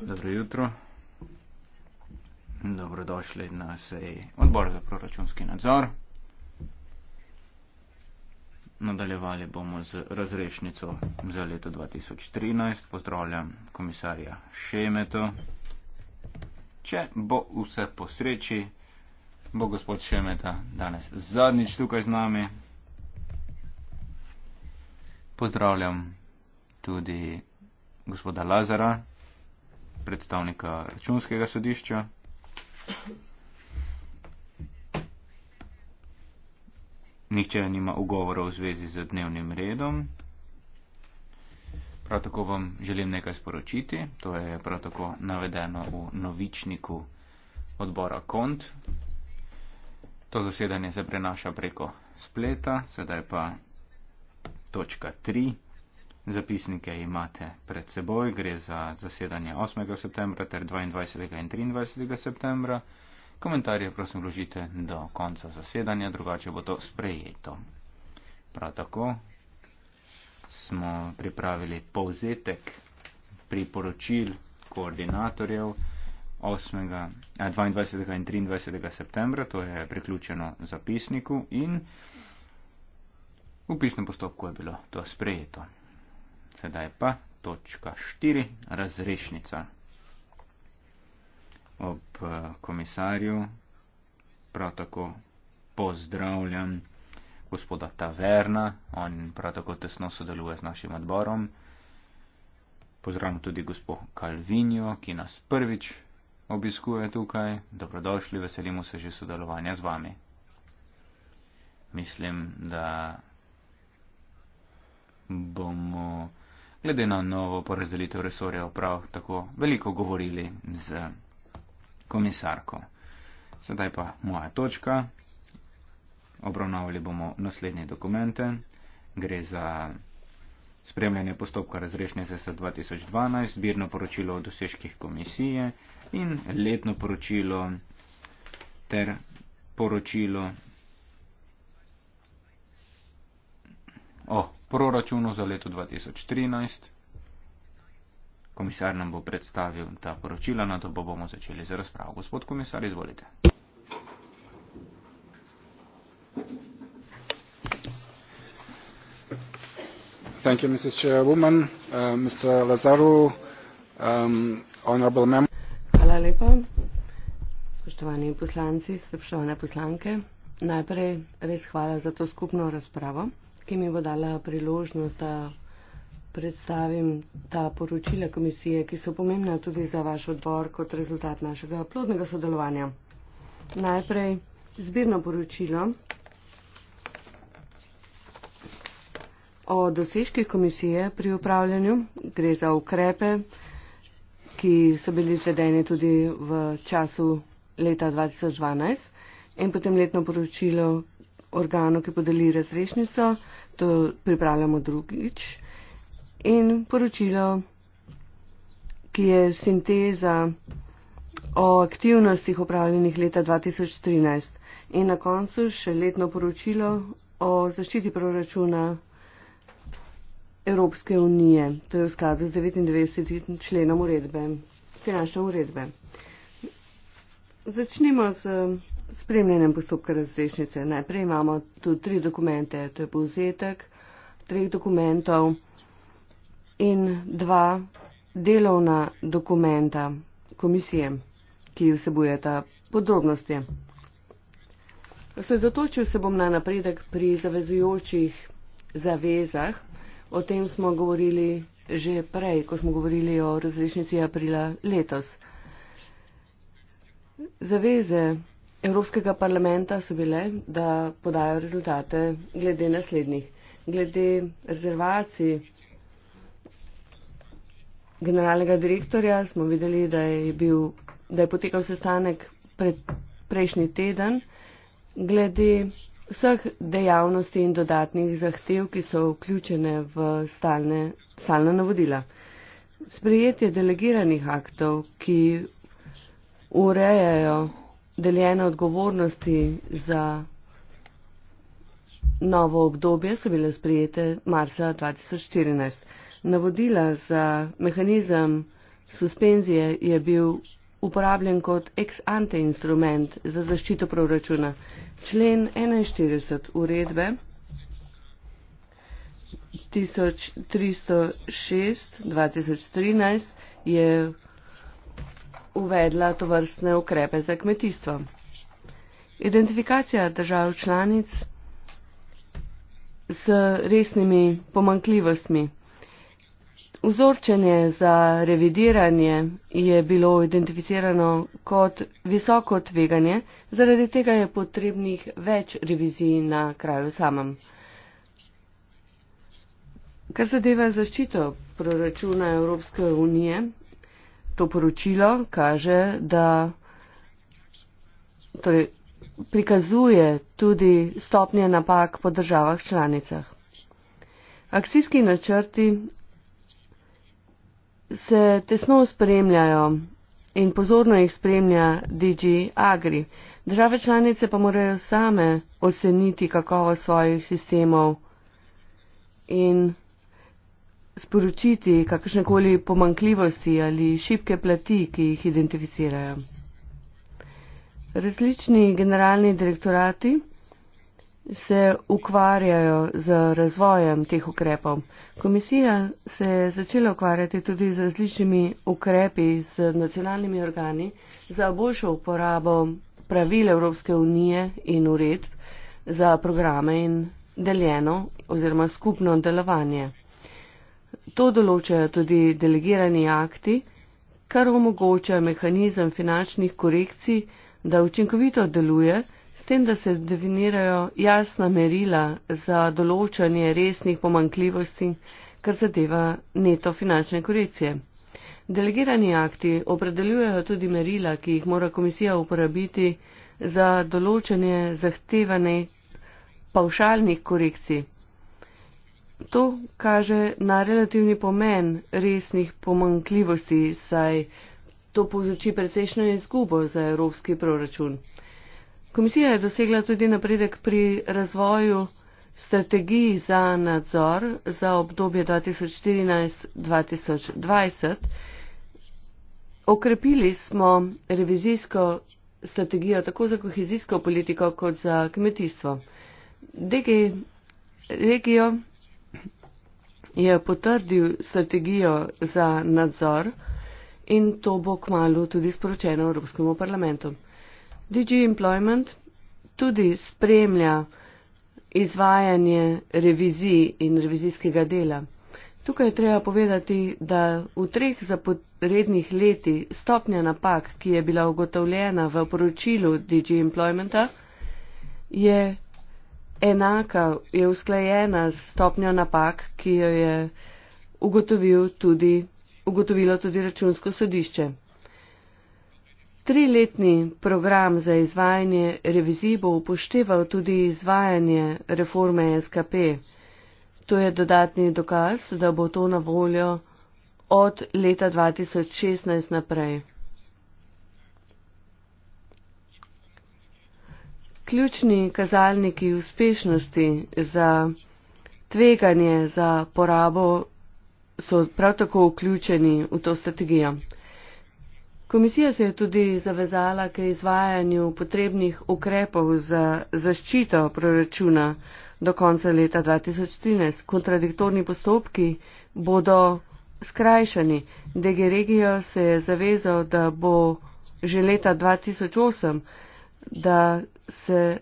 Dobro jutro. Dobrodošli na seji odbora za proračunski nadzor. Nadaljevali bomo z razrešnico za leto 2013. Pozdravljam komisarja Šemeto. Če bo vse po sreči, bo gospod Šemeta danes zadnjič tukaj z nami. Pozdravljam tudi gospoda Lazara, predstavnika računskega sodišča. Nihče nima ugovora v zvezi z dnevnim redom. Prav tako vam želim nekaj sporočiti. To je prav tako navedeno v novičniku odbora KONT. To zasedanje se prenaša preko spleta, sedaj pa točka 3. Zapisnike imate pred seboj, gre za zasedanje 8. septembra ter 22. in 23. septembra. Komentarje prosim vložite do konca zasedanja, drugače bo to sprejeto. Prav tako smo pripravili povzetek priporočil koordinatorjev 8., 22. Eh, in 23. septembra, to je priključeno zapisniku in v pisnem postopku je bilo to sprejeto. Sedaj pa točka 4, razrešnica. Ob eh, komisarju prav tako pozdravljam gospoda Taverna, on prav tako tesno sodeluje z našim odborom. Pozdravljam tudi gospod Kalvinjo, ki nas prvič obiskuje tukaj. Dobrodošli, veselimo se že sodelovanja z vami. Mislim, da bomo glede na novo porazdelitev resorja prav tako veliko govorili z komisarko. Sedaj pa moja točka. Obravnavali bomo naslednje dokumente. Gre za spremljanje postopka razrešnje SS 2012, zbirno poročilo o dosežkih komisije in letno poročilo ter poročilo o proračunu za leto 2013. Komisar nam bo predstavil ta poročila, na to pa bomo začeli z razpravo. Gospod komisar, izvolite. Thank you, Mrs. Chairwoman, uh, Mr. Lazaru, um, honorable member. Hvala lepa. Spoštovani poslanci, spoštovane poslanke, najprej res hvala za to skupno razpravo ki mi bo dala priložnost, da predstavim ta poročila komisije, ki so pomembna tudi za vaš odbor kot rezultat našega plodnega sodelovanja. Najprej zbirno poročilo o dosežkih komisije pri upravljanju. Gre za ukrepe, ki so bili izvedeni tudi v času leta 2012 in potem letno poročilo organu, ki podeli razrešnico to pripravljamo drugič. In poročilo, ki je sinteza o aktivnostih upravljenih leta 2013. In na koncu še letno poročilo o zaščiti proračuna Evropske unije. To je v skladu z 99. členom uredbe, finančne uredbe. Začnimo z spremljenjem postopka razrešnice. Najprej imamo tu tri dokumente, to je povzetek treh dokumentov in dva delovna dokumenta komisije, ki vsebuje ta podrobnosti. Sredotočil se bom na napredek pri zavezujočih zavezah. O tem smo govorili že prej, ko smo govorili o razrešnici aprila letos. Zaveze Evropskega parlamenta so bile, da podajo rezultate glede naslednjih. Glede rezervacij generalnega direktorja smo videli, da je, bil, da je potekal sestanek pred prejšnji teden. Glede vseh dejavnosti in dodatnih zahtev, ki so vključene v stalne, stalna navodila. Sprejetje delegiranih aktov, ki urejajo deljene odgovornosti za novo obdobje so bile sprijete marca 2014. Navodila za mehanizem suspenzije je bil uporabljen kot ex ante instrument za zaščito proračuna. Člen 41 uredbe 1306-2013 je uvedla to vrstne ukrepe za kmetijstvo. Identifikacija držav članic s resnimi pomankljivostmi. Vzorčenje za revidiranje je bilo identificirano kot visoko tveganje, zaradi tega je potrebnih več revizij na kraju samem. Kar zadeva zaščito proračuna Evropske unije, to poročilo kaže, da torej, prikazuje tudi stopnje napak po državah članicah. Akcijski načrti se tesno spremljajo in pozorno jih spremlja DG Agri. Države članice pa morajo same oceniti kakovo svojih sistemov in sporočiti kakršnekoli pomankljivosti ali šibke plati, ki jih identificirajo. Različni generalni direktorati se ukvarjajo z razvojem teh ukrepov. Komisija se je začela ukvarjati tudi z različnimi ukrepi z nacionalnimi organi za boljšo uporabo pravil Evropske unije in uredb za programe in deljeno oziroma skupno delovanje. To določajo tudi delegirani akti, kar omogoča mehanizem finančnih korekcij, da učinkovito deluje, s tem, da se definirajo jasna merila za določanje resnih pomankljivosti, kar zadeva neto finančne korekcije. Delegirani akti opredeljujejo tudi merila, ki jih mora komisija uporabiti za določanje zahtevane pavšalnih korekcij. To kaže na relativni pomen resnih pomankljivosti, saj to povzroči precejšno izgubo za evropski proračun. Komisija je dosegla tudi napredek pri razvoju strategiji za nadzor za obdobje 2014-2020. Okrepili smo revizijsko strategijo tako za kohezijsko politiko kot za kmetijstvo. DG regijo je potrdil strategijo za nadzor in to bo kmalo tudi sporočeno Evropskemu parlamentu. DG Employment tudi spremlja izvajanje revizij in revizijskega dela. Tukaj je treba povedati, da v treh zaporednih leti stopnja napak, ki je bila ugotovljena v poročilu DG Employmenta, je enaka, je usklajena s stopnjo napak, ki jo je ugotovil tudi, ugotovilo tudi računsko sodišče. Triletni program za izvajanje revizij bo upošteval tudi izvajanje reforme SKP. To je dodatni dokaz, da bo to na voljo od leta 2016 naprej. ključni kazalniki uspešnosti za tveganje za porabo so prav tako vključeni v to strategijo. Komisija se je tudi zavezala k izvajanju potrebnih ukrepov za zaščito proračuna do konca leta 2013. Kontradiktorni postopki bodo skrajšani. DG Regijo se je zavezal, da bo že leta 2008, da se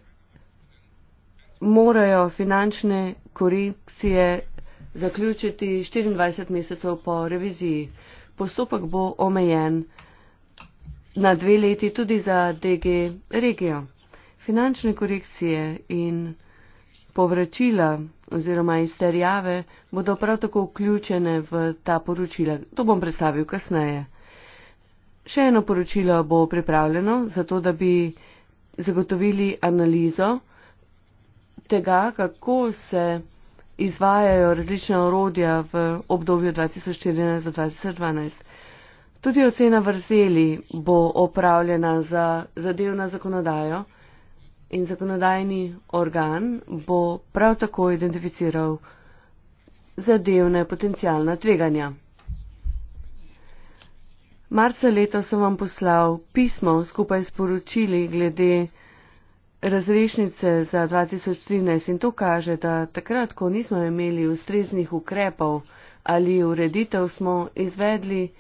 morajo finančne korekcije zaključiti 24 mesecev po reviziji. Postopek bo omejen na dve leti tudi za DG regijo. Finančne korekcije in povračila oziroma izterjave bodo prav tako vključene v ta poročila. To bom predstavil kasneje. Še eno poročilo bo pripravljeno, zato da bi zagotovili analizo tega, kako se izvajajo različna orodja v obdobju 2014-2012. Tudi ocena vrzeli bo opravljena za zadevno zakonodajo in zakonodajni organ bo prav tako identificiral zadevne potencijalna tveganja. Marca leta sem vam poslal pismo skupaj s poročili glede razrešnice za 2013 in to kaže, da takrat, ko nismo imeli ustreznih ukrepov ali ureditev, smo izvedli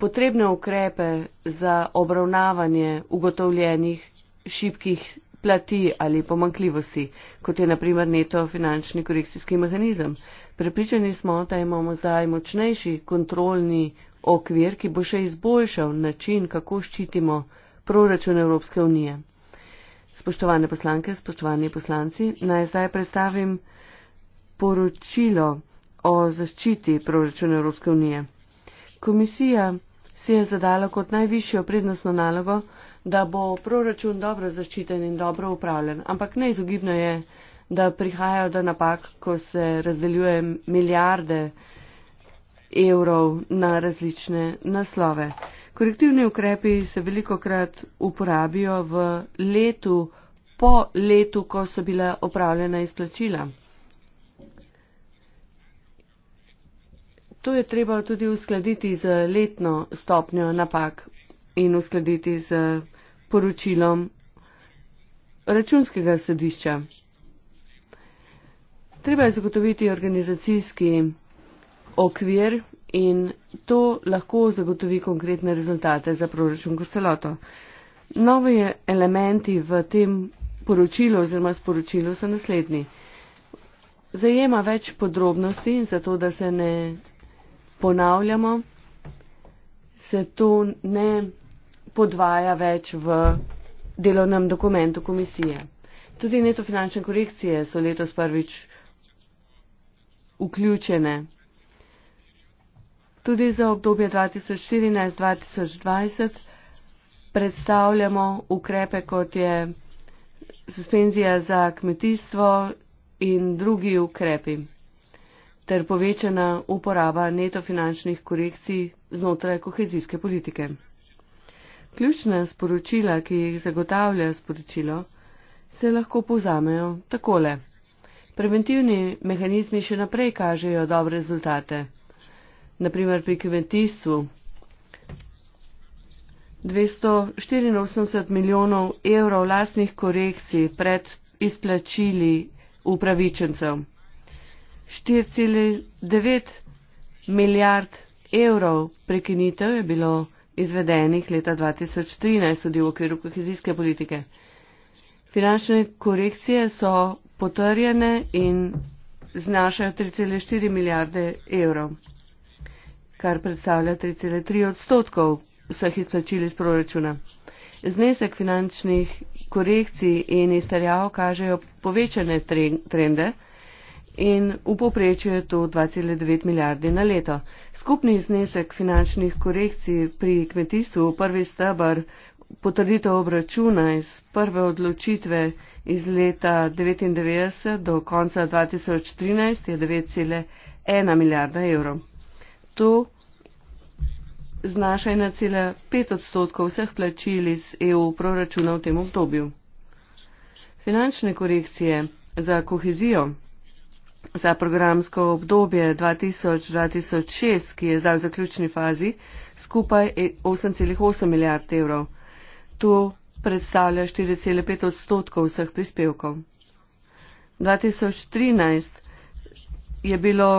potrebne ukrepe za obravnavanje ugotovljenih šibkih plati ali pomankljivosti, kot je naprimer neto finančni korekcijski mehanizem. Prepričani smo, da imamo zdaj močnejši kontrolni okvir, ki bo še izboljšal način, kako ščitimo proračun Evropske unije. Spoštovane poslanke, spoštovani poslanci, naj zdaj predstavim poročilo o zaščiti proračuna Evropske unije. Komisija si je zadala kot najvišjo prednostno nalogo, da bo proračun dobro zaščiten in dobro upravljen, ampak neizogibno je, da prihajajo do napak, ko se razdeljuje milijarde evrov na različne naslove. Korektivni ukrepi se veliko krat uporabijo v letu, po letu, ko so bila opravljena izplačila. To je treba tudi uskladiti z letno stopnjo napak in uskladiti z poročilom računskega sodišča. Treba je zagotoviti organizacijski okvir in to lahko zagotovi konkretne rezultate za proračun kot celoto. Novi elementi v tem poročilu oziroma sporočilu so naslednji. Zajema več podrobnosti, zato da se ne ponavljamo, se to ne podvaja več v delovnem dokumentu komisije. Tudi netofinančne korekcije so letos prvič vključene tudi za obdobje 2014-2020 predstavljamo ukrepe, kot je suspenzija za kmetijstvo in drugi ukrepi ter povečana uporaba netofinančnih korekcij znotraj kohezijske politike. Ključna sporočila, ki jih zagotavlja sporočilo, se lahko povzamejo takole. Preventivni mehanizmi še naprej kažejo dobre rezultate naprimer pri kmetijstvu. 284 milijonov evrov lastnih korekcij pred izplačili upravičencev. 4,9 milijard evrov prekinitev je bilo izvedenih leta 2013 tudi v okviru kohezijske politike. Finančne korekcije so potrjene in znašajo 3,4 milijarde evrov kar predstavlja 3,3 odstotkov vseh izplačil iz proračuna. Znesek finančnih korekcij in izterjav kažejo povečane trende in v poprečju je to 2,9 milijarde na leto. Skupni znesek finančnih korekcij pri kmetijstvu, prvi stebr, potrditev obračuna iz prve odločitve iz leta 1999 do konca 2013 je 9,1 milijarda evrov to znaša 1,5 odstotkov vseh plačil iz EU proračuna v tem obdobju. Finančne korekcije za kohezijo za programsko obdobje 2000-2006, ki je zdaj v zaključni fazi, skupaj 8,8 milijard evrov. To predstavlja 4,5 odstotkov vseh prispevkov. 2013 je bilo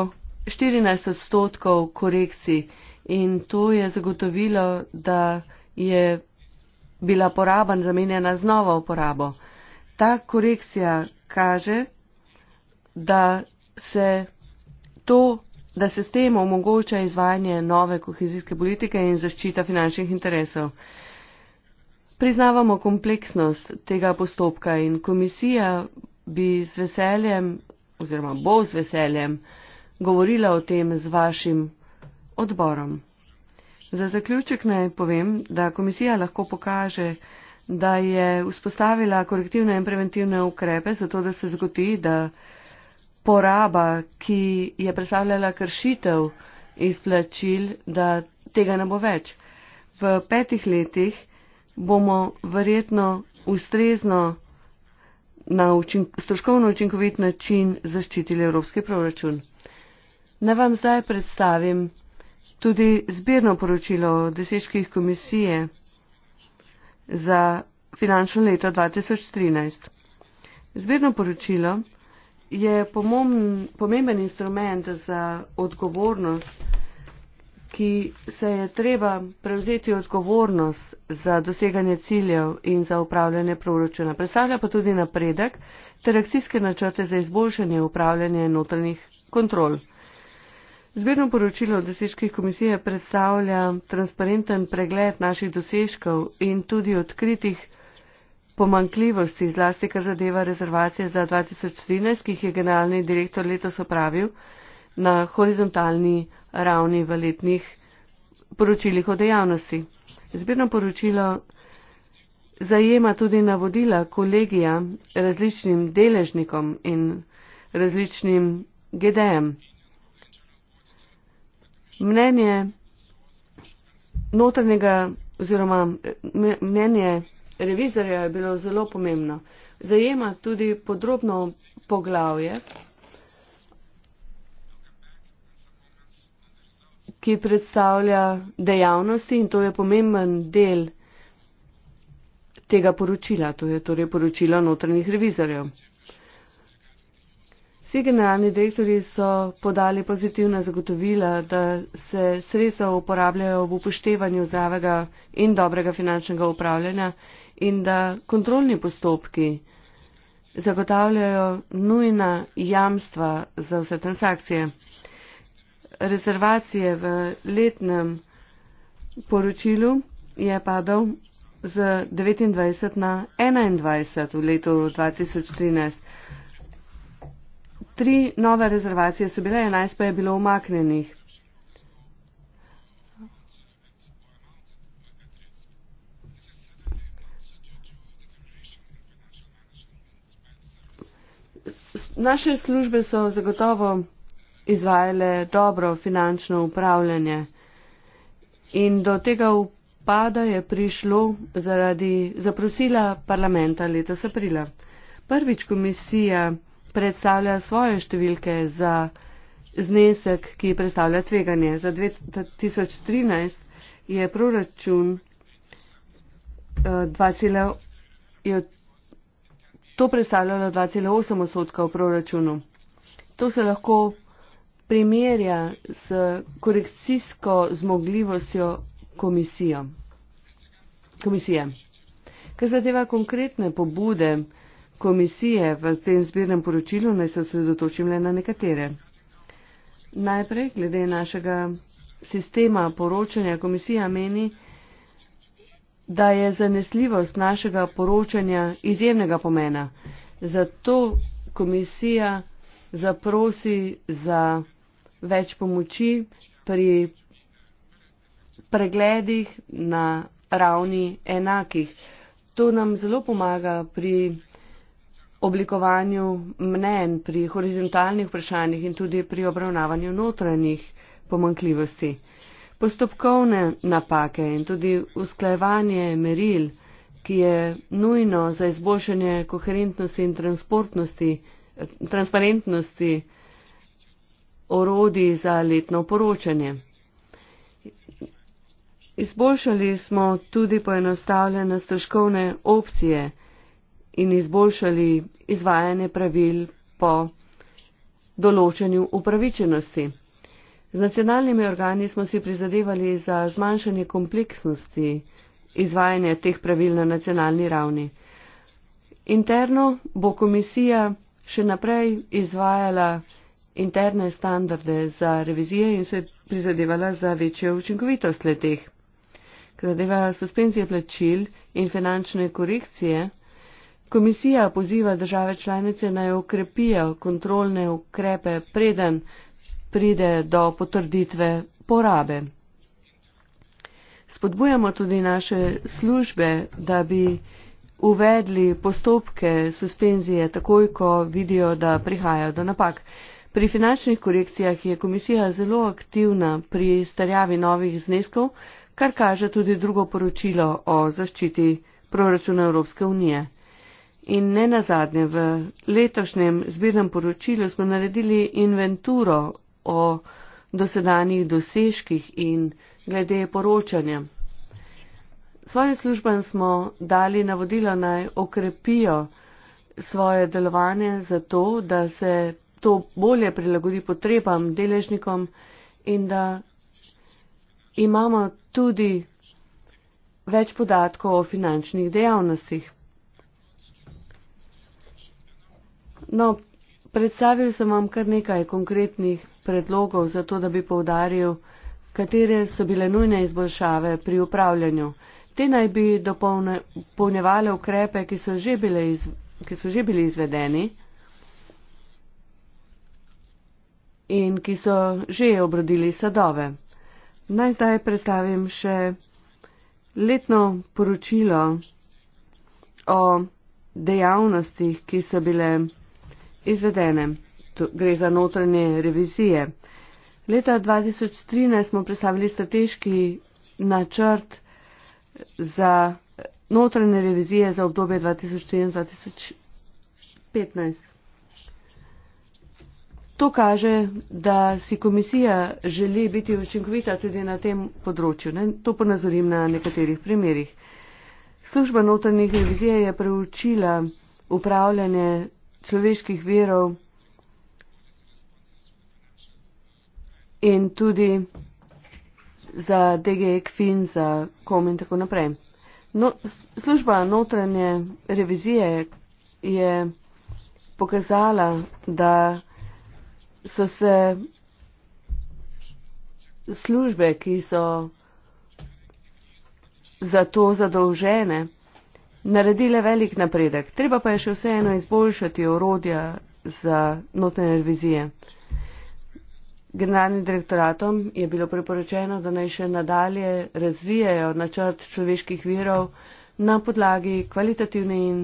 14 odstotkov korekcij in to je zagotovilo, da je bila poraba zamenjena z novo uporabo. Ta korekcija kaže, da se, to, da se s tem omogoča izvajanje nove kohezijske politike in zaščita finančnih interesov. Priznavamo kompleksnost tega postopka in komisija bi z veseljem oziroma bo z veseljem uh, govorila o tem z vašim odborom. Za zaključek naj povem, da komisija lahko pokaže, da je vzpostavila korektivne in preventivne ukrepe, zato da se zgodi, da poraba, ki je predstavljala kršitev izplačil, da tega ne bo več. V petih letih bomo verjetno ustrezno na učink, stroškovno učinkovit način zaščitili evropski proračun. Na vam zdaj predstavim tudi zbirno poročilo deseških komisije za finančno leto 2013. Zbirno poročilo je pomemben instrument za odgovornost, ki se je treba prevzeti odgovornost za doseganje ciljev in za upravljanje proračuna. Predstavlja pa tudi napredek ter akcijske načrte za izboljšanje upravljanja notranjih kontrol. Zbirno poročilo dosežkih komisije predstavlja transparenten pregled naših dosežkov in tudi odkritih pomankljivosti, zlasti kar zadeva rezervacije za 2013, ki jih je generalni direktor letos opravil na horizontalni ravni v letnih poročilih o dejavnosti. Zbirno poročilo zajema tudi navodila kolegija različnim deležnikom in različnim GDM mnenje notranjega oziroma mnenje revizorja je bilo zelo pomembno. Zajema tudi podrobno poglavje, ki predstavlja dejavnosti in to je pomemben del tega poročila. To je torej poročilo notranjih revizorjev. Vsi generalni direktori so podali pozitivna zagotovila, da se sredstva uporabljajo v upoštevanju zdravega in dobrega finančnega upravljanja in da kontrolni postopki zagotavljajo nujna jamstva za vse transakcije. Rezervacije v letnem poročilu je padal z 29 na 21 v letu 2013. Tri nove rezervacije so bile, enajst pa je bilo umaknjenih. Naše službe so zagotovo izvajale dobro finančno upravljanje in do tega upada je prišlo zaradi zaprosila parlamenta letos aprila. Prvič komisija predstavlja svoje številke za znesek, ki predstavlja tveganje. Za 2013 je proračun 2, eh, je to predstavljalo 2,8 odstotka v proračunu. To se lahko primerja s korekcijsko zmogljivostjo komisijo. komisije. Kar zadeva konkretne pobude, komisije v tem zbirnem poročilu, naj se osredotočim le na nekatere. Najprej, glede našega sistema poročanja, komisija meni, da je zanesljivost našega poročanja izjemnega pomena. Zato komisija zaprosi za več pomoči pri pregledih na ravni enakih. To nam zelo pomaga pri oblikovanju mnen, pri horizontalnih vprašanjih in tudi pri obravnavanju notranjih pomankljivosti. Postopkovne napake in tudi usklajevanje meril, ki je nujno za izboljšanje koherentnosti in transparentnosti orodi za letno poročanje. Izboljšali smo tudi poenostavljene stroškovne opcije in izboljšali izvajanje pravil po določenju upravičenosti. Z nacionalnimi organi smo si prizadevali za zmanjšanje kompleksnosti izvajanja teh pravil na nacionalni ravni. Interno bo komisija še naprej izvajala interne standarde za revizije in se prizadevala za večjo učinkovitost le teh. Kar zadeva suspenzije plačil in finančne korekcije, Komisija poziva države članice naj okrepijo kontrolne ukrepe, preden pride do potrditve porabe. Spodbujamo tudi naše službe, da bi uvedli postopke suspenzije takoj, ko vidijo, da prihajajo do napak. Pri finančnih korekcijah je komisija zelo aktivna pri starjavi novih zneskov, kar kaže tudi drugo poročilo o zaščiti proračuna Evropske unije. In ne nazadnje, v letošnjem zbirnem poročilu smo naredili inventuro o dosedanjih dosežkih in glede poročanja. Svoje službam smo dali navodilo naj okrepijo svoje delovanje zato, da se to bolje prilagodi potrebam deležnikom in da imamo tudi več podatkov o finančnih dejavnostih. No, predstavil sem vam kar nekaj konkretnih predlogov za to, da bi povdaril, katere so bile nujne izboljšave pri upravljanju. Te naj bi dopolnjevale ukrepe, ki so že, bile iz, ki so že bili izvedeni in ki so že obrodili sadove. Naj zdaj predstavim še letno poročilo o dejavnostih, ki so bile izvedene. To gre za notranje revizije. Leta 2013 smo predstavili strateški načrt za notranje revizije za obdobje 2014-2015. To kaže, da si komisija želi biti učinkovita tudi na tem področju. Ne? To ponazorim na nekaterih primerjih. Služba notranjih revizije je preučila upravljanje človeških verov in tudi za DG Kvin, za kom in tako naprej. No, služba notranje revizije je pokazala, da so se službe, ki so za to zadolžene, naredile velik napredek. Treba pa je še vseeno izboljšati orodja za notne revizije. Generalnim direktoratom je bilo priporočeno, da naj še nadalje razvijajo načrt človeških virov na podlagi kvalitativne in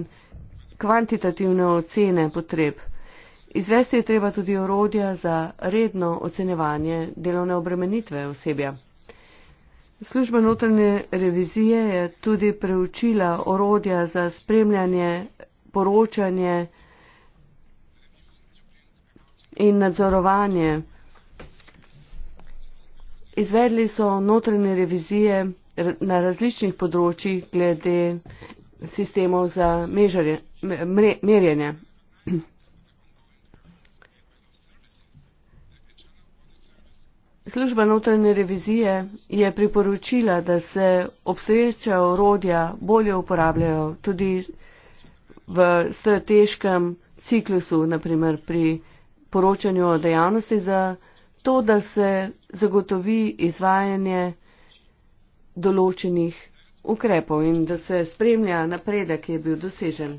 kvantitativne ocene potreb. Izvesti je treba tudi orodja za redno ocenevanje delovne obremenitve osebja. Služba notranje revizije je tudi preučila orodja za spremljanje, poročanje in nadzorovanje. Izvedli so notranje revizije na različnih področjih glede sistemov za mežarje, me, merjenje. Služba notranje revizije je priporočila, da se obstoječa orodja bolje uporabljajo tudi v strateškem ciklusu, naprimer pri poročanju o dejavnosti, za to, da se zagotovi izvajanje določenih ukrepov in da se spremlja napredek, ki je bil dosežen.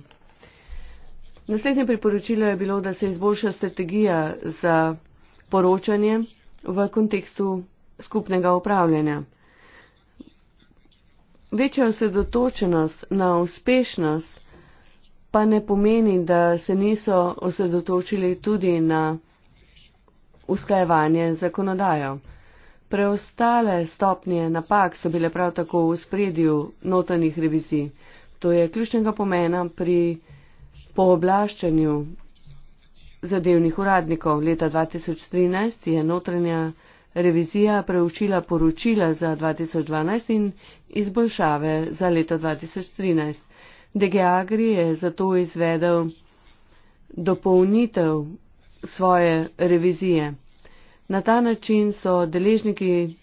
Naslednje priporočilo je bilo, da se izboljša strategija za poročanje v kontekstu skupnega upravljanja. Večja osredotočenost na uspešnost pa ne pomeni, da se niso osredotočili tudi na usklajevanje zakonodajo. Preostale stopnje napak so bile prav tako v spredju notranjih revizij. To je ključnega pomena pri pooblaščanju zadevnih uradnikov. Leta 2013 je notranja revizija preučila poročila za 2012 in izboljšave za leto 2013. DG Agri je zato izvedel dopolnitev svoje revizije. Na ta način so deležniki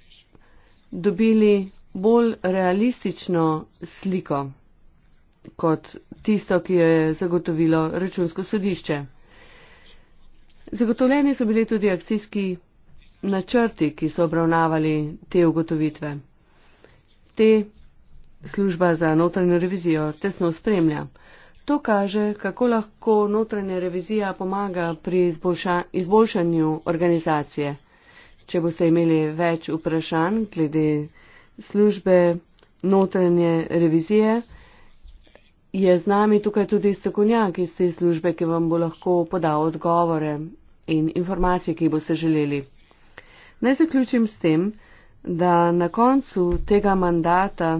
dobili bolj realistično sliko kot tisto, ki jo je zagotovilo računsko sodišče. Zagotovljeni so bili tudi akcijski načrti, ki so obravnavali te ugotovitve. Te služba za notranjo revizijo tesno spremlja. To kaže, kako lahko notranja revizija pomaga pri izboljša, izboljšanju organizacije. Če boste imeli več vprašanj glede službe notranje revizije, je z nami tukaj tudi strokovnjak iz te službe, ki vam bo lahko podal odgovore in informacije, ki jih boste želeli. Naj zaključim s tem, da na koncu tega mandata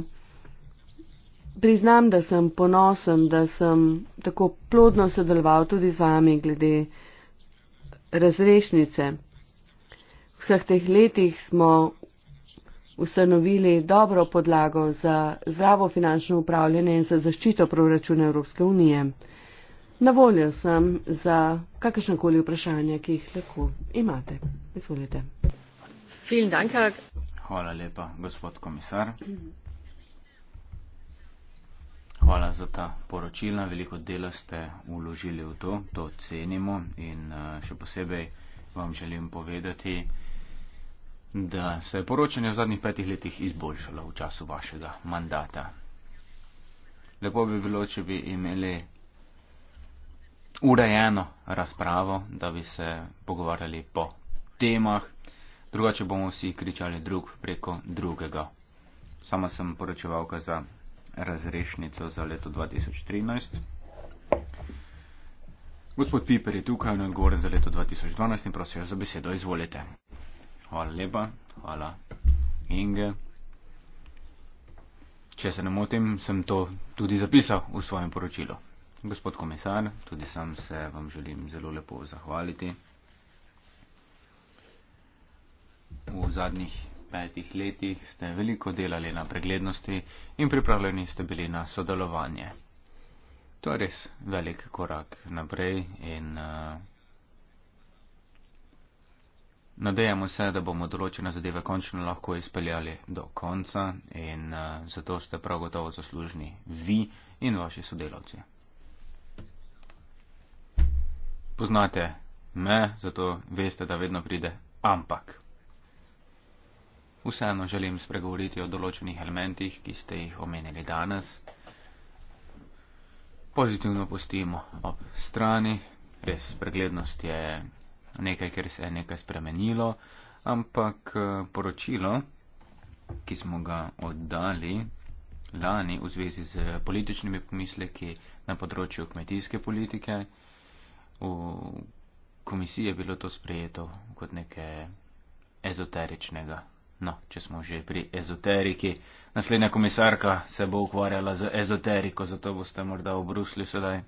priznam, da sem ponosen, da sem tako plodno sodeloval tudi z vami glede razrešnice. V vseh teh letih smo ustanovili dobro podlago za zdravo finančno upravljanje in za zaščito proračuna Evropske unije. Na voljo sem za kakršnakoli vprašanja, ki jih lahko imate. Izvolite. Hvala lepa, gospod komisar. Hvala za ta poročila. Veliko dela ste uložili v to, to cenimo in eh, še posebej vam želim povedati, da se je poročanje v zadnjih petih letih izboljšalo v času vašega mandata. Lepo bi bilo, če bi imeli urejeno razpravo, da bi se pogovarjali po temah, drugače bomo vsi kričali drug preko drugega. Sama sem poročevalka za razrešnico za leto 2013. Gospod Piper je tukaj in odgovoren za leto 2012 in prosim za besedo, izvolite. Hvala lepa, hvala Inge. Če se ne motim, sem to tudi zapisal v svojem poročilu. Gospod komisar, tudi sam se vam želim zelo lepo zahvaliti. V zadnjih petih letih ste veliko delali na preglednosti in pripravljeni ste bili na sodelovanje. To je res velik korak naprej in uh, nadejamo se, da bomo določene zadeve končno lahko izpeljali do konca in uh, zato ste prav gotovo zaslužni vi in vaši sodelavci poznate me, zato veste, da vedno pride ampak. Vseeno želim spregovoriti o določenih elementih, ki ste jih omenili danes. Pozitivno postimo ob strani, res preglednost je nekaj, ker se je nekaj spremenilo, ampak eh, poročilo, ki smo ga oddali lani v zvezi z političnimi pomisleki na področju kmetijske politike, V komisiji je bilo to sprejeto kot nekaj ezoteričnega. No, če smo že pri ezoteriki, naslednja komisarka se bo ukvarjala z ezoteriko, zato boste morda v Bruslju sedaj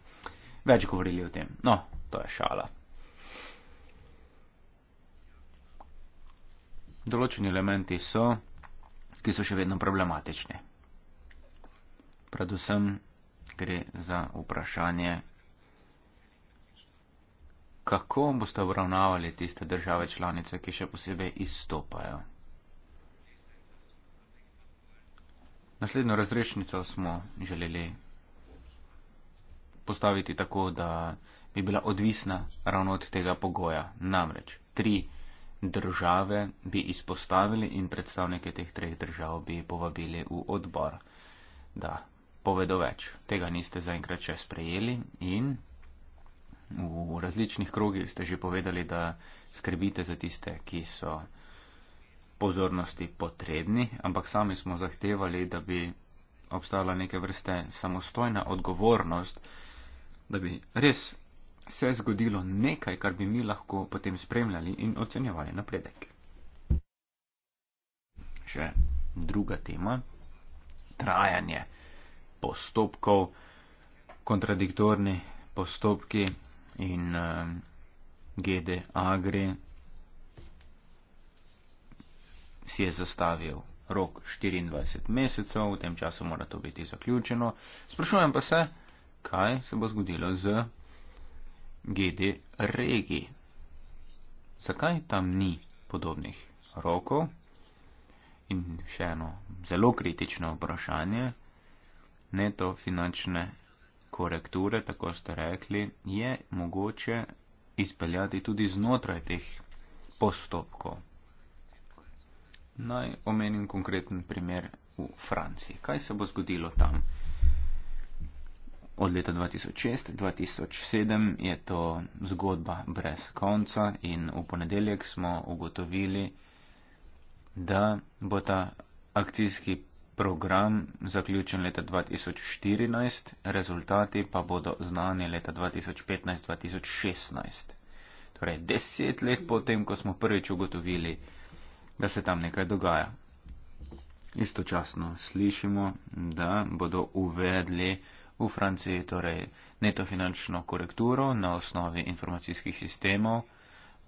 več govorili o tem. No, to je šala. Določeni elementi so, ki so še vedno problematični. Predvsem gre za vprašanje kako boste obravnavali tiste države članice, ki še posebej izstopajo. Naslednjo razrešnico smo želeli postaviti tako, da bi bila odvisna ravno od tega pogoja. Namreč tri države bi izpostavili in predstavnike teh treh držav bi povabili v odbor, da povedo več. Tega niste zaenkrat še sprejeli in v različnih krogih ste že povedali, da skrbite za tiste, ki so pozornosti potrebni, ampak sami smo zahtevali, da bi obstala neke vrste samostojna odgovornost, da bi res se zgodilo nekaj, kar bi mi lahko potem spremljali in ocenjevali napredek. Še druga tema. Trajanje postopkov, kontradiktorni postopki, in uh, um, Gede Agri si je zastavil rok 24 mesecev, v tem času mora to biti zaključeno. Sprašujem pa se, kaj se bo zgodilo z Gede Regi. Zakaj tam ni podobnih rokov? In še eno zelo kritično vprašanje. Neto finančne korekture, tako ste rekli, je mogoče izpeljati tudi znotraj teh postopkov. Naj omenim konkreten primer v Franciji. Kaj se bo zgodilo tam? Od leta 2006-2007 je to zgodba brez konca in v ponedeljek smo ugotovili, da bo ta akcijski program zaključen leta 2014, rezultati pa bodo znani leta 2015-2016. Torej, deset let potem, ko smo prvič ugotovili, da se tam nekaj dogaja. Istočasno slišimo, da bodo uvedli v Franciji torej, neto finančno korekturo na osnovi informacijskih sistemov.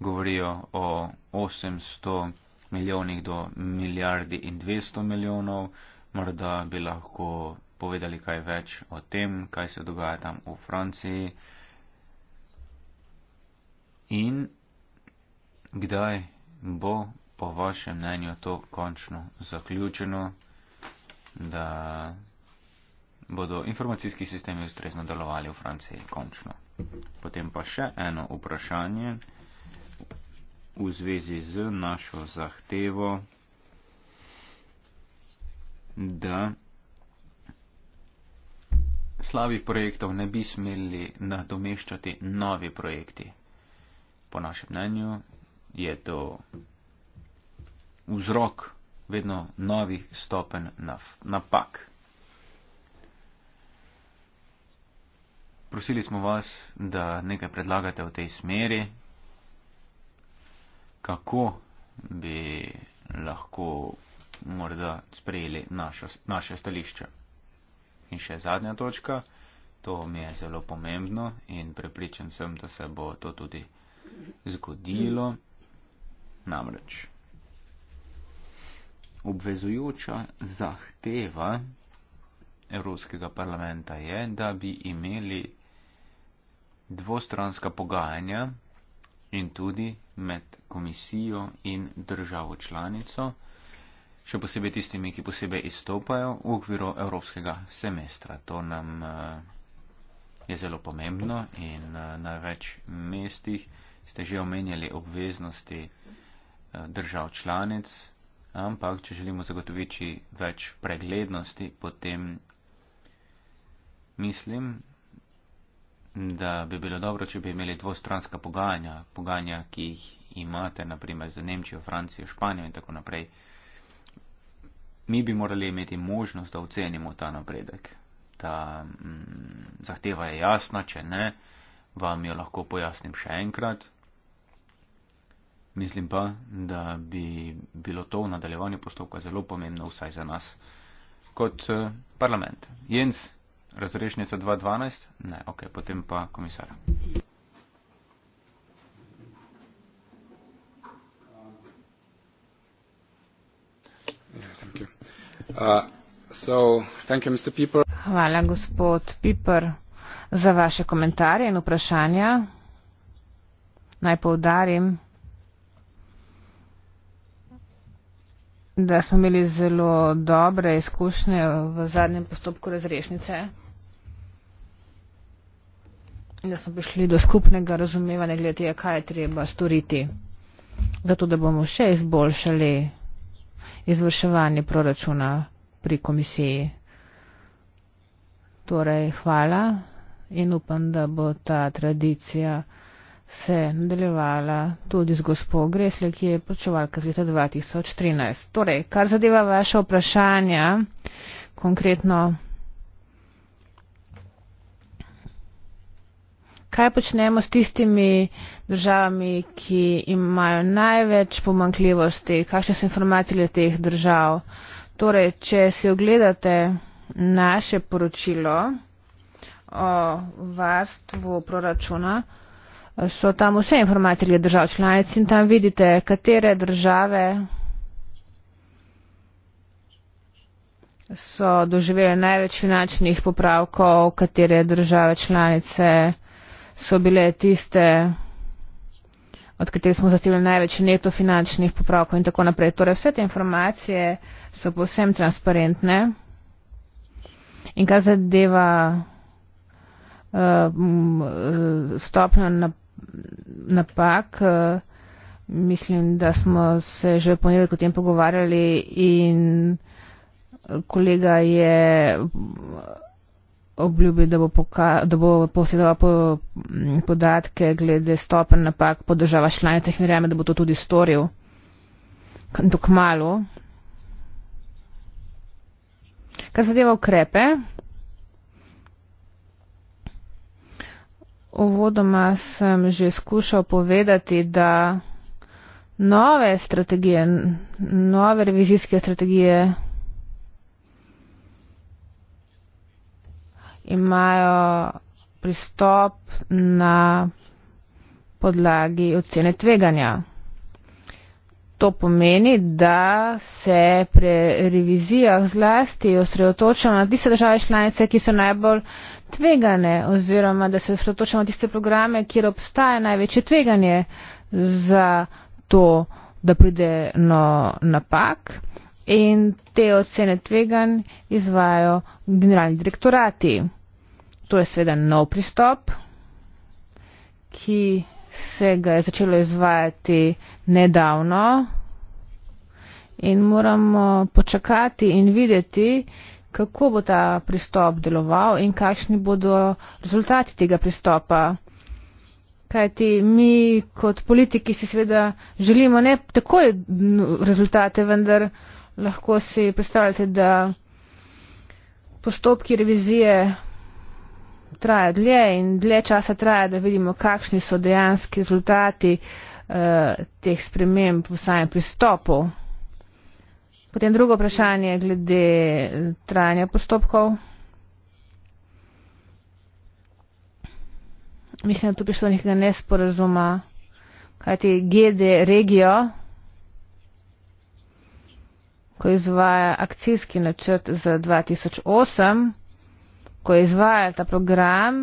Govorijo o 800 milijonih do milijardi in 200 milijonov, morda bi lahko povedali kaj več o tem, kaj se dogaja tam v Franciji in kdaj bo po vašem mnenju to končno zaključeno, da bodo informacijski sistemi ustrezno delovali v Franciji končno. Potem pa še eno vprašanje v zvezi z našo zahtevo da slavih projektov ne bi smeli nadomeščati novi projekti. Po našem mnenju je to vzrok vedno novih stopen napak. Prosili smo vas, da nekaj predlagate v tej smeri, kako bi lahko morda sprejeli našo, naše stališče. In še zadnja točka, to mi je zelo pomembno in prepričan sem, da se bo to tudi zgodilo. Namreč obvezujoča zahteva Evropskega parlamenta je, da bi imeli dvostranska pogajanja in tudi med komisijo in državo članico, še posebej tistimi, ki posebej izstopajo v okviru evropskega semestra. To nam eh, je zelo pomembno in eh, na več mestih ste že omenjali obveznosti eh, držav članic, ampak če želimo zagotoviti več preglednosti, potem mislim, da bi bilo dobro, če bi imeli dvostranska pogajanja, pogajanja, ki jih imate, naprimer za Nemčijo, Francijo, Španijo in tako naprej mi bi morali imeti možnost, da ocenimo ta napredek. Ta mm, zahteva je jasna, če ne, vam jo lahko pojasnim še enkrat. Mislim pa, da bi bilo to v nadaljevanju postopka zelo pomembno vsaj za nas kot eh, parlament. Jens, razrešnica 2012? Ne, ok, potem pa komisar. Uh, Hvala, gospod Piper, za vaše komentarje in vprašanja. Naj povdarim, da smo imeli zelo dobre izkušnje v zadnjem postopku razrešnice in da smo prišli do skupnega razumevanja glede tega, kaj je treba storiti, zato da bomo še izboljšali izvrševanje proračuna pri komisiji. Torej, hvala in upam, da bo ta tradicija se nadaljevala tudi z gospo Gresle, ki je počevalka z leta 2013. Torej, kar zadeva vaše vprašanje, konkretno kaj počnemo s tistimi državami, ki imajo največ pomankljivosti, kakšne so informacije teh držav. Torej, če si ogledate naše poročilo o varstvu proračuna, so tam vse informacije držav članic in tam vidite, katere države so doživele največ finančnih popravkov, katere države članice so bile tiste, od katerih smo zahtevali največ neto finančnih popravkov in tako naprej. Torej, vse te informacije so povsem transparentne. In kar zadeva uh, stopnjo napak, uh, mislim, da smo se že ponedeljek o tem pogovarjali in kolega je. Uh, obljubil, da bo, poka, bo posedoval po, mm, podatke glede stopen napak po država članicah in verjame, da bo to tudi storil. Dok malo. Kar zadeva ukrepe, uvodoma sem že skušal povedati, da nove strategije, nove revizijske strategije imajo pristop na podlagi ocene tveganja. To pomeni, da se pri revizijah zlasti osredotočamo na tiste države članice, ki so najbolj tvegane oziroma da se osredotočamo na tiste programe, kjer obstaja največje tveganje za to, da pride do no napak in te ocene tvegan izvajo generalni direktorati. To je sveda nov pristop, ki se ga je začelo izvajati nedavno in moramo počakati in videti, kako bo ta pristop deloval in kakšni bodo rezultati tega pristopa. Kajti mi kot politiki si seveda želimo ne takoj rezultate, vendar lahko si predstavljate, da postopki revizije traja dlje in dlje časa traja, da vidimo, kakšni so dejanski rezultati eh, teh sprememb v samem pristopu. Potem drugo vprašanje glede eh, trajanja postopkov. Mislim, da tu prišlo nekega nesporazuma, kajti GD regijo ko izvaja akcijski načrt za 2008, ko izvaja ta program,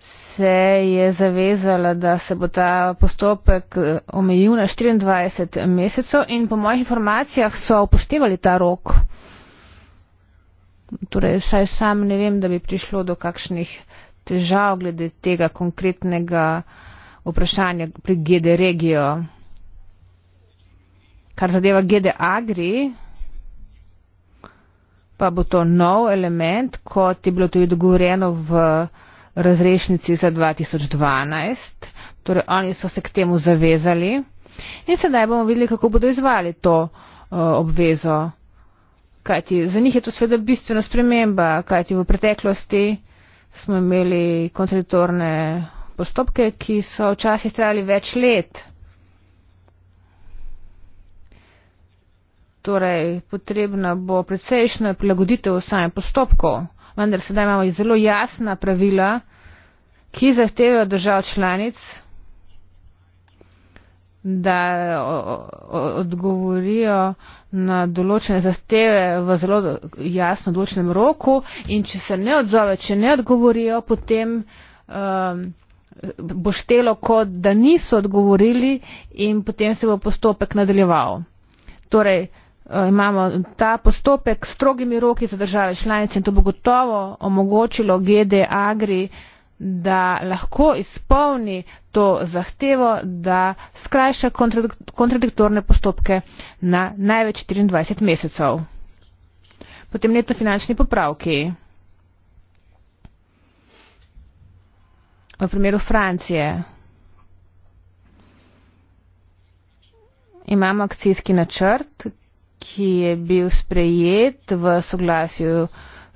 se je zavezala, da se bo ta postopek eh, omejil na 24 mesecev in po mojih informacijah so upoštevali ta rok. Torej, saj sam ne vem, da bi prišlo do kakšnih težav glede tega konkretnega vprašanja pri GD regijo. Kar zadeva GD Agri, pa bo to nov element, kot je bilo tudi dogovoreno v razrešnici za 2012. Torej, oni so se k temu zavezali in sedaj bomo videli, kako bodo izvali to uh, obvezo. Kajti za njih je to sveda bistvena sprememba, kajti v preteklosti smo imeli kontraditorne postopke, ki so včasih trajali več let. Torej, potrebna bo precejšna prilagoditev samih postopkov, vendar sedaj imamo zelo jasna pravila, ki zahtevajo držav članic, da odgovorijo na določene zahteve v zelo jasno določenem roku in če se ne odzove, če ne odgovorijo, potem um, bo štelo kot, da niso odgovorili in potem se bo postopek nadaljeval. Torej, Eh, imamo ta postopek s strogimi roki za države članice in to bo gotovo omogočilo GD Agri, da lahko izpolni to zahtevo, da skrajša kontradiktorne postopke na največ 24 mesecev. Potem letno finančni popravki. V primeru Francije imamo akcijski načrt, ki je bil sprejet v soglasju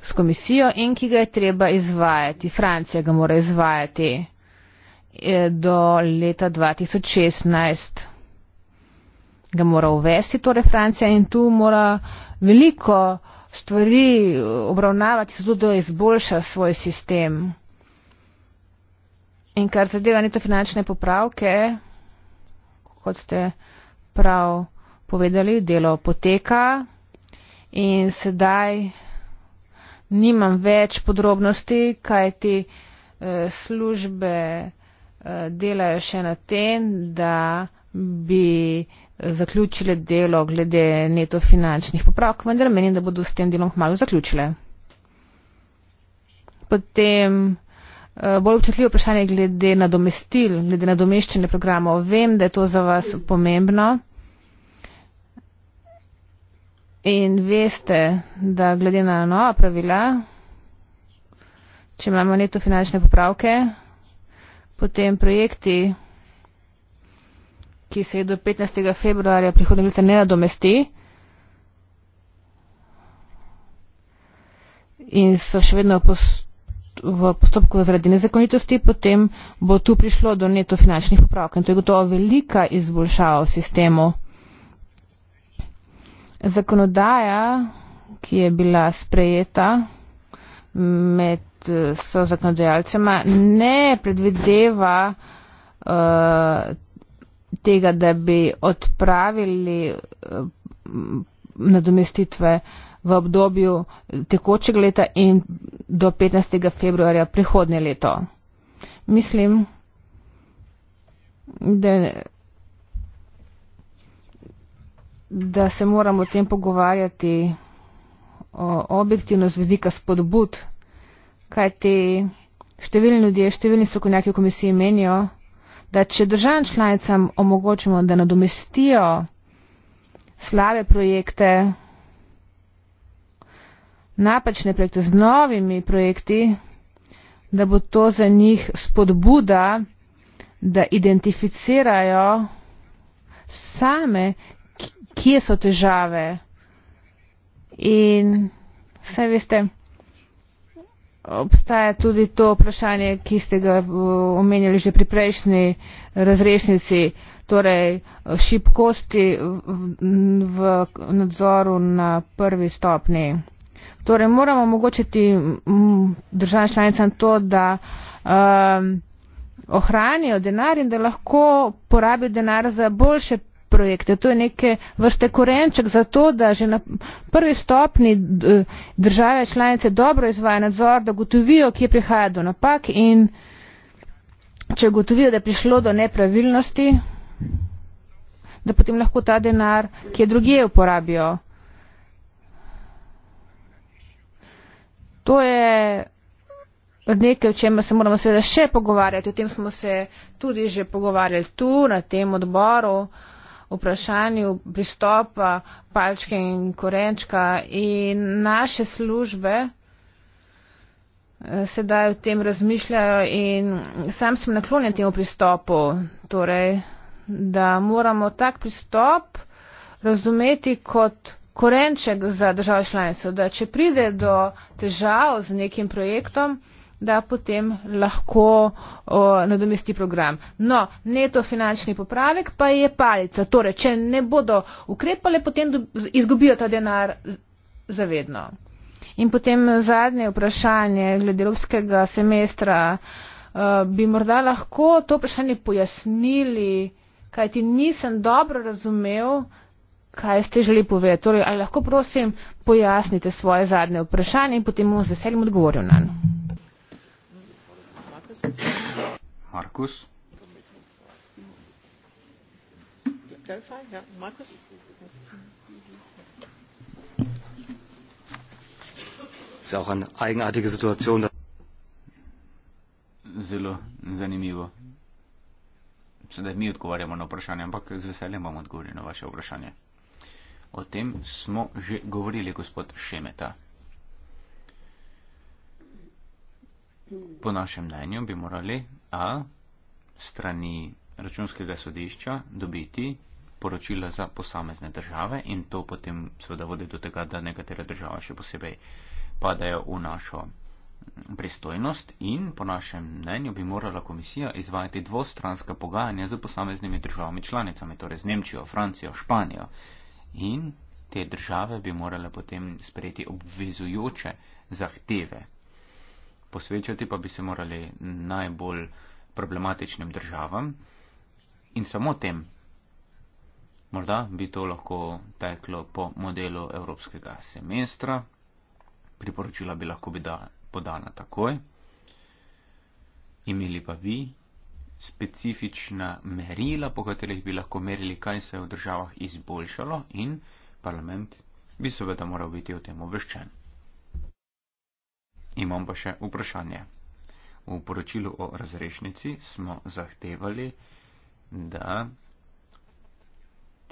s komisijo in ki ga je treba izvajati. Francija ga mora izvajati eh, do leta 2016. Ga mora uvesti torej Francija in tu mora veliko stvari obravnavati, zato da izboljša svoj sistem. In kar zadeva neto finančne popravke, kot ste prav povedali, delo poteka in sedaj nimam več podrobnosti, kaj ti eh, službe eh, delajo še na tem, da bi eh, zaključile delo glede neto finančnih popravk, vendar menim, da bodo s tem delom hmalo zaključile. Potem bolj občutljivo vprašanje glede nadomestil, glede nadomeščene programov. Vem, da je to za vas pomembno. In veste, da glede na nova pravila, če imamo neto finančne popravke, potem projekti, ki se je do 15. februarja prihodnjega leta ne nadomesti in so še vedno post v postopku zaradi nezakonitosti, potem bo tu prišlo do neto finančnih popravk. In to je gotovo velika izboljšava v sistemu. Zakonodaja, ki je bila sprejeta med eh, so zakonodajalcema, ne predvideva uh, tega, da bi odpravili uh, nadomestitve v obdobju tekočega leta in do 15. februarja prihodnje leto. Mislim, da da se moramo o tem pogovarjati o objektivno z vidika spodbud, kaj ti številni ljudje, številni strokovnjaki v komisiji menijo, da če državam članicam omogočimo, da nadomestijo slave projekte, napačne projekte z novimi projekti, da bo to za njih spodbuda, da identificirajo same, kje so težave. In vse veste, obstaja tudi to vprašanje, ki ste ga eh, omenjali že pri prejšnji razrešnici, torej eh, šibkosti v, v nadzoru na prvi stopni. Torej moramo omogočiti državam članicam to, da um, ohranijo denar in da lahko porabijo denar za boljše projekte. To je neke vrste korenček za to, da že na prvi stopni države članice dobro izvaja nadzor, da gotovijo, kje prihaja do napak in če gotovijo, da je prišlo do nepravilnosti, da potem lahko ta denar kje drugje uporabijo. To je nekaj, o čem se moramo seveda še pogovarjati. O tem smo se tudi že pogovarjali tu, na tem odboru. Uh, vprašanju pristopa palčke in korenčka in naše službe eh, sedaj o tem razmišljajo in sam sem naklonjen temu pristopu, torej, da moramo tak pristop razumeti kot korenček za državo članico, da če pride do težav z nekim projektom, da potem lahko o, nadomesti program. No, neto finančni popravek pa je palica. Torej, če ne bodo ukrepale, potem izgubijo ta denar zavedno. In potem zadnje vprašanje glede evropskega semestra. O, bi morda lahko to vprašanje pojasnili, kajti nisem dobro razumev. Kaj ste želeli povedati? Torej, ali lahko prosim pojasnite svoje zadnje vprašanje in potem bom z veseljem odgovoril na njega. Markus. Das ist ja auch eine eigenartige Situation. Zelo zanimivo. Sedaj mi odgovarjamo na vprašanje, ampak z veseljem bom odgovoril na vaše vprašanje. O tem smo že govorili, gospod Šemeta. Po našem mnenju bi morali A strani računskega sodišča dobiti poročila za posamezne države in to potem seveda vodi do tega, da nekatere države še posebej padajo v našo pristojnost in po našem mnenju bi morala komisija izvajati dvostranska pogajanja z posameznimi državami članicami, torej z Nemčijo, Francijo, Španijo in te države bi morale potem sprejeti obvezujoče zahteve posvečati pa bi se morali najbolj problematičnim državam in samo tem. Morda bi to lahko teklo po modelu evropskega semestra, priporočila bi lahko bila podana takoj, imeli pa bi specifična merila, po katerih bi lahko merili, kaj se je v državah izboljšalo in parlament bi seveda moral biti o tem obveščen. Imam pa še vprašanje. V poročilu o razrešnici smo zahtevali, da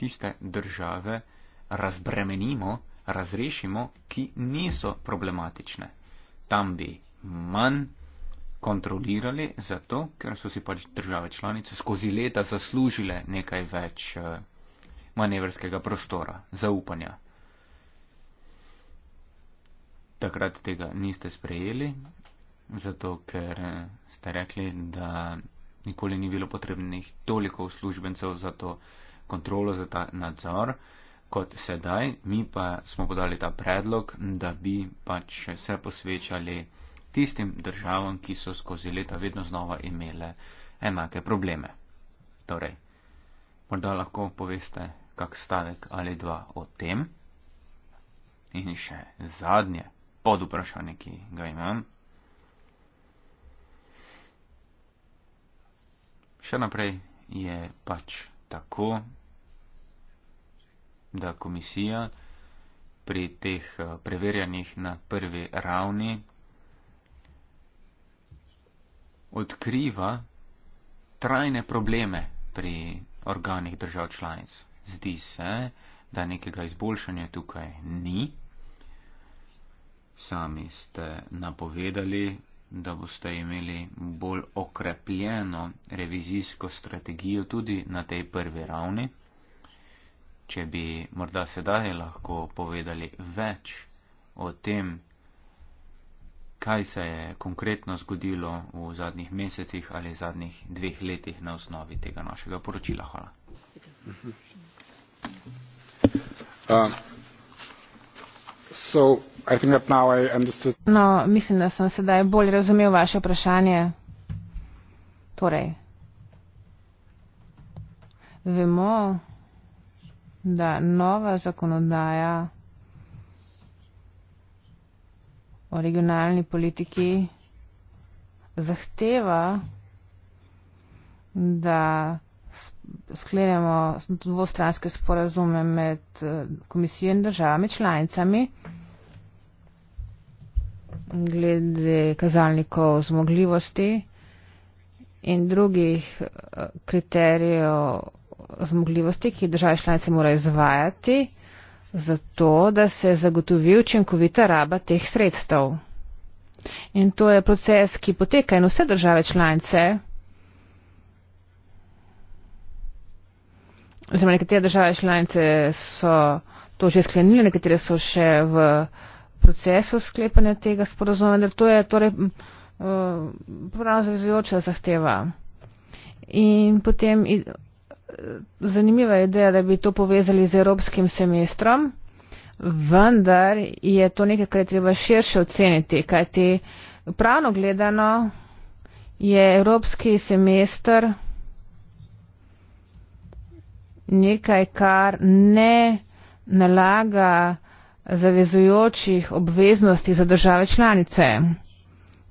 tiste države razbremenimo, razrešimo, ki niso problematične. Tam bi manj kontrolirali, zato ker so si pač države članice skozi leta zaslužile nekaj več eh, manevrskega prostora, zaupanja takrat tega niste sprejeli, zato ker ste rekli, da nikoli ni bilo potrebnih toliko uslužbencev za to kontrolo, za ta nadzor kot sedaj. Mi pa smo podali ta predlog, da bi pač se posvečali tistim državam, ki so skozi leta vedno znova imele enake probleme. Torej, morda lahko poveste kak stavek ali dva o tem. In še zadnje pod vprašanje, ki ga imam. Še naprej je pač tako, da komisija pri teh eh, preverjanjih na prvi ravni odkriva trajne probleme pri organih držav članic. Zdi se, da nekega izboljšanja tukaj ni, Sami ste napovedali, da boste imeli bolj okrepljeno revizijsko strategijo tudi na tej prvi ravni. Če bi morda sedaj lahko povedali več o tem, kaj se je konkretno zgodilo v zadnjih mesecih ali zadnjih dveh letih na osnovi tega našega poročila. Hvala. Uh, No, mislim, da sem sedaj bolj razumel vaše vprašanje. Torej, vemo, da nova zakonodaja o regionalni politiki zahteva, da sklenemo dvostranske sporazume med eh, komisijo in državami članicami glede kazalnikov zmogljivosti in drugih eh, kriterijev zmogljivosti, ki države članice morajo izvajati, zato da se zagotovi učinkovita raba teh sredstev. In to je proces, ki poteka in vse države članice oziroma nekatere države članice so to že sklenili, nekatere so še v procesu sklepanja tega sporozuma, vendar to je torej eh, prav zavezujoča zahteva. In potem eh, zanimiva ideja, da bi to povezali z evropskim semestrom, vendar je to nekaj, kar je treba širše oceniti, kajti pravno gledano je evropski semestr nekaj, kar ne nalaga zavezujočih obveznosti za države članice.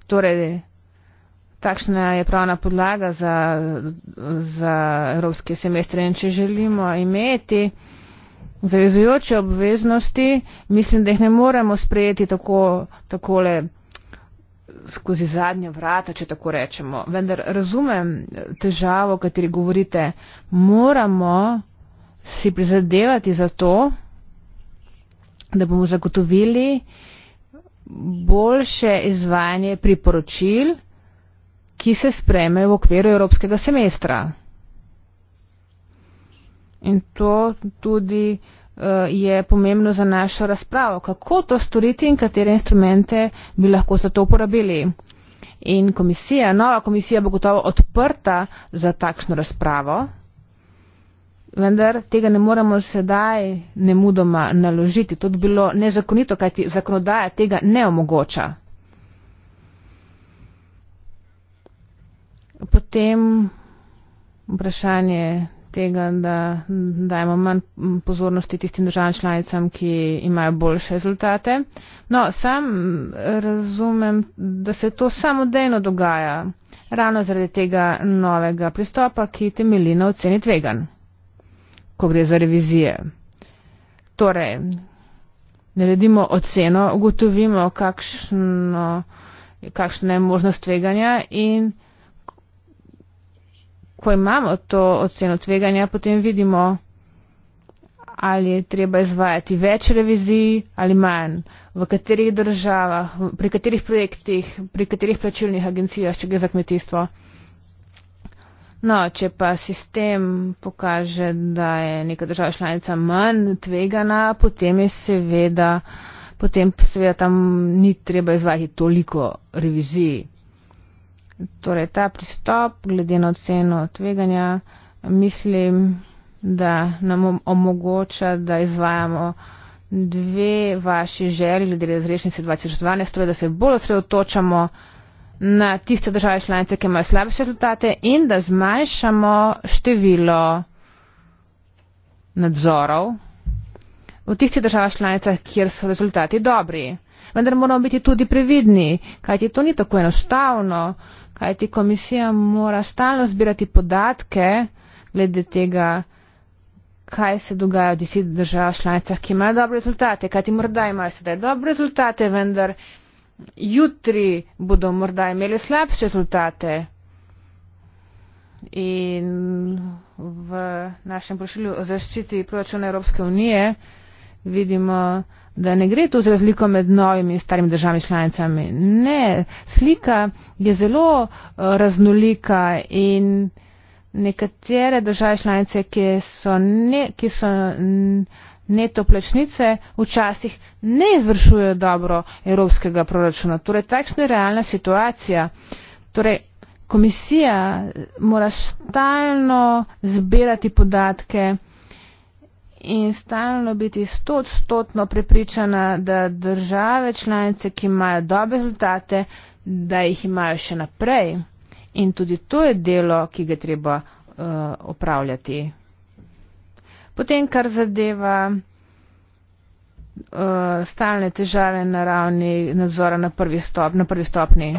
Torej, takšna je pravna podlaga za, za evropske semestre in če želimo imeti zavezujoče obveznosti, mislim, da jih ne moremo sprejeti tako, takole skozi zadnja vrata, če tako rečemo. Vendar razumem težavo, o kateri govorite, moramo si prizadevati za to, da bomo zagotovili boljše izvajanje priporočil, ki se spreme v okviru evropskega semestra. In to tudi uh, je pomembno za našo razpravo, kako to storiti in katere instrumente bi lahko za to uporabili. In komisija, nova komisija bo gotovo odprta za takšno razpravo, Vendar tega ne moremo sedaj nemudoma naložiti. To bi bilo nezakonito, kajti zakonodaja tega ne omogoča. Potem vprašanje tega, da dajemo manj pozornosti tistim državam članicam, ki imajo boljše rezultate. No, sam razumem, da se to samodejno dogaja ravno zaradi tega novega pristopa, ki temelji na oceni tveganj ko gre za revizije. Torej, naredimo oceno, ugotovimo, kakšno, kakšna je možnost tveganja in ko imamo to oceno tveganja, potem vidimo, ali je treba izvajati več revizij ali manj, v katerih državah, pri katerih projektih, pri katerih plačilnih agencijah, če gre za kmetijstvo. No, če pa sistem pokaže, da je neka država članica manj tvegana, potem je seveda, potem seveda tam ni treba izvajati toliko revizij. Torej, ta pristop, glede na oceno tveganja, mislim, da nam omogoča, da izvajamo dve vaši želji, glede razrešnice 2012, torej, da se bolj osredotočamo na tiste države članice, ki imajo slabše rezultate in da zmanjšamo število nadzorov v tistih državah članicah, kjer so rezultati dobri. Vendar moramo biti tudi previdni, kajti to ni tako enostavno, kajti komisija mora stalno zbirati podatke glede tega, kaj se dogaja v tistih državah članicah, ki imajo dobre rezultate, kajti morda imajo sedaj dobre rezultate, vendar jutri bodo morda imeli slabše rezultate. In v našem prošilju o zaščiti proračuna Evropske unije vidimo, da ne gre tu za razliko med novimi in starimi državami članicami. Ne, slika je zelo eh, raznolika in nekatere države članice, ki so, ne, ki so n, neto plačnice včasih ne izvršujejo dobro evropskega proračuna. Torej, takšna je realna situacija. Torej, komisija mora stalno zbirati podatke in stalno biti stotstotno prepričana, da države članice, ki imajo dobre rezultate, da jih imajo še naprej. In tudi to je delo, ki ga treba uh, opravljati. Potem, kar zadeva uh, stalne težave na ravni nadzora na prvi, stop, na prvi stopni.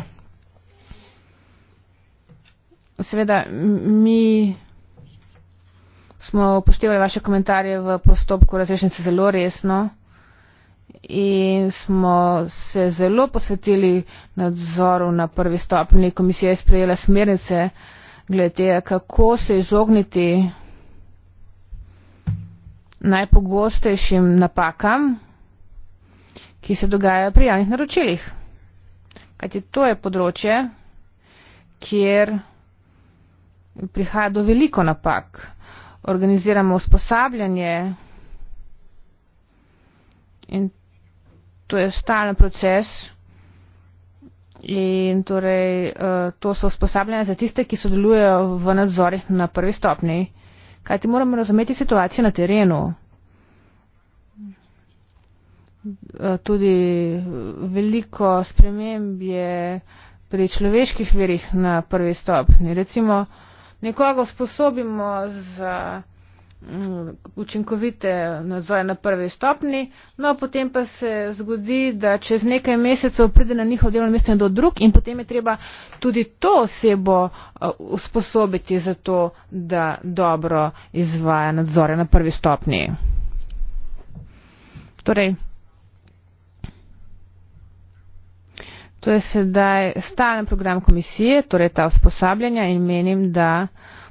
Seveda, mi smo upoštevali vaše komentarje v postopku razrešnice zelo resno in smo se zelo posvetili nadzoru na prvi stopni. Komisija je sprejela smernice glede tega, kako se izogniti najpogostejšim napakam, ki se dogajajo pri javnih naročilih. Kajti to je področje, kjer prihaja do veliko napak. Organiziramo usposabljanje in to je stalen proces. In torej, eh, to so usposabljanja za tiste, ki sodelujejo v nadzorih na prvi stopni kajti moramo razumeti situacijo na terenu. Eh, tudi eh, veliko sprememb je pri človeških verjih na prvi stopni. Recimo, nekoga sposobimo za. Mm, učinkovite nadzore na prvi stopni, no potem pa se zgodi, da čez nekaj mesecev pride na njihov delovno mesto do drug in potem je treba tudi to osebo eh, usposobiti za to, da dobro izvaja nadzore na prvi stopni. Torej, to je sedaj stalen program komisije, torej ta usposabljanja in menim, da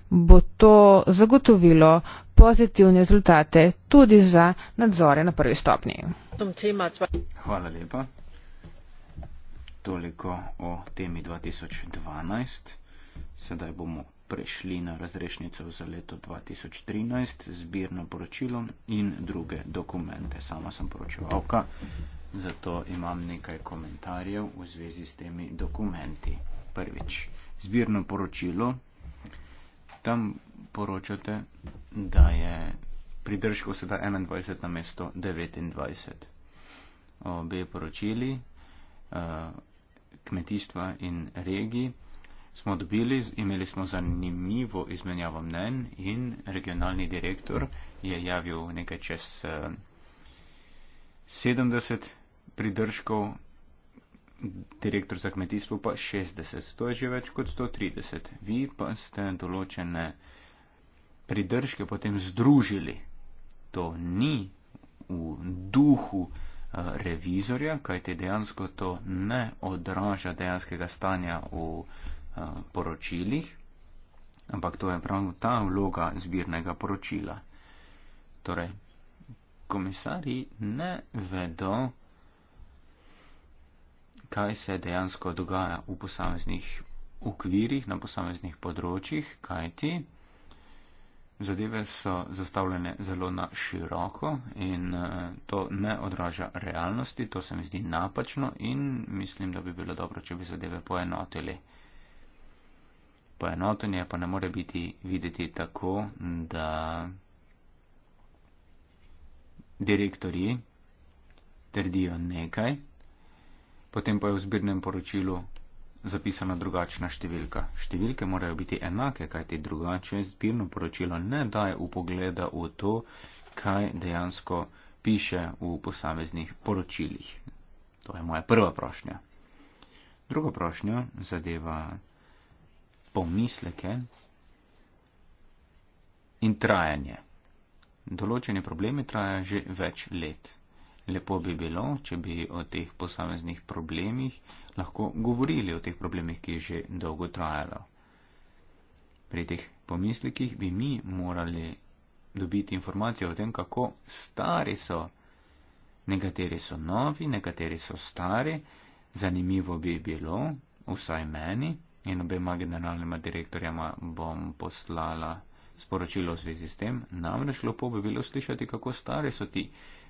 bo to zagotovilo pozitivne rezultate tudi za nadzore na prvi stopni. Hvala lepa. Toliko o temi 2012. Sedaj bomo prešli na razrešnico za leto 2013, zbirno poročilo in druge dokumente. Sama sem poročevalka, zato imam nekaj komentarjev v zvezi s temi dokumenti. Prvič, zbirno poročilo tam poročate, da je pridržkov sedaj 21 na mesto 29. Obe poročili eh, kmetijstva in regiji smo dobili, imeli smo zanimivo izmenjavo mnen in regionalni direktor je javil nekaj čez 70 eh, pridržkov direktor za kmetijstvo pa 60, to je že več kot 130. Vi pa ste določene pridržke potem združili. To ni v duhu uh, revizorja, kajte dejansko to ne odraža dejanskega stanja v uh, poročilih, ampak to je prav ta vloga zbirnega poročila. Torej, komisari ne vedo, kaj se dejansko dogaja v posameznih ukvirih, na posameznih področjih, kajti zadeve so zastavljene zelo na široko in eh, to ne odraža realnosti, to se mi zdi napačno in mislim, da bi bilo dobro, če bi zadeve poenotili. Poenotenje pa ne more biti videti tako, da direktorji trdijo nekaj, potem pa je v zbirnem poročilu zapisana drugačna številka. Številke morajo biti enake, kajti drugače zbirno poročilo ne daje upogleda v to, kaj dejansko piše v posameznih poročilih. To je moja prva prošnja. Druga prošnja zadeva pomisleke in trajanje. Določene probleme traja že več let. Lepo bi bilo, če bi o teh posameznih problemih lahko govorili, o teh problemih, ki že dolgo trajajo. Pri teh pomislekih bi mi morali dobiti informacije o tem, kako stari so. Nekateri so novi, nekateri so stari. Zanimivo bi bilo, vsaj meni in obema generalnima direktorjama bom poslala sporočilo v zvezi s tem, namreč lepo bi bilo slišati, kako stari so ti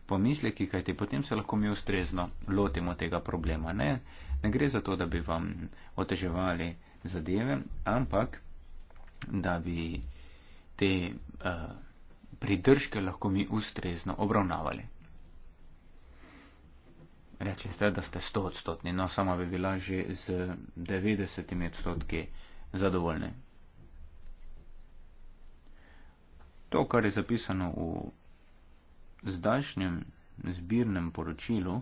pomisleki, kajti potem se lahko mi ustrezno lotimo tega problema. Ne, ne gre za to, da bi vam oteževali zadeve, ampak da bi te uh, pridržke lahko mi ustrezno obravnavali. Rekli ste, da ste 100 odstotni, no sama bi bila že z 90 odstotki zadovoljni. To, kar je zapisano v zdajšnjem zbirnem poročilu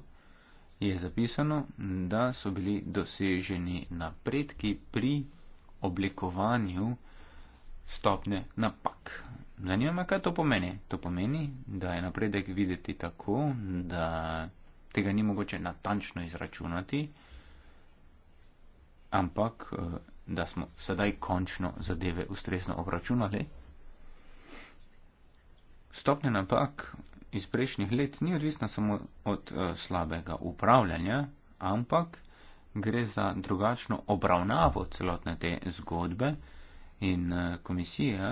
je zapisano, da so bili doseženi napredki pri oblikovanju stopne napak. Zanima me, kaj to pomeni. To pomeni, da je napredek videti tako, da tega ni mogoče natančno izračunati, ampak eh, da smo sedaj končno zadeve ustrezno obračunali. Stopne napak iz prejšnjih let ni odvisna samo od uh, slabega upravljanja, ampak gre za drugačno obravnavo celotne te zgodbe in uh, komisija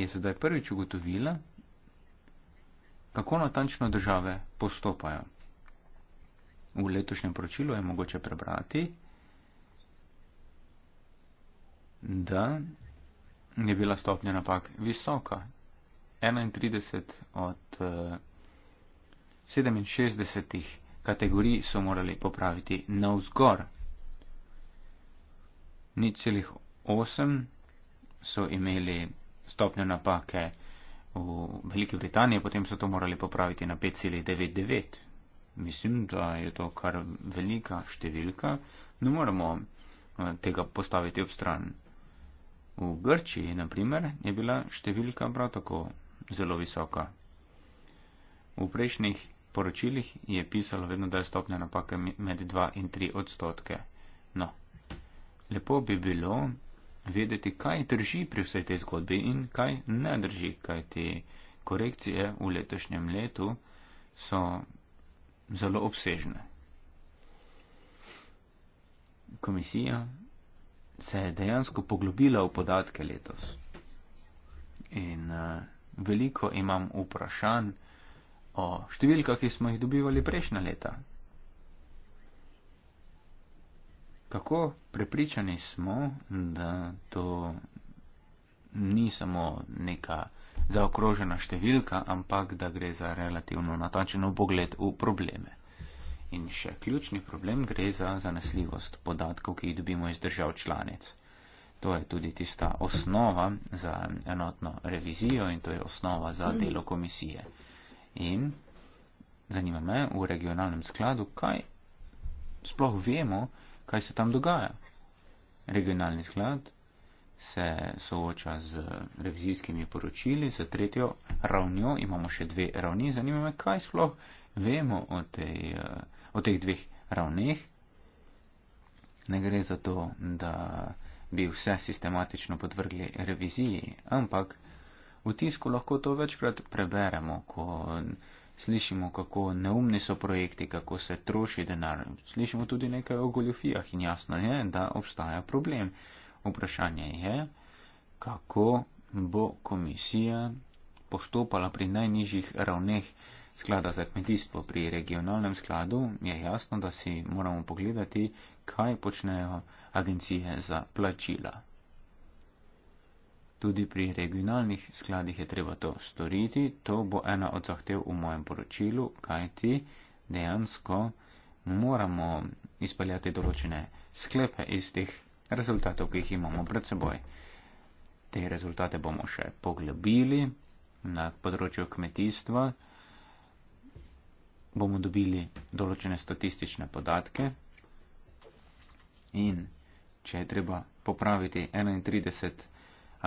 je sedaj prvič ugotovila, kako natančno države postopajo. V letošnjem poročilu je mogoče prebrati, da je bila stopnja napak visoka, 31 od uh, eh, 67 kategorij so morali popraviti navzgor. Nič celih 8 so imeli stopnjo napake v Veliki Britaniji, potem so to morali popraviti na 5,99. Mislim, da je to kar velika številka, ne moramo eh, tega postaviti ob stran. V Grčiji, naprimer, je bila številka prav tako zelo visoka. V prejšnjih poročilih je pisalo vedno, da je stopnja napake med 2 in 3 odstotke. No, lepo bi bilo vedeti, kaj drži pri vsej tej zgodbi in kaj ne drži, kaj ti korekcije v letošnjem letu so zelo obsežne. Komisija se je dejansko poglobila v podatke letos. In uh, veliko imam vprašanj o številkah, ki smo jih dobivali prejšnja leta. Kako prepričani smo, da to ni samo neka zaokrožena številka, ampak da gre za relativno natačen pogled v probleme. In še ključni problem gre za zanesljivost podatkov, ki jih dobimo iz držav članic. To je tudi tista osnova za enotno revizijo in to je osnova za mhm. delo komisije. In zanima me v regionalnem skladu, kaj sploh vemo, kaj se tam dogaja. Regionalni sklad se sooča z revizijskimi poročili, z tretjo ravnjo, imamo še dve ravni, zanima me, kaj sploh vemo o, tej, eh, o teh dveh ravneh. Ne gre za to, da bi vse sistematično podvrgli reviziji, ampak v tisku lahko to večkrat preberemo, ko slišimo, kako neumni so projekti, kako se troši denar. Slišimo tudi nekaj o goljofijah in jasno je, da obstaja problem. Vprašanje je, kako bo komisija postopala pri najnižjih ravneh sklada za kmetijstvo. Pri regionalnem skladu je jasno, da si moramo pogledati, kaj počnejo agencije za plačila. Tudi pri regionalnih skladih je treba to storiti, to bo ena od zahtev v mojem poročilu, kajti dejansko moramo izpeljati določene sklepe iz teh rezultatov, ki jih imamo pred seboj. Te rezultate bomo še poglobili na področju kmetijstva, bomo dobili določene statistične podatke, in, če je treba popraviti 31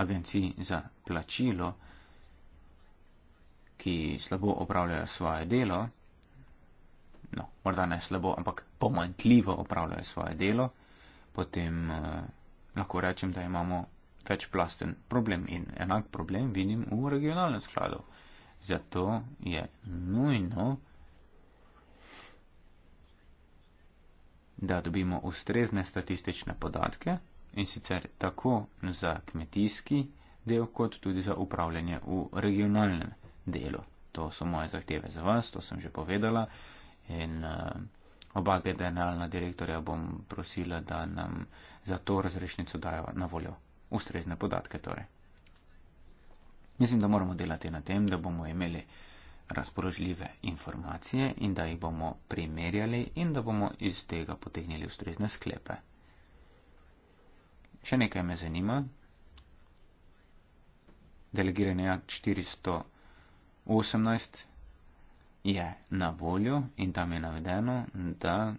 agencij za plačilo, ki slabo opravljajo svoje delo, no, morda ne slabo, ampak pomanjkljivo opravljajo svoje delo, potem eh, lahko rečem, da imamo večplasten problem in enak problem vidim v regionalnem skladu. Zato je nujno, da dobimo ustrezne statistične podatke in sicer tako za kmetijski del, kot tudi za upravljanje v regionalnem delu. To so moje zahteve za vas, to sem že povedala in uh, oba generalna direktorja bom prosila, da nam za to razrešnico dajo na voljo ustrezne podatke. Torej. Mislim, da moramo delati na tem, da bomo imeli uh, razpoložljive informacije in da jih bomo primerjali in da bomo iz tega potegnili ustrezne sklepe. Še nekaj me zanima. Delegiranje 418 je na voljo in tam je navedeno, da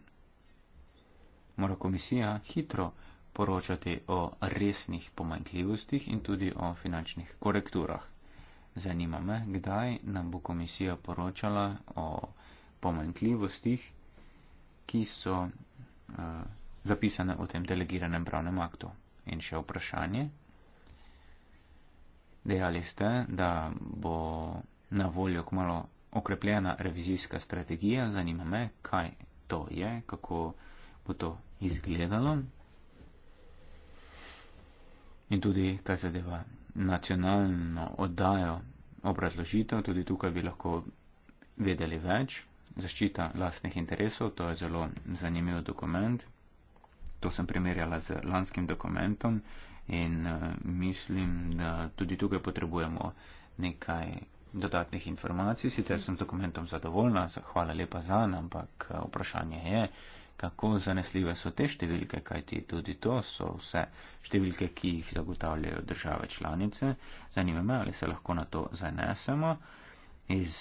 mora komisija hitro poročati o resnih pomanjkljivostih in tudi o finančnih korekturah. Zanima me, kdaj nam bo komisija poročala o pomankljivostih, ki so uh, zapisane v tem delegiranem pravnem aktu. In še vprašanje. Dejali ste, da bo na voljo kmalo okrepljena revizijska strategija. Zanima me, kaj to je, kako bo to izgledalo. In tudi, kaj zadeva nacionalno oddajo obrazložitev, tudi tukaj bi lahko vedeli več. Zaščita lastnih interesov, to je zelo zanimiv dokument. To sem primerjala z lanskim dokumentom in eh, mislim, da tudi tukaj potrebujemo nekaj dodatnih informacij. Sicer sem z dokumentom zadovoljna, hvala lepa za, ampak eh, vprašanje je, kako zanesljive so te številke, kajti tudi to so vse številke, ki jih zagotavljajo države članice. Zanima me, ali se lahko na to zanesemo. Iz,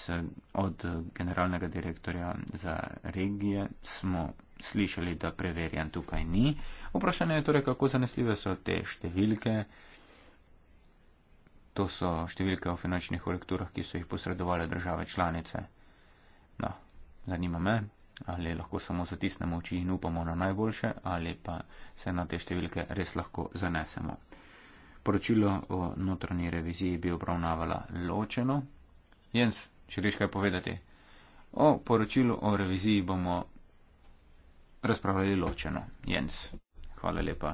od generalnega direktorja za regije smo slišali, da preverjan tukaj ni. Vprašanje je torej, kako zanesljive so te številke. To so številke o finančnih kolekturah, ki so jih posredovali države članice. No, zanima me, ali lahko samo zatisnemo oči in upamo na najboljše, ali pa se na te številke res lahko zanesemo. Poročilo o notranji reviziji bi obravnavala ločeno. Jens, želiš kaj povedati? O poročilu o reviziji bomo razpravljali ločeno. Jens, hvala lepa.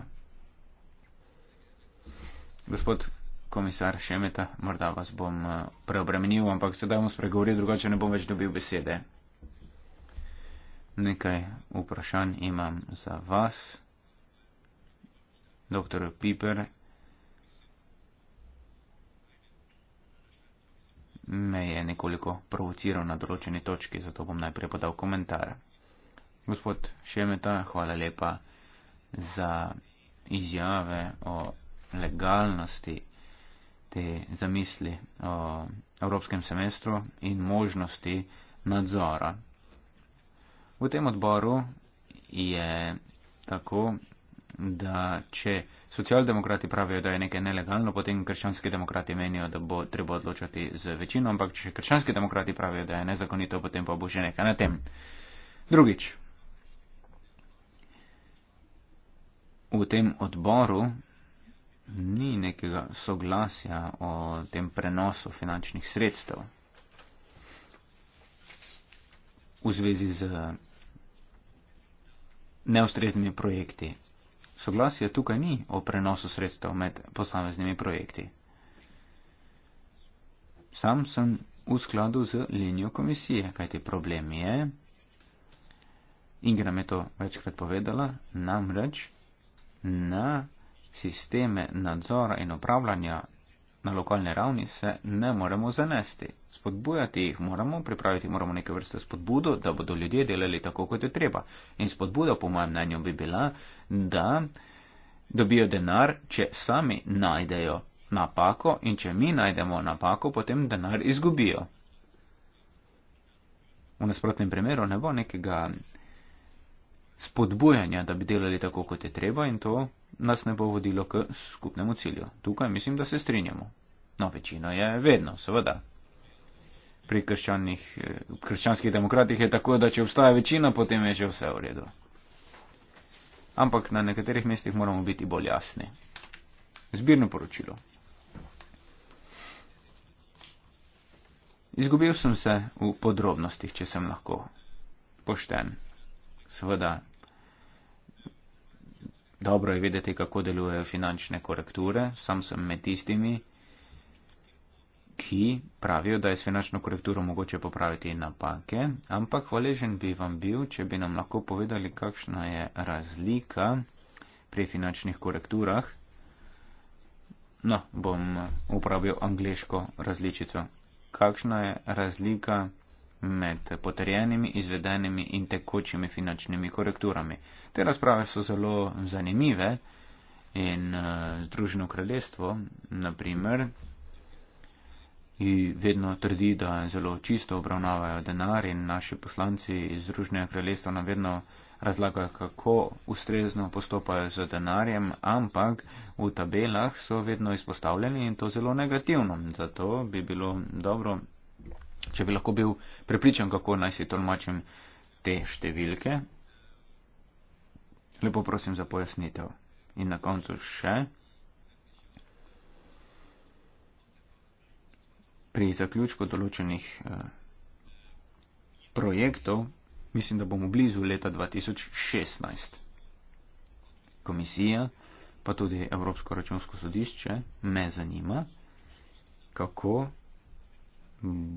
Gospod komisar Šemeta, morda vas bom eh, preobremenil, ampak sedaj bom spregovoril, drugače ne bom več dobil besede nekaj vprašanj imam za vas. Doktor Piper me je nekoliko provociral na določeni točki, zato bom najprej podal komentar. Gospod Šemeta, hvala lepa za izjave o legalnosti te zamisli o evropskem semestru in možnosti nadzora V tem odboru je tako, da če socialdemokrati pravijo, da je nekaj nelegalno, potem krščanski demokrati menijo, da bo treba odločati z večino, ampak če krščanski demokrati pravijo, da je nezakonito, potem pa bo že nekaj na tem. Drugič, v tem odboru ni nekega soglasja o tem prenosu finančnih sredstev v zvezi z neustreznimi projekti. Soglasja tukaj ni o prenosu sredstev med posameznimi projekti. Sam sem v skladu z linijo komisije, kajti problem je, Ingram je to večkrat povedala, namreč na sisteme nadzora in upravljanja na lokalni ravni se ne moremo zanesti spodbujati jih moramo, pripraviti moramo neke vrste spodbudo, da bodo ljudje delali tako, kot je treba. In spodbuda, po mojem mnenju, bi bila, da dobijo denar, če sami najdejo napako in če mi najdemo napako, potem denar izgubijo. V nasprotnem primeru ne bo nekega spodbujanja, da bi delali tako, kot je treba in to nas ne bo vodilo k skupnemu cilju. Tukaj mislim, da se strinjamo. No, večino je vedno, seveda pri krščanih, eh, krščanskih demokratih je tako, da če obstaja večina, potem je že vse v redu. Ampak na nekaterih mestih moramo biti bolj jasni. Zbirno poročilo. Izgubil sem se v podrobnostih, če sem lahko pošten. Seveda, dobro je vedeti, kako delujejo finančne korekture. Sam sem med tistimi, ki pravijo, da je s finančno korekturo mogoče popraviti napake, ampak hvaležen bi vam bil, če bi nam lahko povedali, kakšna je razlika pri finančnih korekturah. No, bom uporabil angliško različico. Kakšna je razlika med potrjenimi, izvedenimi in tekočimi finančnimi korekturami? Te razprave so zelo zanimive in uh, Združeno kraljestvo, naprimer, ki vedno trdi, da zelo čisto obravnavajo denar in naši poslanci iz Združenega kraljestva nam vedno razlagajo, kako ustrezno postopajo z denarjem, ampak v tabelah so vedno izpostavljeni in to zelo negativno. Zato bi bilo dobro, če bi lahko bil prepričan, kako naj si tolmačim te številke. Lepo prosim za pojasnitev. In na koncu še. pri zaključku določenih eh, projektov, mislim, da bomo blizu leta 2016. Komisija, pa tudi Evropsko računsko sodišče, me zanima, kako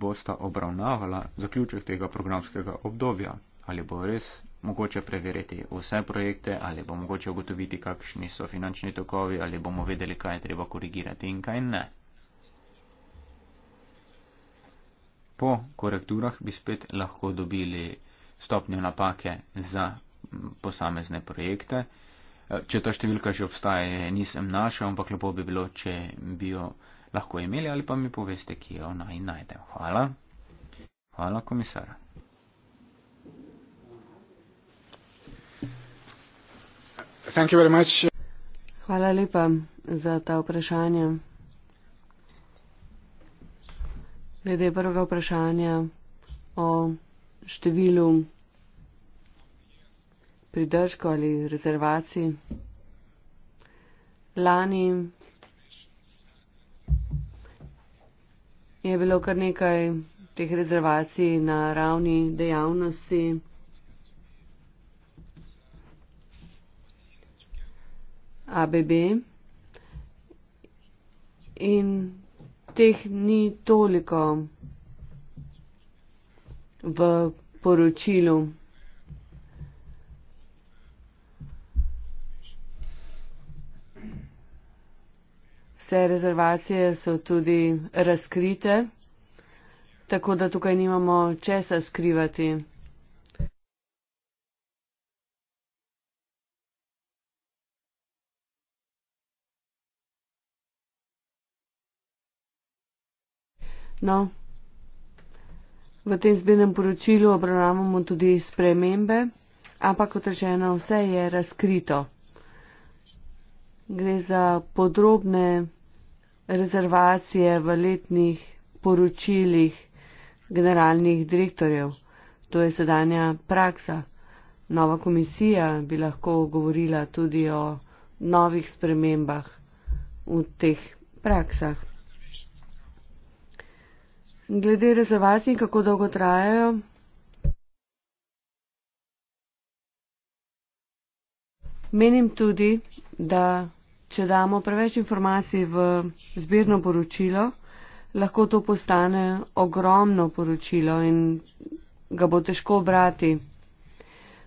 bosta obravnavala zaključek tega programskega obdobja. Ali bo res mogoče preveriti vse projekte, ali bo mogoče ugotoviti, kakšni so finančni tokovi, ali bomo vedeli, kaj je treba korigirati in kaj ne. po korekturah bi spet lahko dobili stopnjo napake za posamezne projekte. Eh, če ta številka že obstaja, nisem našel, ampak lepo bi bilo, če bi jo lahko imeli ali pa mi poveste, kje jo naj najdem. Hvala. Hvala, komisar. Hvala lepa za ta vprašanja. Glede prvega vprašanja o številu pridržkov ali rezervacij. Lani je bilo kar nekaj teh rezervacij na ravni dejavnosti. ABB in teh ni toliko v poročilu. Vse rezervacije so tudi razkrite, tako da tukaj nimamo česa skrivati. No, v tem zbirnem poročilu obravnavamo tudi spremembe, ampak kot rečeno, vse je razkrito. Gre za podrobne rezervacije v letnih poročilih generalnih direktorjev. To je sedanja praksa. Nova komisija bi lahko govorila tudi o novih spremembah v teh praksah. Glede rezervacij, kako dolgo trajajo? Menim tudi, da če damo preveč informacij v zbirno poročilo, lahko to postane ogromno poročilo in ga bo težko obrati.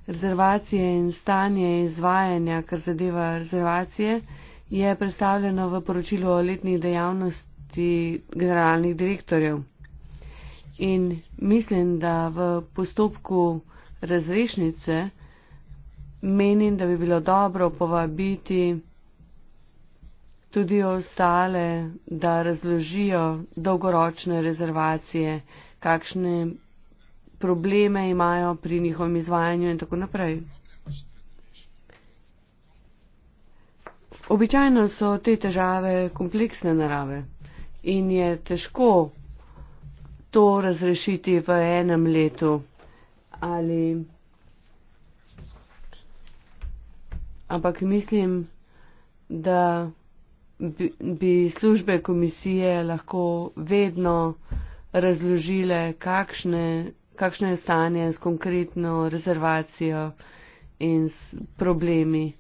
Rezervacije in stanje izvajanja, kar zadeva rezervacije, je predstavljeno v poročilu o letnih dejavnosti generalnih direktorjev. In mislim, da v postopku razrešnice menim, da bi bilo dobro povabiti tudi ostale, da razložijo dolgoročne rezervacije, kakšne probleme imajo pri njihovem izvajanju in tako naprej. Običajno so te težave kompleksne narave in je težko to razrešiti v enem letu ali. Ampak mislim, da bi službe komisije lahko vedno razložile, kakšne, kakšne je stanje s konkretno rezervacijo in s problemi,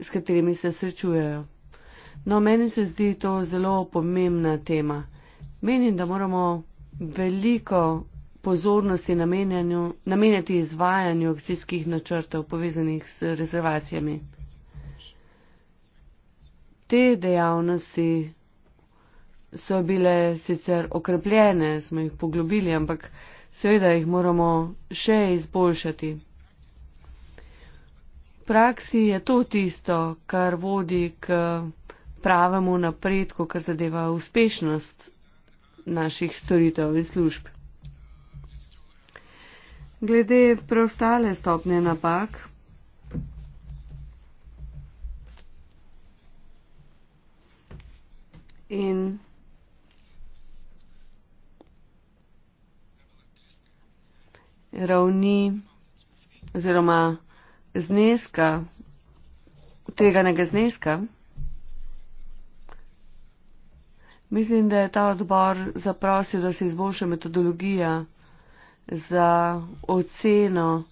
s katerimi se srečujejo. No, meni se zdi to zelo pomembna tema. Menim, da moramo veliko pozornosti namenjati izvajanju akcijskih načrtov povezanih s rezervacijami. Te dejavnosti so bile sicer okrepljene, smo jih poglobili, ampak seveda jih moramo še izboljšati. V praksi je to tisto, kar vodi k pravemu napredku, kar zadeva uspešnost naših storitev in služb. Glede preostale stopnje napak, In ravni oziroma zneska, tveganega zneska. Mislim, da je ta odbor zaprosil, da se izboljša metodologija za oceno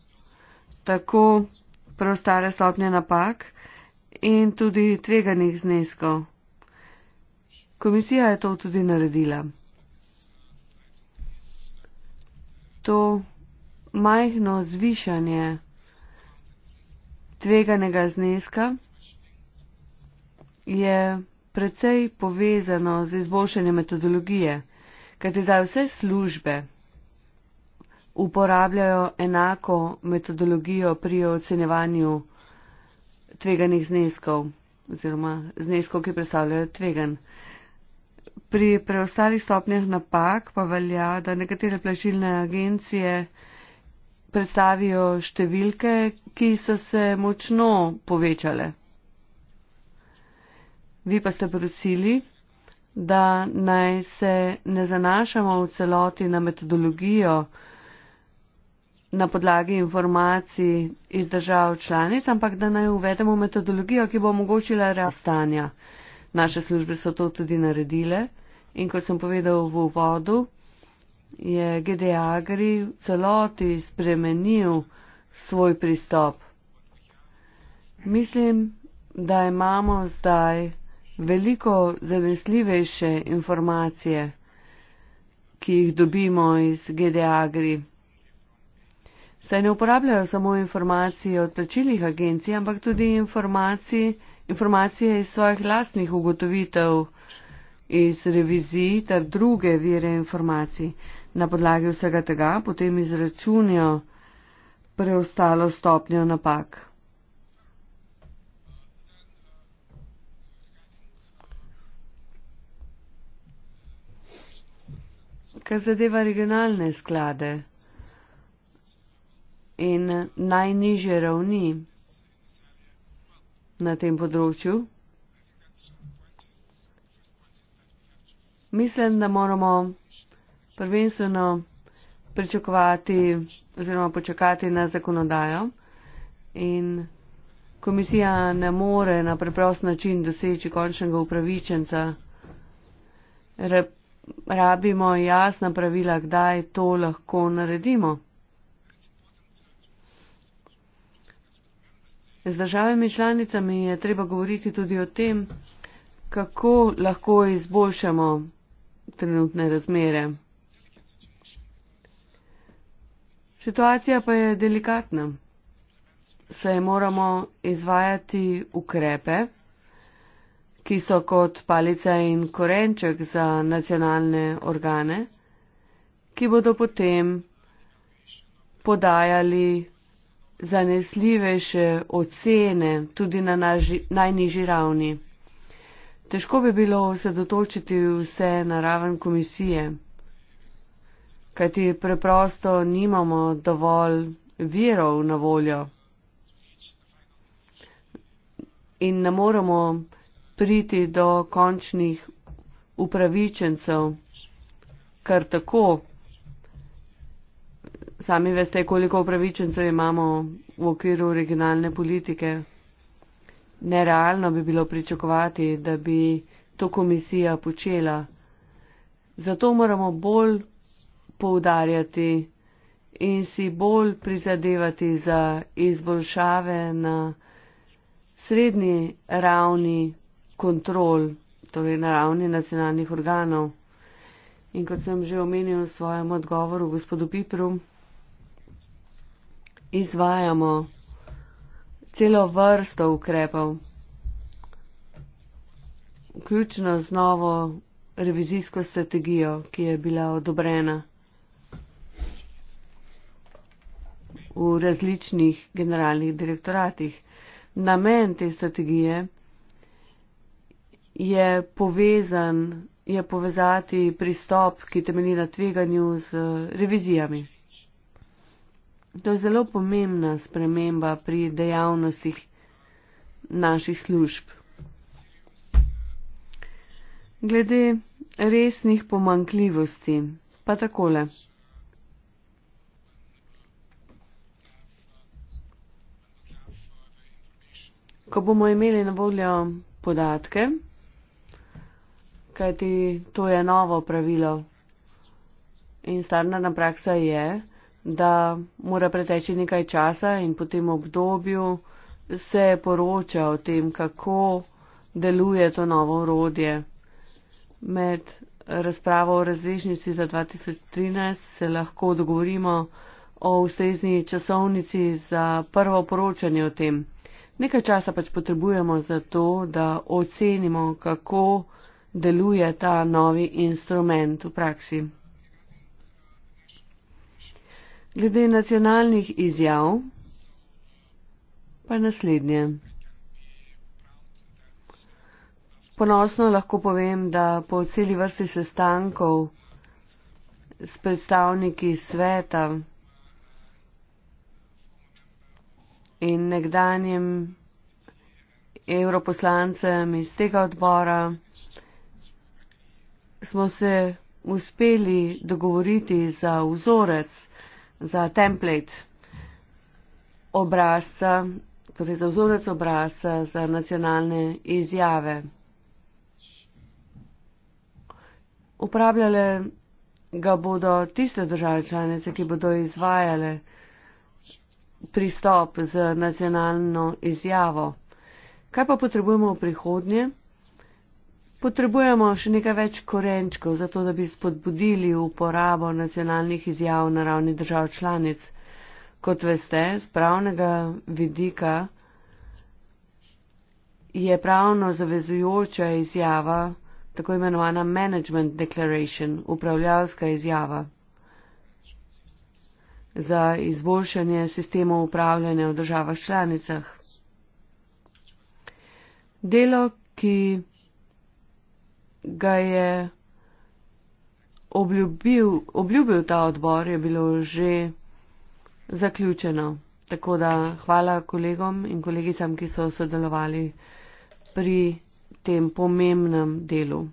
tako preostale stopnje napak in tudi tveganih zneskov. Komisija je to tudi naredila. To majhno zvišanje tveganega zneska je precej povezano z izboljšanjem metodologije, ker zdaj vse službe uporabljajo enako metodologijo pri ocenjevanju tveganih zneskov oziroma zneskov, ki predstavljajo tvegan. Pri preostalih stopnjah napak pa velja, da nekatere plačilne agencije predstavijo številke, ki so se močno povečale. Vi pa ste prosili, da naj se ne zanašamo v celoti na metodologijo na podlagi informacij iz držav članic, ampak da naj uvedemo metodologijo, ki bo omogočila reastanja. Naše službe so to tudi naredile in kot sem povedal v uvodu, je GD Agri v celoti spremenil svoj pristop. Mislim, da imamo zdaj veliko zanesljivejše informacije, ki jih dobimo iz GDAGRI. Saj ne uporabljajo samo informacije od plačilih agencij, ampak tudi informacije, informacije iz svojih lastnih ugotovitev, iz revizij ter druge vire informacij. Na podlagi vsega tega potem izračunijo preostalo stopnjo napak. kar zadeva regionalne sklade in najniže ravni na tem področju. Mislim, da moramo prvenstveno pričakovati oziroma počakati na zakonodajo in komisija ne more na preprost način doseči končnega upravičenca rabimo jasna pravila, kdaj to lahko naredimo. Z državami članicami je treba govoriti tudi o tem, kako lahko izboljšamo trenutne razmere. Situacija pa je delikatna, saj moramo izvajati ukrepe ki so kot palica in korenček za nacionalne organe, ki bodo potem podajali zanesljivejše ocene tudi na naži, najnižji ravni. Težko bi bilo osredotočiti vse na raven komisije, kajti preprosto nimamo dovolj virov na voljo in ne moremo priti do končnih upravičencev, kar tako. Sami veste, koliko upravičencev imamo v okviru regionalne politike. Nerealno bi bilo pričakovati, da bi to komisija počela. Zato moramo bolj poudarjati in si bolj prizadevati za izboljšave na srednji ravni kontrol, torej na ravni nacionalnih organov. In kot sem že omenil v svojem odgovoru gospodu Pipru, izvajamo celo vrsto ukrepov, vključno z novo revizijsko strategijo, ki je bila odobrena v različnih generalnih direktoratih. Namen te strategije je, je povezan, je povezati pristop, ki temelji na tveganju z eh, revizijami. To je zelo pomembna sprememba pri dejavnostih naših služb. Glede resnih pomankljivosti, pa takole. Ko bomo imeli na voljo podatke, kajti to je novo pravilo. In standardna praksa je, da mora preteči nekaj časa in po tem obdobju se poroča o tem, kako deluje to novo urodje. Med razpravo o različnici za 2013 se lahko dogovorimo o ustrezni časovnici za prvo poročanje o tem. Nekaj časa pač potrebujemo za to, da ocenimo, kako deluje ta novi instrument v praksi. Glede nacionalnih izjav pa naslednje. Ponosno lahko povem, da po celi vrsti sestankov s predstavniki sveta in nekdanjem evroposlancem iz tega odbora, smo se uspeli dogovoriti za vzorec, za template obrazca, torej za vzorec obrazca za nacionalne izjave. Upravljale ga bodo tiste države članice, ki bodo izvajale pristop z nacionalno izjavo. Kaj pa potrebujemo v prihodnje? Potrebujemo še nekaj več korenčkov, zato da bi spodbudili uporabo nacionalnih izjav na ravni držav članic. Kot veste, z pravnega vidika je pravno zavezujoča izjava, tako imenovana Management Declaration, upravljalska izjava za izboljšanje sistemov upravljanja v državah članicah. Delo, ki ga je obljubil, obljubil ta odbor, je bilo že zaključeno. Tako da hvala kolegom in kolegicam, ki so sodelovali pri tem pomembnem delu.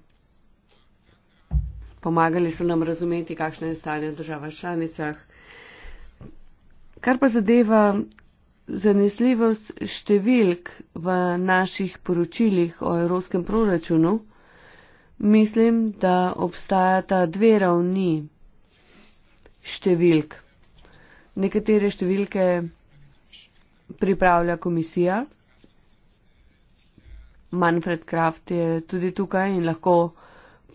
Pomagali so nam razumeti, kakšno je stanje v državah članicah. Kar pa zadeva zanesljivost številk v naših poročilih o evropskem proračunu, Mislim, da obstajata dve ravni številk. Nekatere številke pripravlja komisija. Manfred Kraft je tudi tukaj in lahko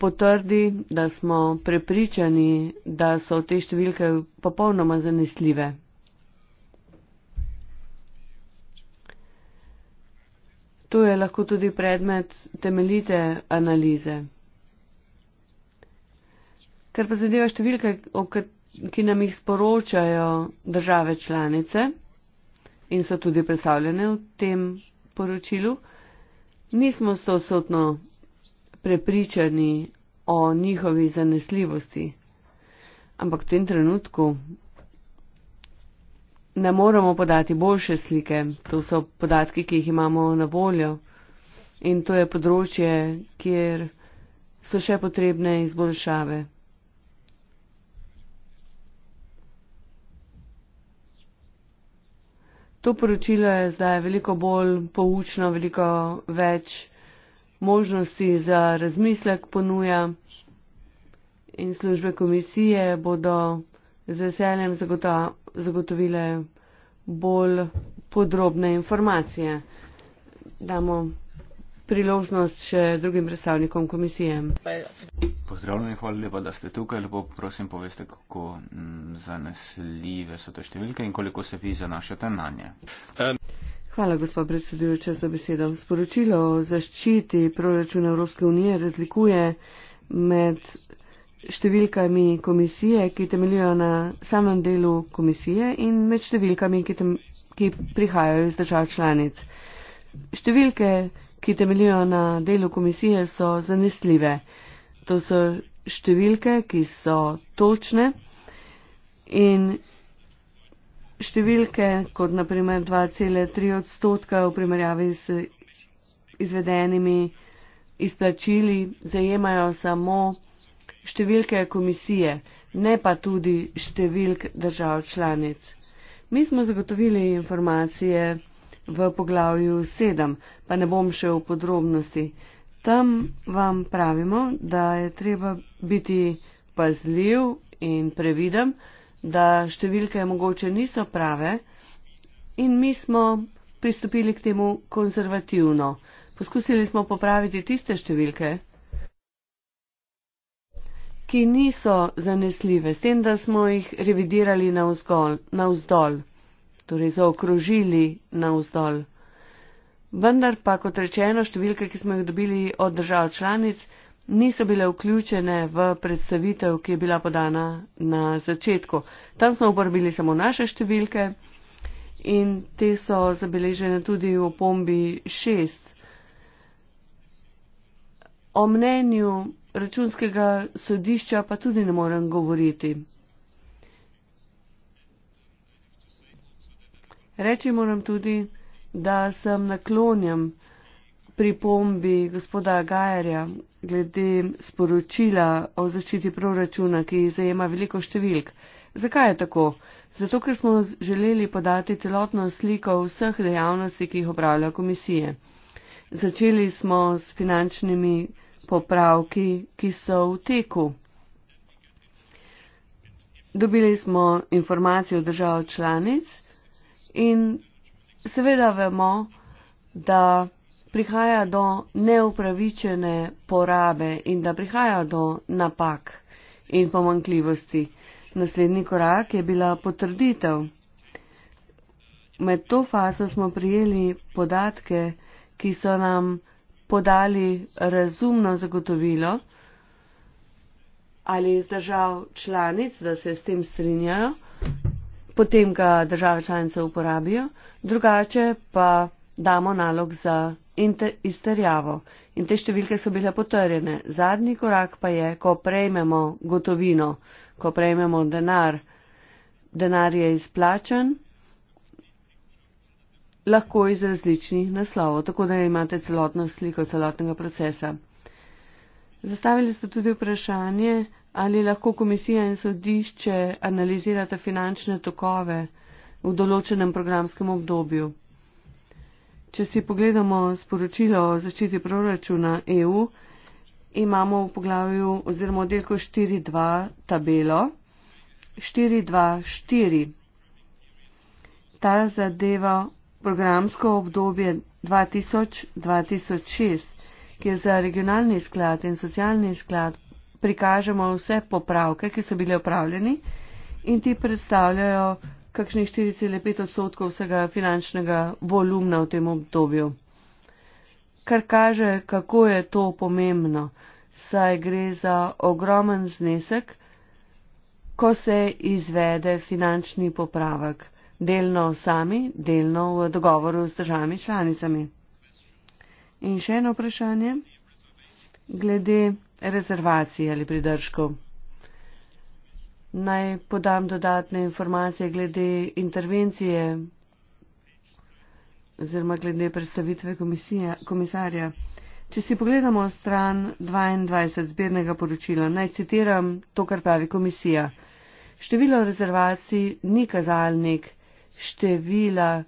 potrdi, da smo prepričani, da so te številke popolnoma zanesljive. To je lahko tudi predmet temeljite analize. Ker pa zadeva številke, ki nam jih sporočajo države članice in so tudi predstavljene v tem poročilu, nismo stosotno prepričani o njihovi zanesljivosti. Ampak v tem trenutku ne moremo podati boljše slike. To so podatki, ki jih imamo na voljo. In to je področje, kjer so še potrebne izboljšave. To poročilo je zdaj veliko bolj poučno, veliko več možnosti za razmislek ponuja in službe komisije bodo z veseljem zagotovili zagotovile bolj podrobne informacije. Damo priložnost še drugim predstavnikom komisije. Pozdravljeni, hvala lepa, da ste tukaj. Lepo prosim, poveste, kako mm, zanesljive so te številke in koliko se vi zanašate na nje. Um. Hvala, gospod predsedujoče, za besedo. Sporočilo o zaščiti proračuna Evropske unije razlikuje med številkami komisije, ki temeljijo na samem delu komisije in med številkami, ki, tem, ki prihajajo iz držav članic. Številke, ki temeljijo na delu komisije, so zanesljive. To so številke, ki so točne in številke, kot naprimer 2,3 odstotka v primerjavi z izvedenimi izplačili, zajemajo samo številke komisije, ne pa tudi številk držav članic. Mi smo zagotovili informacije v poglavju 7, pa ne bom še v podrobnosti. Tam vam pravimo, da je treba biti pazljiv in previden, da številke mogoče niso prave in mi smo pristopili k temu konzervativno. Poskusili smo popraviti tiste številke, ki niso zanesljive, s tem, da smo jih revidirali navzdol, torej zaokrožili navzdol. Vendar pa, kot rečeno, številke, ki smo jih dobili od držav članic, niso bile vključene v predstavitev, ki je bila podana na začetku. Tam smo uporabili samo naše številke in te so zabeležene tudi v pombi 6 o mnenju računskega sodišča pa tudi ne morem govoriti. Reči moram tudi, da sem naklonjen pripombi gospoda Gajerja glede sporočila o zaščiti proračuna, ki zajema veliko številk. Zakaj je tako? Zato, ker smo želeli podati celotno sliko vseh dejavnosti, ki jih opravlja komisije. Začeli smo s finančnimi popravki, ki so v teku. Dobili smo informacije od držav članic in seveda vemo, da prihaja do neupravičene porabe in da prihaja do napak in pomankljivosti. Naslednji korak je bila potrditev. Med to fazo smo prijeli podatke, ki so nam podali razumno zagotovilo ali iz držav članic, da se s tem strinjajo, potem ga države članice uporabijo, drugače pa damo nalog za izterjavo. In te številke so bile potrjene. Zadnji korak pa je, ko prejmemo gotovino, ko prejmemo denar, denar je izplačen, lahko iz različnih naslovov, tako da imate celotno sliko celotnega procesa. Zastavili ste tudi vprašanje, ali lahko komisija in sodišče analizirata finančne tokove v določenem programskem obdobju. Če si pogledamo sporočilo o zaščiti proračuna EU, imamo v poglavju oziroma oddelku 4.2 tabelo 4.2.4. Ta zadeva programsko obdobje 2000-2006, kjer za regionalni sklad in socialni sklad prikažemo vse popravke, ki so bile upravljeni in ti predstavljajo kakšnih 4,5 odstotkov vsega finančnega volumna v tem obdobju. Kar kaže, kako je to pomembno, saj gre za ogromen znesek, ko se izvede finančni popravek delno sami, delno v dogovoru s državami članicami. In še eno vprašanje glede rezervacij ali pridržkov. Naj podam dodatne informacije glede intervencije oziroma glede predstavitve komisija, komisarja. Če si pogledamo stran 22 zbirnega poročila, naj citiram to, kar pravi komisija. Število rezervacij ni kazalnik števila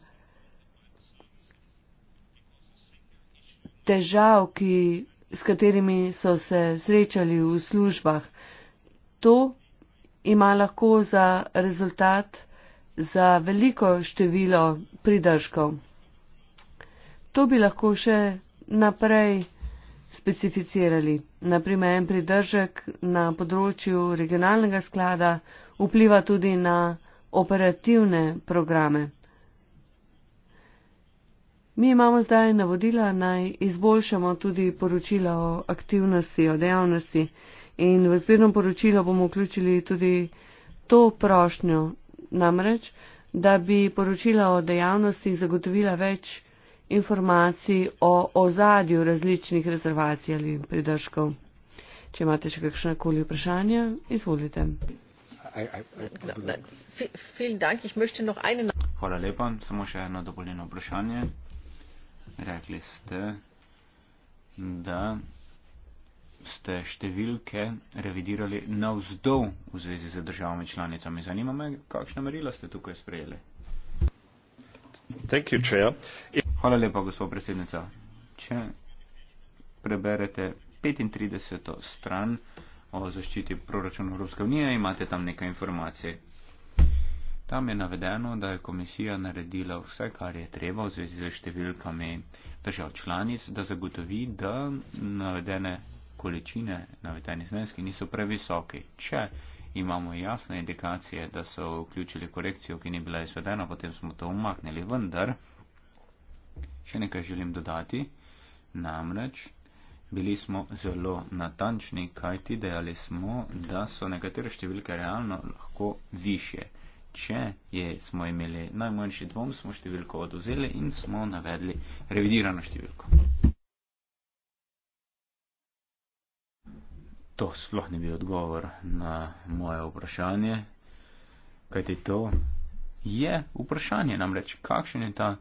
težav, ki, s katerimi so se srečali v službah. To ima lahko za rezultat za veliko število pridržkov. To bi lahko še naprej specificirali. Naprimer, en pridržek na področju regionalnega sklada vpliva tudi na operativne programe. Mi imamo zdaj navodila naj izboljšamo tudi poročila o aktivnosti, o dejavnosti in v zbirno poročilo bomo vključili tudi to prošnjo, namreč, da bi poročila o dejavnosti zagotovila več informacij o ozadju različnih rezervacij ali pridržkov. Če imate še kakšne koli vprašanja, izvolite. No, no. Hvala lepa. Samo še eno dopoljeno vprašanje. Rekli ste, da ste številke revidirali navzdol v zvezi z državami članicami. Zanima me, kakšna merila ste tukaj sprejeli. You, Hvala lepa, gospod predsednica. Če preberete 35. stran, o zaščiti proračuna Evropske unije, imate tam nekaj informacij. Tam je navedeno, da je komisija naredila vse, kar je treba v zvezi z številkami držav članic, da zagotovi, da navedene količine, navedeni zneski niso previsoki. Če imamo jasne indikacije, da so vključili korekcijo, ki ni bila izvedena, potem smo to umaknili. Vendar, še nekaj želim dodati, namreč Bili smo zelo natančni, kajti dejali smo, da so nekatere številke realno lahko više. Če je, smo imeli najmanjši dvom, smo številko oduzeli in smo navedli revidirano številko. To sploh ni bil odgovor na moje vprašanje, kajti to je vprašanje namreč, kakšen je ta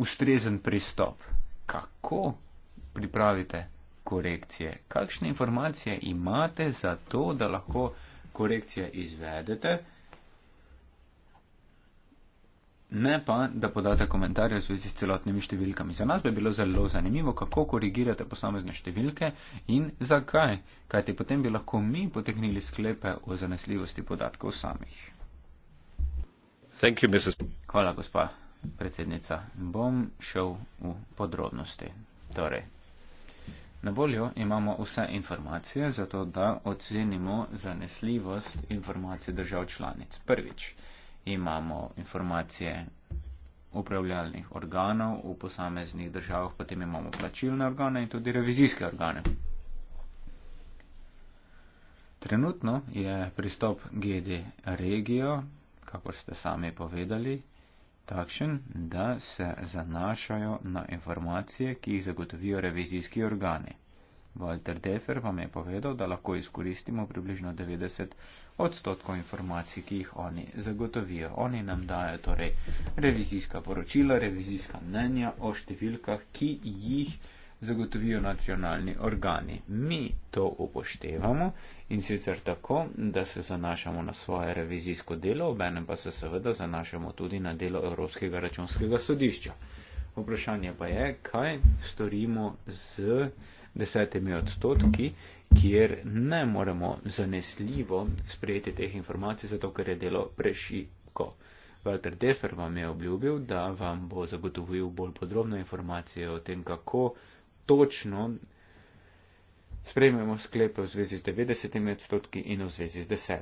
ustrezen pristop. Kako pripravite korekcije. Kakšne informacije imate za to, da lahko korekcije izvedete, ne pa, da podate komentarje v zvezi s celotnimi številkami. Za nas bi bilo zelo zanimivo, kako korigirate posamezne številke in zakaj, kajti potem bi lahko mi potegnili sklepe o zanesljivosti podatkov samih. You, Hvala, gospa predsednica. Bom šel v podrobnosti. Torej. Na voljo imamo vse informacije, zato da ocenimo zanesljivost informacij držav članic. Prvič, imamo informacije upravljalnih organov v posameznih državah, potem imamo plačilne organe in tudi revizijske organe. Trenutno je pristop GD regijo, kako ste sami povedali, takšen, da se zanašajo na informacije, ki jih zagotovijo revizijski organi. Walter Defer vam je povedal, da lahko izkoristimo približno 90 odstotkov informacij, ki jih oni zagotovijo. Oni nam dajo torej revizijska poročila, revizijska mnenja o številkah, ki jih zagotovijo nacionalni organi. Mi to upoštevamo in sicer tako, da se zanašamo na svoje revizijsko delo, obenem pa se seveda zanašamo tudi na delo Evropskega računskega sodišča. Vprašanje pa je, kaj storimo z desetimi odstotki, kjer ne moremo zanesljivo sprejeti teh informacij, zato ker je delo prešiko. Walter Defer vam je obljubil, da vam bo zagotovil bolj podrobne informacije o tem, kako točno sprejmemo sklepe v zvezi z 90 odstotki in v zvezi z 10.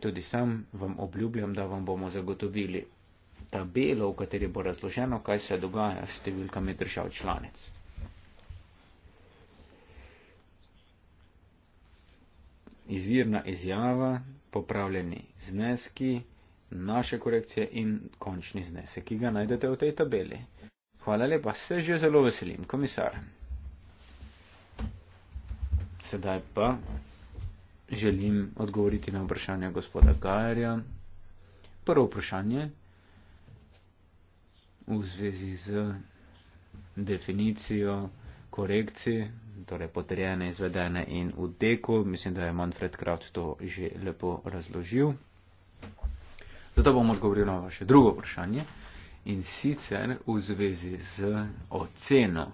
Tudi sam vam obljubljam, da vam bomo zagotovili tabelo, v kateri bo razloženo, kaj se dogaja s številkami držav članic. Izvirna izjava, popravljeni zneski, naše korekcije in končni znesek, ki ga najdete v tej tabeli. Hvala lepa, se že zelo veselim, komisar sedaj pa želim odgovoriti na vprašanje gospoda Gajerja. Prvo vprašanje v zvezi z definicijo korekcije, torej potrjene, izvedene in v deku. Mislim, da je Manfred Kraft to že lepo razložil. Zato bom odgovoril na vaše drugo vprašanje in sicer v zvezi z oceno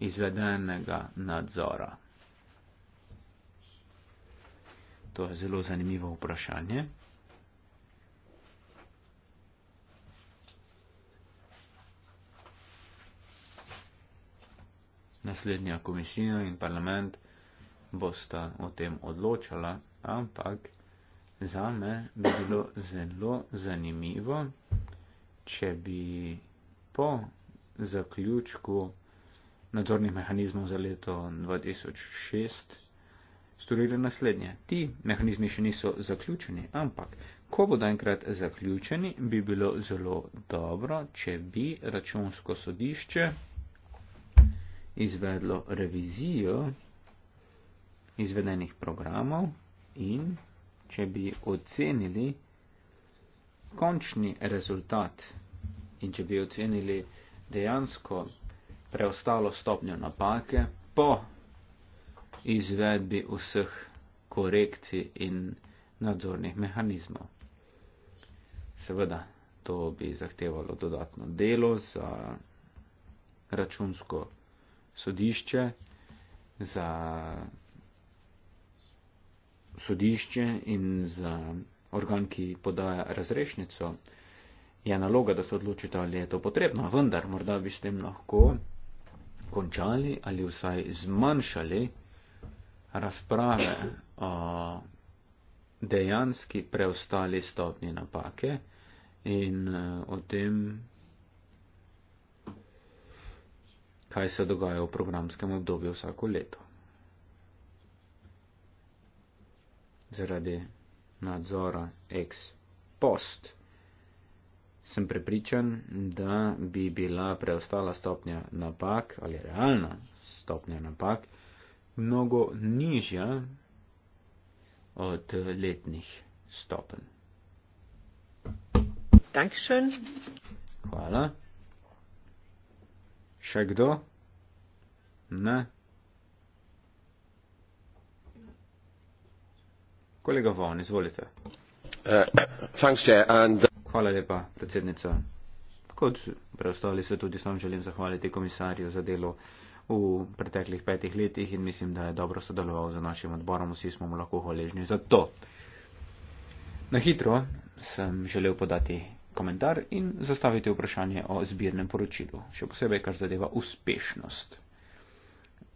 izvedenega nadzora. To je zelo zanimivo vprašanje. Naslednja komisija in parlament bosta o tem odločala, ampak za me bi bilo zelo zanimivo, če bi po zaključku nadzornih mehanizmov za leto 2006 storili naslednje. Ti mehanizmi še niso zaključeni, ampak ko bodo enkrat zaključeni, bi bilo zelo dobro, če bi računsko sodišče izvedlo revizijo izvedenih programov in če bi ocenili končni rezultat in če bi ocenili dejansko preostalo stopnjo napake po izvedbi vseh korekcij in nadzornih mehanizmov. Seveda, to bi zahtevalo dodatno delo za računsko sodišče, za sodišče in za organ, ki podaja razrešnico, je naloga, da se odločita, ali je to potrebno, vendar morda bi s tem lahko končali ali vsaj zmanjšali razprave o dejanski preostali stopni napake in eh, o tem, kaj se dogaja v programskem obdobju vsako leto. Zaradi nadzora ex post sem prepričan, da bi bila preostala stopnja napak ali realna stopnja napak mnogo nižja od letnih stopenj. Dankeschön. Hvala. Še kdo? Ne. Kolega Von, izvolite. Uh, thanks, Chair, and, uh... Hvala lepa, predsednica. Kot preostali se tudi sam želim zahvaliti komisarju za delo v preteklih petih letih in mislim, da je dobro sodeloval z našim odborom. Vsi smo mu lahko hvaležni za to. Na hitro sem želel podati komentar in zastaviti vprašanje o zbirnem poročilu, še posebej kar zadeva uspešnost.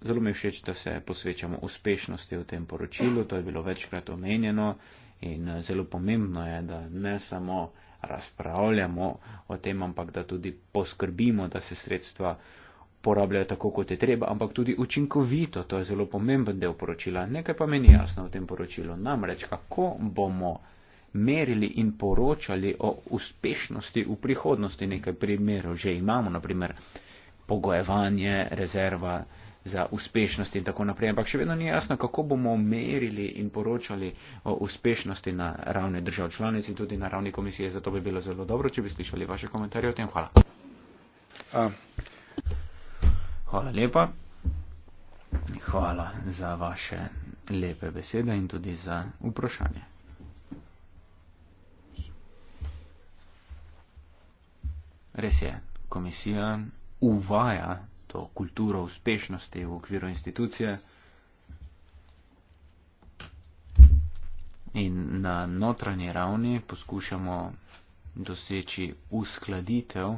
Zelo mi je všeč, da se posvečamo uspešnosti v tem poročilu, to je bilo večkrat omenjeno in eh, zelo pomembno je, da ne samo razpravljamo o tem, ampak da tudi poskrbimo, da se sredstva porabljajo tako, kot je treba, ampak tudi učinkovito. To je zelo pomemben del poročila. Nekaj pa meni jasno v tem poročilu. Namreč, kako bomo merili in poročali o uspešnosti v prihodnosti. Nekaj primerov že imamo, naprimer pogojevanje, rezerva, za uspešnost in tako naprej. Ampak še vedno ni jasno, kako bomo merili in poročali o uspešnosti na ravni držav članic in tudi na ravni komisije. Zato bi bilo zelo dobro, če bi slišali vaše komentarje o tem. Hvala. A. Hvala lepa. Hvala za vaše lepe besede in tudi za vprašanje. Res je, komisija uvaja to kulturo uspešnosti v okviru institucije. In na notranji ravni poskušamo doseči uskladitev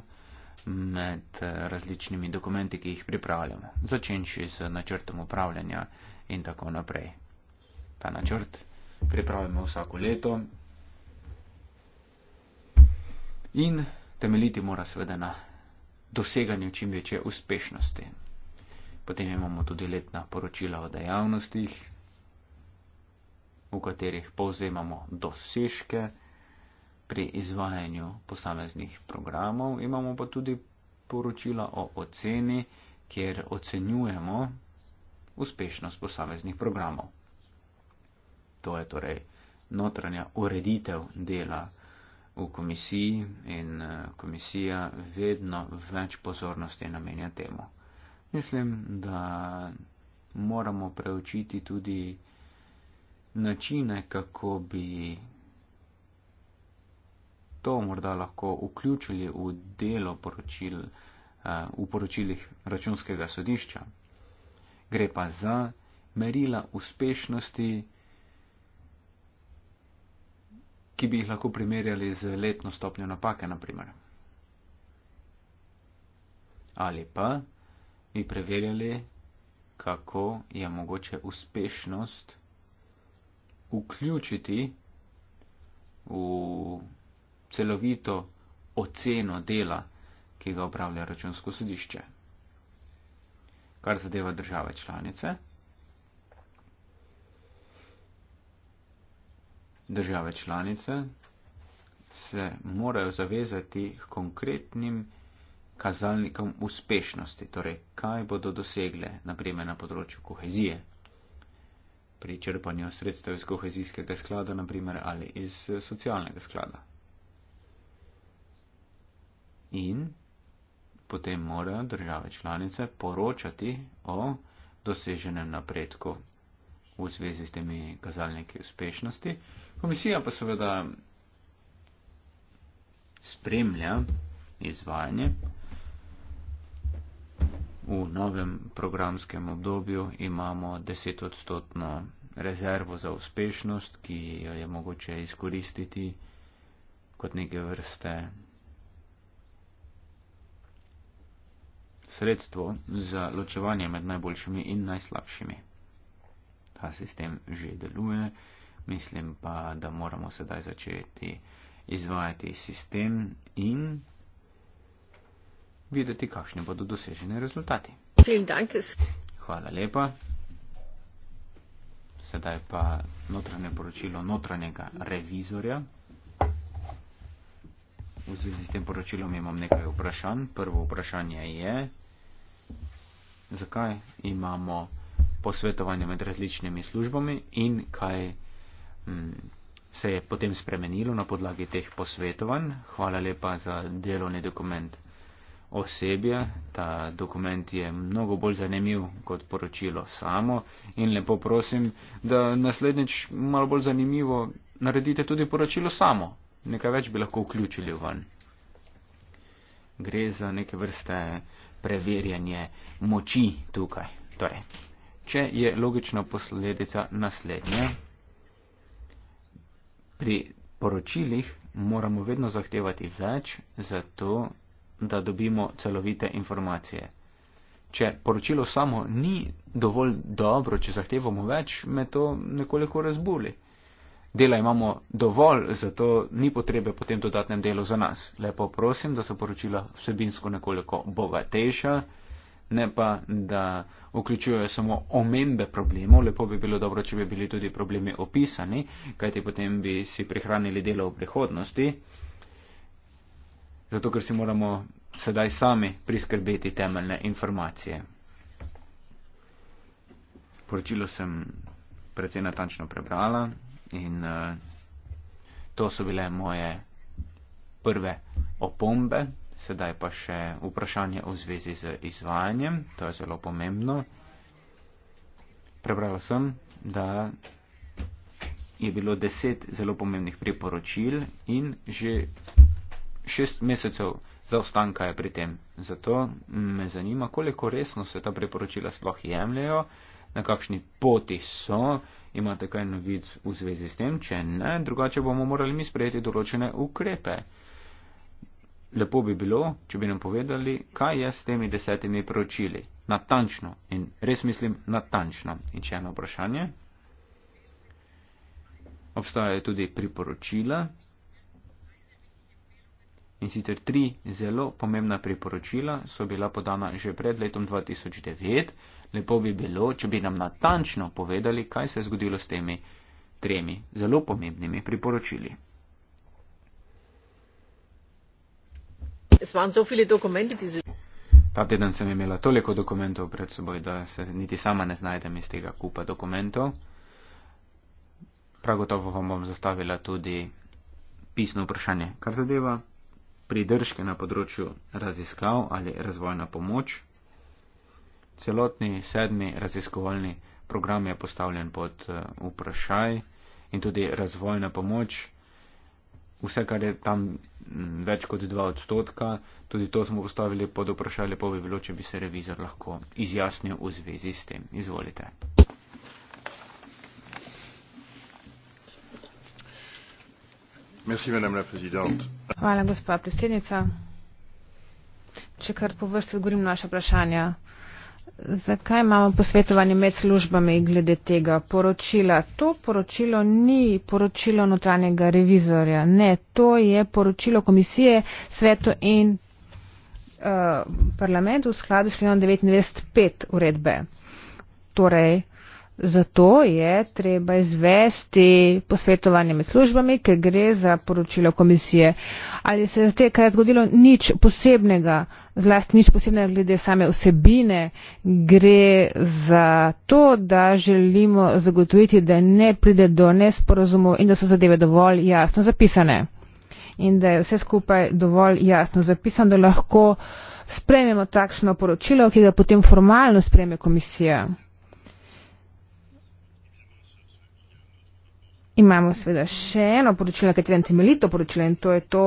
med eh, različnimi dokumenti, ki jih pripravljamo, začenši z načrtom upravljanja in tako naprej. Ta načrt pripravimo vsako leto in temeljiti mora seveda na doseganju čim večje uspešnosti. Potem imamo tudi letna poročila o dejavnostih, v katerih povzemamo dosežke pri izvajanju posameznih programov. Imamo pa tudi poročila o oceni, kjer ocenjujemo uspešnost posameznih programov. To je torej notranja ureditev dela v komisiji in eh, komisija vedno več pozornosti namenja temu. Mislim, da moramo preučiti tudi načine, kako bi to morda lahko vključili v delo poročil, eh, v poročilih računskega sodišča. Gre pa za merila uspešnosti, ki bi jih lahko primerjali z letno stopnjo napake, naprimer. Ali pa bi preverjali, kako je mogoče uspešnost vključiti v celovito oceno dela, ki ga upravlja računsko sodišče. Kar zadeva države članice, države članice se morajo zavezati k konkretnim kazalnikom uspešnosti, torej kaj bodo dosegle, naprimer na področju kohezije, pri črpanju sredstev iz kohezijskega sklada, naprimer ali iz eh, socialnega sklada. In potem morajo države članice poročati o doseženem napredku v zvezi s temi kazalniki uspešnosti, Komisija pa seveda spremlja izvajanje. V novem programskem obdobju imamo 10 odstotno rezervo za uspešnost, ki jo je mogoče izkoristiti kot neke vrste sredstvo za ločevanje med najboljšimi in najslabšimi. Ta sistem že deluje mislim pa, da moramo sedaj začeti izvajati sistem in videti, kakšni bodo doseženi rezultati. Hvala lepa. Sedaj pa notranje poročilo notranjega revizorja. V zvezi s tem poročilom imam nekaj vprašanj. Prvo vprašanje je, zakaj imamo posvetovanje med različnimi službami in kaj se je potem spremenilo na podlagi teh posvetovanj. Hvala lepa za delovni dokument osebja. Ta dokument je mnogo bolj zanimiv kot poročilo samo in lepo prosim, da naslednjič malo bolj zanimivo naredite tudi poročilo samo. Nekaj več bi lahko vključili ven. Gre za neke vrste preverjanje moči tukaj. Torej, če je logična posledica naslednja. Pri poročilih moramo vedno zahtevati več, zato da dobimo celovite informacije. Če poročilo samo ni dovolj dobro, če zahtevamo več, me to nekoliko razbuli. Dela imamo dovolj, zato ni potrebe po tem dodatnem delu za nas. Lepo prosim, da so poročila vsebinsko nekoliko bogatejša ne pa, da vključujejo samo omembe problemov. Lepo bi bilo dobro, če bi bili tudi problemi opisani, kajti potem bi si prihranili delo v prihodnosti. Zato, ker si moramo sedaj sami priskrbeti temeljne informacije. Poročilo sem precej natančno prebrala in uh, to so bile moje prve opombe. Sedaj pa še vprašanje v zvezi z izvajanjem. To je zelo pomembno. Prebrala sem, da je bilo deset zelo pomembnih priporočil in že šest mesecev zaostanka je pri tem. Zato me zanima, koliko resno se ta priporočila sploh jemljajo, na kakšni poti so, imate kaj novic v zvezi s tem, če ne, drugače bomo morali mi sprejeti določene ukrepe. Lepo bi bilo, če bi nam povedali, kaj je s temi desetimi poročili. Natančno in res mislim natančno. In če eno vprašanje. Obstajajo tudi priporočila. In sicer tri zelo pomembna priporočila so bila podana že pred letom 2009. Lepo bi bilo, če bi nam natančno povedali, kaj se je zgodilo s temi tremi zelo pomembnimi priporočili. es waren so viele Dokumente, die sie. Ta teden sem imela toliko dokumentov pred seboj, da se niti sama ne znajdem iz tega kupa dokumentov. Prav gotovo vam bom zastavila tudi pisno vprašanje, kar zadeva pridržke na področju raziskav ali razvojna pomoč. Celotni sedmi raziskovalni program je postavljen pod eh, vprašaj in tudi razvojna pomoč vse, kar je tam mm, več kot 2 odstotka, tudi to smo postavili pod vprašanje, lepo bi bilo, če bi se revizor lahko izjasnil v zvezi s tem. Izvolite. Hvala, gospa predsednica. Če kar po vrsti odgovorim na vaše vprašanja. Zakaj imamo posvetovanje med službami glede tega poročila? To poročilo ni poročilo notranjega revizorja. Ne, to je poročilo komisije, svetu in uh, parlamentu v skladu s 99.5 uredbe. Torej, uh, Zato je treba izvesti posvetovanje med službami, ker gre za poročilo komisije. Ali se je zdaj kaj zgodilo nič posebnega, zlasti nič posebnega glede same osebine, gre za to, da želimo zagotoviti, da ne pride do nesporazumov in da so zadeve dovolj jasno zapisane. In da je vse skupaj dovolj jasno zapisano, da lahko spremimo takšno poročilo, ki ga potem formalno spreme komisija. Imamo seveda še eno poročilo, na katerem temeljito poročilo in to je to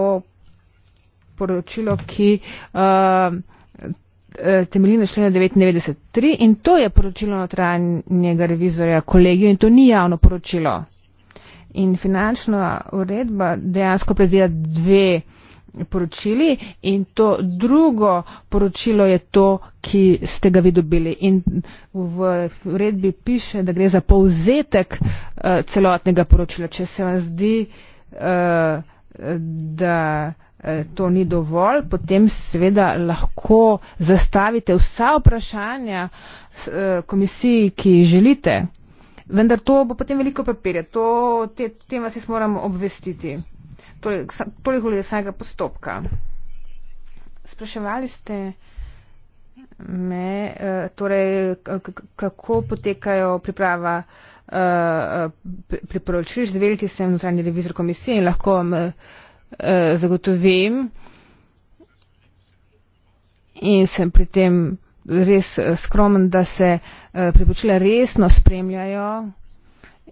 poročilo, ki uh, eh, temelji na členu 993 in to je poročilo notranjega revizorja kolegijo in to ni javno poročilo. In finančna uredba dejansko predvideva dve poročili in to drugo poročilo je to, ki ste ga vi dobili. In v uredbi piše, da gre za povzetek uh, celotnega poročila. Če se vam zdi, uh, da eh, to ni dovolj, potem seveda lahko zastavite vsa vprašanja komisiji, ki želite. Vendar to bo potem veliko papirja, to, te, tem vas jaz moram obvestiti torej, poleg vsega postopka. Spraševali ste me, eh, torej, kako potekajo priprava eh, eh, priporočil. Zdveliti sem notranji revizor komisije in lahko vam zagotovim in sem pri tem res skromen, da se priporočila resno spremljajo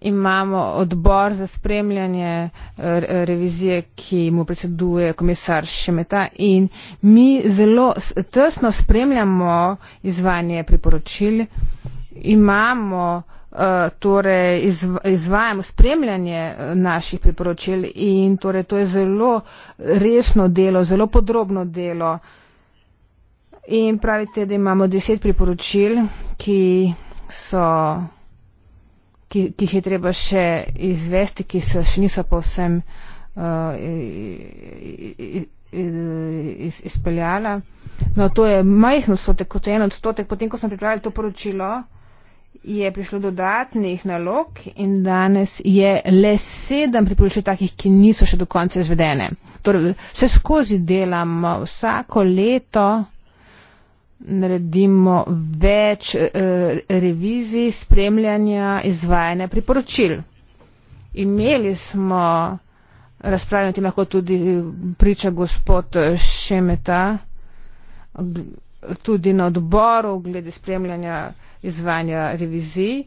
imamo odbor za spremljanje eh, revizije, ki mu predseduje komisar Šemeta in mi zelo tesno spremljamo izvanje priporočil. Imamo eh, torej izvajamo spremljanje eh, naših priporočil in torej to je zelo resno delo, zelo podrobno delo. In pravite, da imamo deset priporočil, ki so ki, ki jih je treba še izvesti, ki se še niso povsem uh, iz, izpeljala. No, to je majhen odstotek, kot je en odstotek. Potem, ko sem pripravila to poročilo, je prišlo dodatnih nalog in danes je le sedem priporočil takih, ki niso še do konca izvedene. Torej, vse skozi delam vsako leto naredimo več eh, revizij spremljanja izvajanja priporočil. Imeli smo razpravljanje, ki lahko tudi priča gospod Šemeta, tudi na odboru glede spremljanja izvajanja revizij.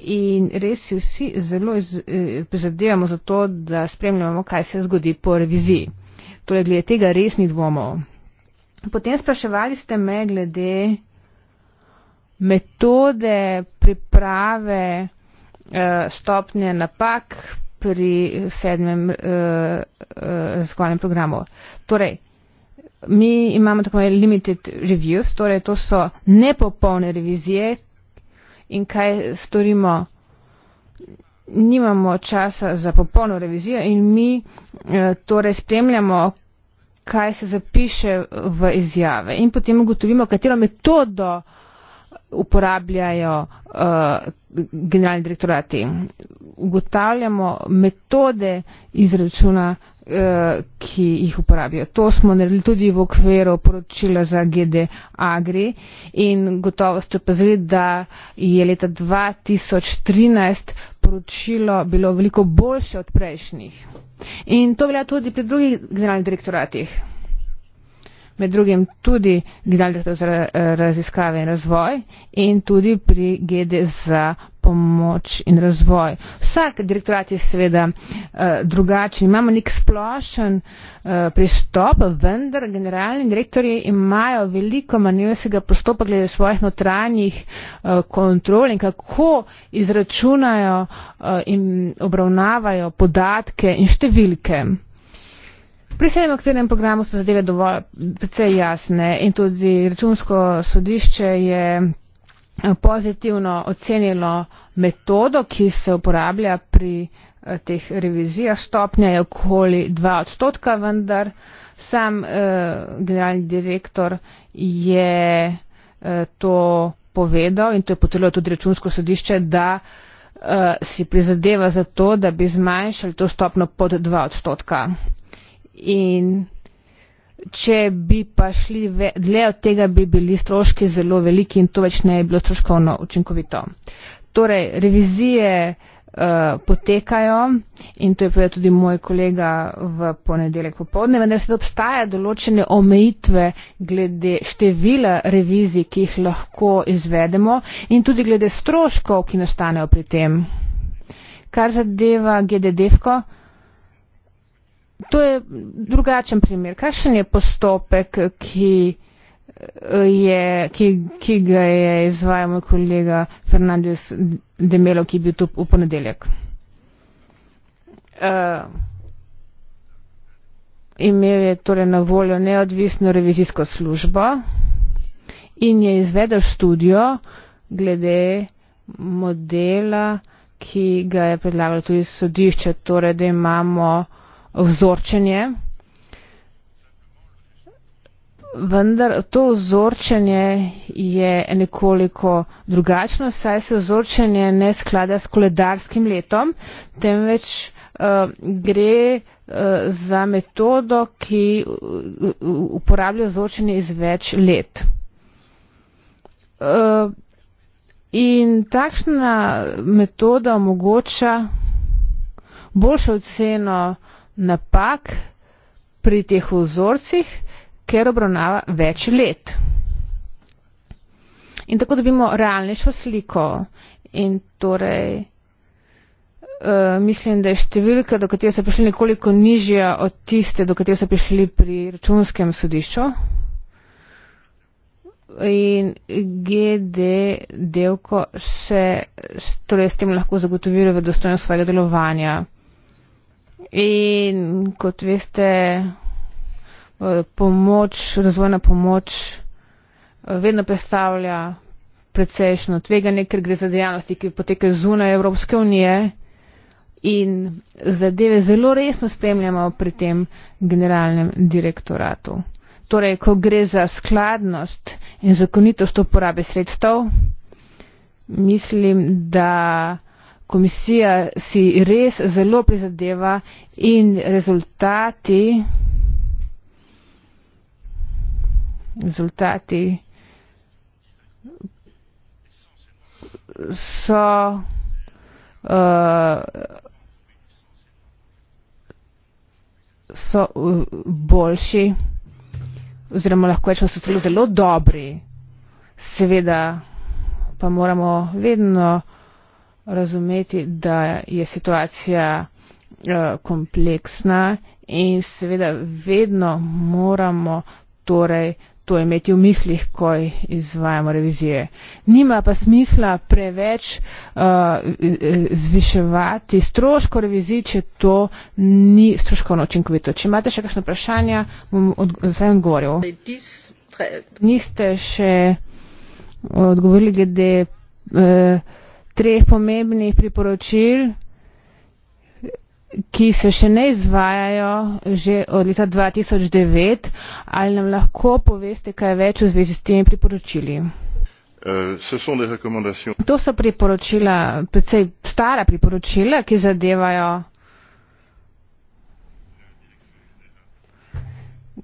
In res si vsi zelo eh, prizadevamo za to, da spremljamo, kaj se zgodi po reviziji. Torej, glede tega res ni dvomov. Potem spraševali ste me glede metode priprave uh, stopnje napak pri sedmem uh, uh, raziskovalnem programu. Torej, mi imamo tako imenovane limited reviews, torej to so nepopolne revizije in kaj storimo? Nimamo časa za popolno revizijo in mi uh, torej spremljamo, kaj se zapiše v izjave in potem ugotovimo, katero metodo uporabljajo uh, generalni direktorati. Ugotavljamo metode izračuna, uh, ki jih uporabljajo. To smo naredili tudi v okviru poročila za GD Agri in gotovo ste opazili, da je leta 2013 poročilo bilo veliko boljše od prejšnjih. In to velja tudi pri drugih generalnih direktoratih. Med drugim tudi generalni direktor za eh, raziskave in razvoj in tudi pri GD za pomoč in razvoj. Vsak direktorat je seveda eh, drugačen, imamo nek splošen eh, pristop, vendar generalni direktori imajo veliko manjvesega postopa glede svojih notranjih eh, kontrol in kako izračunajo eh, in obravnavajo podatke in številke. Pri srednjem okvirnem programu so zadeve dovolj precej jasne in tudi računsko sodišče je Eh, pozitivno ocenilo metodo, ki se uporablja pri eh, teh revizijah. Stopnja je okoli 2 odstotka, vendar sam eh, generalni direktor je eh, to povedal in to je potrdilo tudi računsko sodišče, da eh, si prizadeva za to, da bi zmanjšali to stopno pod 2 odstotka. In Če bi pa šli dlje od tega, bi bili stroški zelo veliki in to več ne bi bilo stroškovno učinkovito. Torej, revizije uh, potekajo in to je povedal tudi moj kolega v ponedeljek popovdne, vendar se obstaja določene omejitve glede števila revizij, ki jih lahko izvedemo in tudi glede stroškov, ki nastanejo pri tem. Kar zadeva GDDF-ko, To je drugačen primer. Kakšen je postopek, ki, je, ki, ki ga je izvajal moj kolega Fernandez Demelo, ki je bil tu v ponedeljek? Uh, imel je torej na voljo neodvisno revizijsko službo in je izvedel študijo glede modela, ki ga je predlagalo tudi sodišče, torej da imamo vzorčenje vendar to vzorčenje je nekoliko drugačno, saj se vzorčenje ne sklada s koledarskim letom, temveč uh, gre uh, za metodo, ki uh, uporablja vzorčenje iz več let. Uh, in takšna metoda omogoča boljšo oceno uh, napak pri teh vzorcih, ker obravnava več let. In tako dobimo realnejšo sliko. In torej uh, mislim, da je številka, do katere so prišli nekoliko nižja od tiste, do katere so prišli pri računskem sodišču. In GD delko se torej, s tem lahko zagotovi v dostojnost svojega delovanja. In kot veste, pomoč, razvojna pomoč eh, vedno predstavlja precejšno tveganje, ker gre za dejavnosti, ki potekajo zunaj Evropske unije. In zadeve zelo resno spremljamo pri tem generalnem direktoratu. Torej, ko gre za skladnost in zakonitost uporabe sredstev, mislim, da komisija si res zelo prizadeva in rezultati, rezultati so uh, so uh, boljši oziroma lahko rečemo so celo zelo dobri. Seveda pa moramo vedno razumeti, da je situacija eh, kompleksna in seveda vedno moramo torej to imeti v mislih, ko izvajamo revizije. Nima pa smisla preveč eh, zviševati stroško revizij, če to ni stroškovno učinkovito. Če imate še kakšno vprašanje, bom zdaj odgovoril. Niste še odgovorili, glede. Uh, treh pomembnih priporočil, ki se še ne izvajajo že od leta 2009. Ali nam lahko poveste kaj več v zvezi s temi priporočili? Eh, to so priporočila, predvsej stara priporočila, ki zadevajo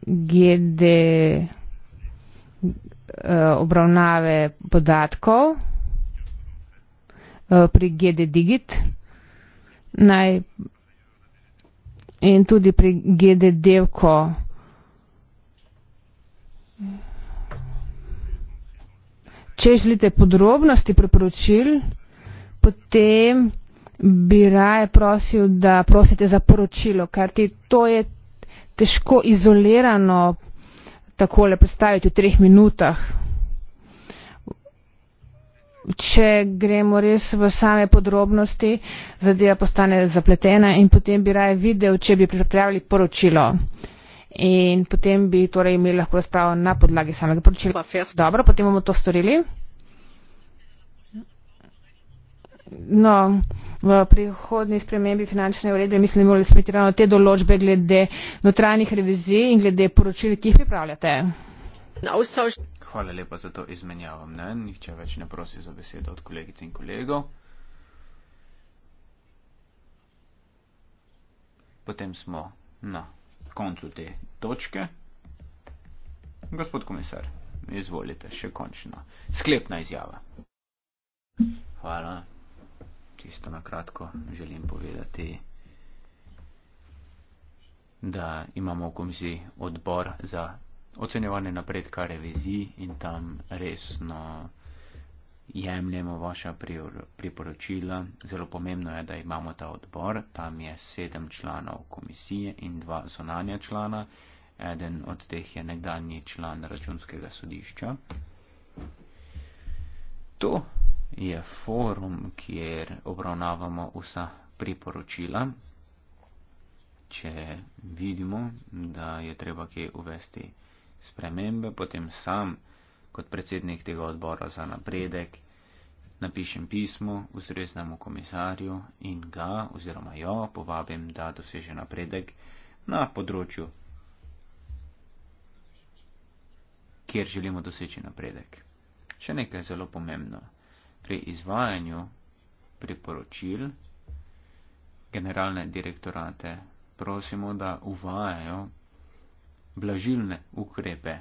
GD eh, obravnave podatkov. Eh, pri GD Digit naj, in tudi pri GD Devko. Če želite podrobnosti priporočil, potem bi raje prosil, da prosite za poročilo, ker ti to je težko izolirano takole predstaviti v treh minutah če gremo res v same podrobnosti, zadeva postane zapletena in potem bi raje videl, če bi pripravili poročilo. In potem bi torej imeli lahko razpravo na podlagi samega poročila. Dobro, potem bomo to storili. No, v prihodni spremembi finančne uredbe mislim, da morali smeti ravno te določbe glede notranjih revizij in glede poročil, ki jih pripravljate. Na ustavu. Hvala lepa za to izmenjavo mnen. Nihče več ne prosi za besedo od kolegic in kolegov. Potem smo na koncu te točke. Gospod komisar, izvolite še končno. Sklepna izjava. Hvala. Čisto na kratko želim povedati, da imamo v komisiji odbor za ocenjevanje napredka revizij in tam resno jemljemo vaša priporočila. Zelo pomembno je, da imamo ta odbor. Tam je sedem članov komisije in dva zonanja člana. Eden od teh je nekdanji član računskega sodišča. To je forum, kjer obravnavamo vsa priporočila. Če vidimo, da je treba kaj uvesti, spremembe, potem sam kot predsednik tega odbora za napredek napišem pismo ustreznemu komisarju in ga oziroma jo povabim, da doseže napredek na področju, kjer želimo doseči napredek. Še nekaj zelo pomembno. Pri izvajanju priporočil generalne direktorate prosimo, da uvajajo blažilne ukrepe.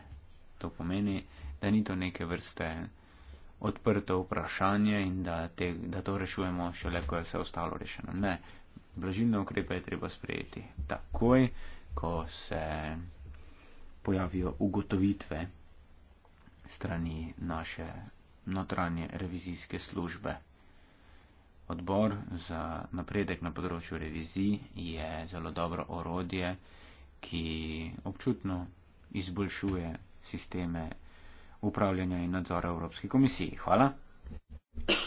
To pomeni, da ni to neke vrste odprto vprašanje in da, te, da to rešujemo šele, ko je vse ostalo rešeno. Ne, blažilne ukrepe je treba sprejeti takoj, ko se pojavijo ugotovitve strani naše notranje revizijske službe. Odbor za napredek na področju revizij je zelo dobro orodje, ki občutno izboljšuje sisteme upravljanja in nadzora Evropski komisiji. Hvala.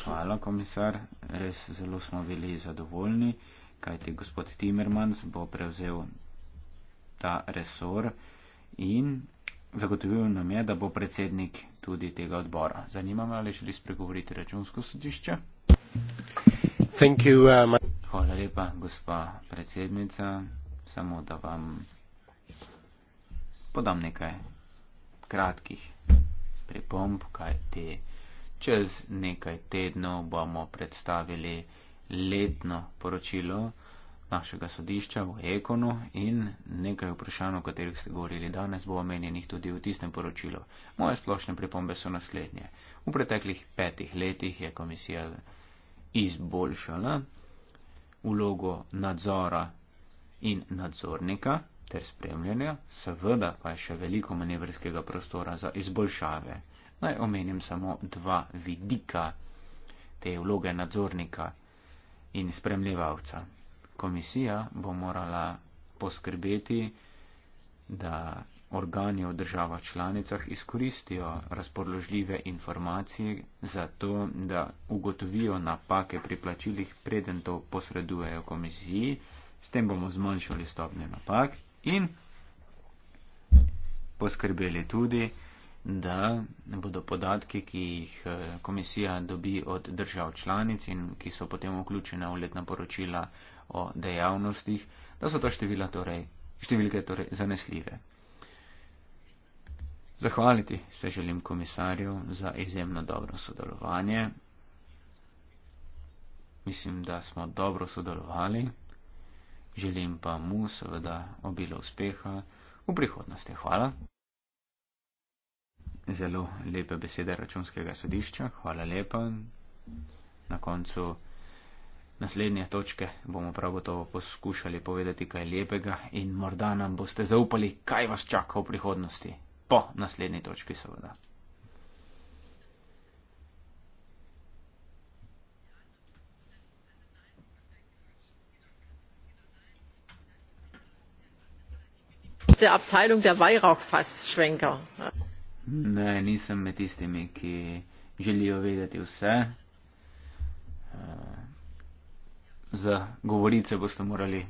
Hvala, komisar. Res zelo smo bili zadovoljni, kajti gospod Timmermans bo prevzel ta resor in zagotovil nam je, da bo predsednik tudi tega odbora. Zanima me, ali želi spregovoriti računsko sodišče. Thank you, uh, my... Hvala lepa, gospa predsednica. Samo da vam podam nekaj kratkih pripomb, kaj te. Čez nekaj tednov bomo predstavili letno poročilo našega sodišča v Ekonu in nekaj vprašanj, o katerih ste govorili danes, bo omenjenih tudi v tistem poročilu. Moje splošne pripombe so naslednje. V preteklih petih letih je komisija izboljšala ulogo nadzora in nadzornika ter spremljanja, seveda pa je še veliko manevrskega prostora za izboljšave. Naj omenim samo dva vidika te vloge nadzornika in spremljevalca. Komisija bo morala poskrbeti, da organi v državah članicah izkoristijo razpoložljive informacije za to, da ugotovijo napake pri plačilih, preden to posredujejo komisiji, s tem bomo zmanjšali stopnje napak in poskrbeli tudi, da bodo podatki, ki jih eh, komisija dobi od držav članic in ki so potem vključene v letna poročila o dejavnostih, da so to števila torej, številke torej zanesljive. Zahvaliti se želim komisarju za izjemno dobro sodelovanje. Mislim, da smo dobro sodelovali želim pa mu seveda obilo uspeha v prihodnosti. Hvala. Zelo lepe besede računskega sodišča, hvala lepa. Na koncu naslednje točke bomo prav gotovo poskušali povedati kaj lepega in morda nam boste zaupali, kaj vas čaka v prihodnosti. Po naslednji točki seveda. der Abteilung der Weihrauchfassschwenker. Ne, nisem med tistimi, ki želijo vedeti vse. Eh, za govorice boste morali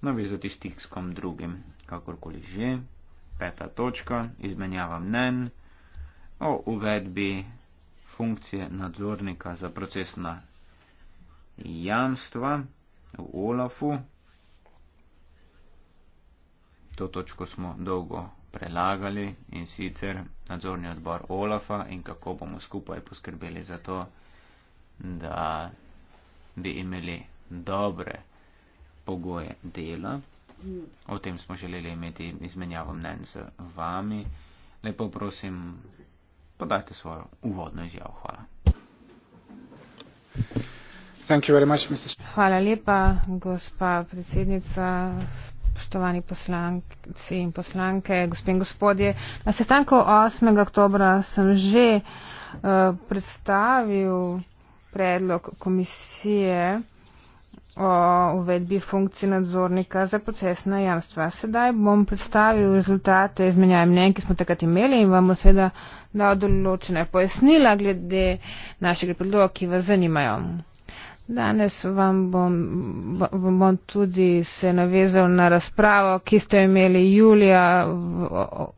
navezati stik s kom drugim, kakorkoli že. Peta točka, izmenjava mnen o uvedbi funkcije nadzornika za procesna jamstva v OLAFu to točko smo dolgo prelagali in sicer nadzorni odbor Olafa in kako bomo skupaj poskrbeli za to, da bi imeli dobre pogoje dela. O tem smo želeli imeti izmenjavo mnen z vami. Lepo prosim, podajte svojo uvodno izjavo. Hvala. Much, Hvala lepa, gospa predsednica spoštovani poslanci in poslanke, gospe in gospodje. Na sestanku 8. oktobra sem že uh, predstavil predlog komisije o uvedbi funkcije nadzornika za procesna jamstva. Sedaj bom predstavil rezultate izmenjave mnenj, ki smo takrat imeli in vam bom seveda dal določene pojasnila glede našega predloga, ki vas zanimajo. Danes vam bom, bom, bom tudi se navezal na razpravo, ki ste imeli julija v,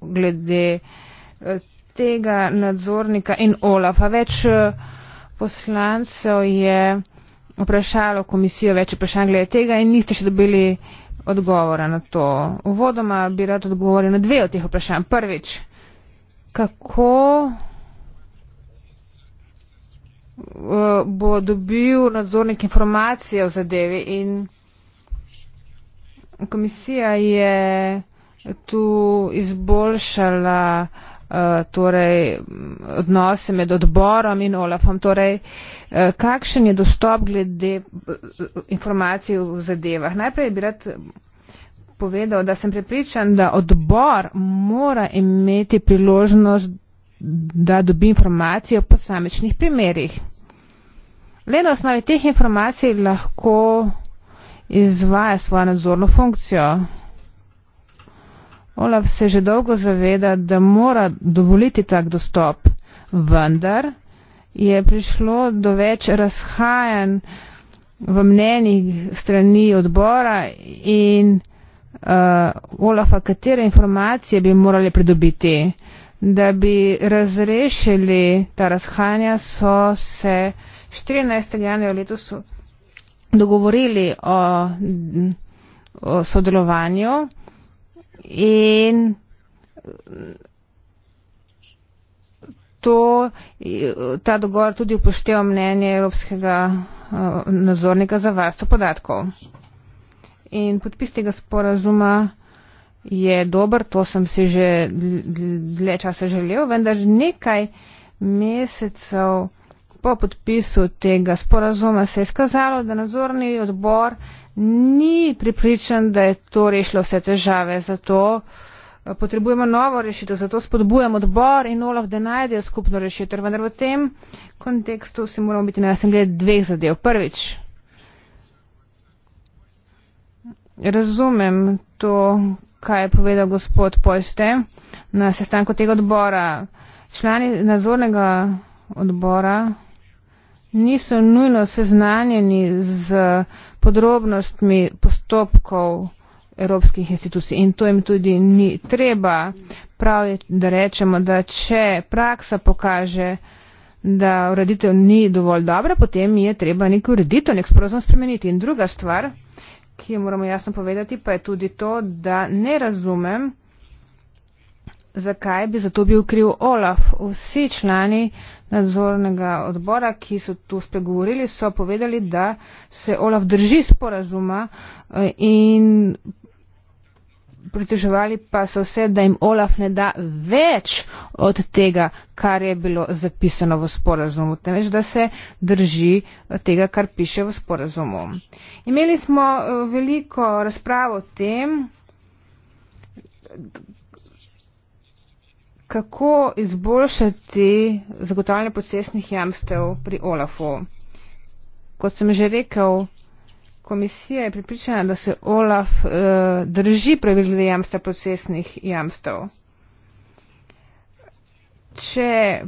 glede eh, tega nadzornika in Olafa. Več eh, poslancev je vprašalo komisijo, več vprašanj glede tega in niste še dobili odgovora na to. Uvodoma bi rad odgovoril na dve od teh vprašanj. Prvič, kako bo dobil nadzornik informacije o zadevi in komisija je tu izboljšala eh, torej, odnose med odborom in Olafom. Torej, eh, kakšen je dostop glede eh, informacij v zadevah? Najprej bi rad povedal, da sem prepričan, da odbor mora imeti priložnost da dobi informacije o posamečnih primerjih. Le na osnovi teh informacij lahko izvaja svojo nadzorno funkcijo. Olaf se že dolgo zaveda, da mora dovoliti tak dostop, vendar je prišlo do več razhajanj v mnenjih strani odbora in uh, Olafa, katere informacije bi morali pridobiti da bi razrešili ta razhajanja, so se 14. januarja letos dogovorili o, o sodelovanju in to, ta dogovor tudi upošteva mnenje Evropskega nadzornika za varstvo podatkov. In podpis tega sporazuma je dober, to sem si že dlje časa želel, vendar nekaj mesecev po podpisu tega sporazuma se je skazalo, da nazorni odbor ni pripričan, da je to rešilo vse težave. Zato eh, potrebujemo novo rešitev, zato spodbujem odbor in Olaf, da najdejo skupno rešitev. Vendar v tem kontekstu si moramo biti na jasnem gled dveh zadev. Prvič. Razumem to, kaj je povedal gospod Polste na sestanku tega odbora. Člani nadzornega odbora niso nujno seznanjeni z podrobnostmi postopkov evropskih institucij in to jim tudi ni treba. Prav je, da rečemo, da če praksa pokaže, da ureditev ni dovolj dobra, potem je treba neko ureditev, nek sporozum spremeniti. In druga stvar, ki jo moramo jasno povedati, pa je tudi to, da ne razumem, zakaj bi zato bil kriv Olaf. Vsi člani nadzornega odbora, ki so tu spregovorili, so povedali, da se Olaf drži sporazuma eh, in pritoževali pa so se, da jim Olaf ne da več od tega, kar je bilo zapisano v sporazumu, temveč da se drži tega, kar piše v sporazumu. Imeli smo eh, veliko razpravo o tem, kako izboljšati zagotavljanje procesnih jamstev pri Olafu. Kot sem že rekel, Komisija je pripričana, da se OLAF uh, drži pravil glede jamstva procesnih jamstev. Če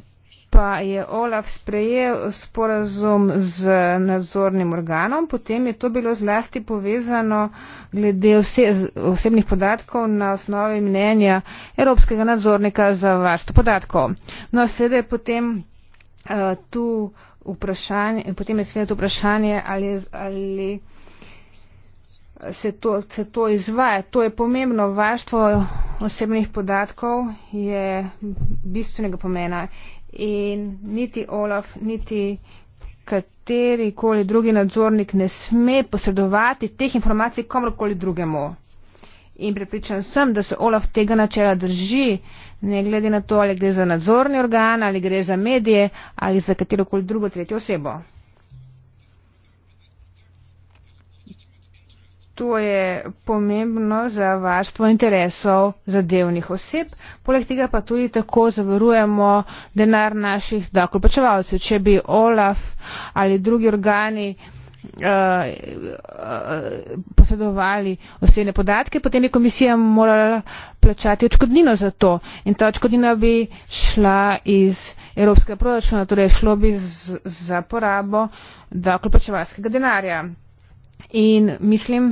pa je OLAF sprejel sporazum z nadzornim organom, potem je to bilo zlasti povezano glede vse, osebnih podatkov na osnovi mnenja Evropskega nadzornika za varstvo podatkov. No, sedaj potem uh, tu vprašanje, potem je svet vprašanje, ali. ali se to, se to izvaja. To je pomembno. Varstvo osebnih podatkov je bistvenega pomena in niti Olaf, niti katerikoli drugi nadzornik ne sme posredovati teh informacij komorkoli drugemu. In prepričan sem, da se Olaf tega načela drži, ne glede na to, ali gre za nadzorni organ, ali gre za medije, ali za katerokoli drugo tretjo osebo. To je pomembno za varstvo interesov zadevnih oseb, poleg tega pa tudi tako zavarujemo denar naših dakopačevalcev. Če bi OLAF ali drugi organi eh, eh, posedovali osebne podatke, potem je komisija morala plačati očkodnino za to. In ta očkodnina bi šla iz evropskega proračuna, torej šlo bi z, za porabo dakopačevalskega denarja. In mislim,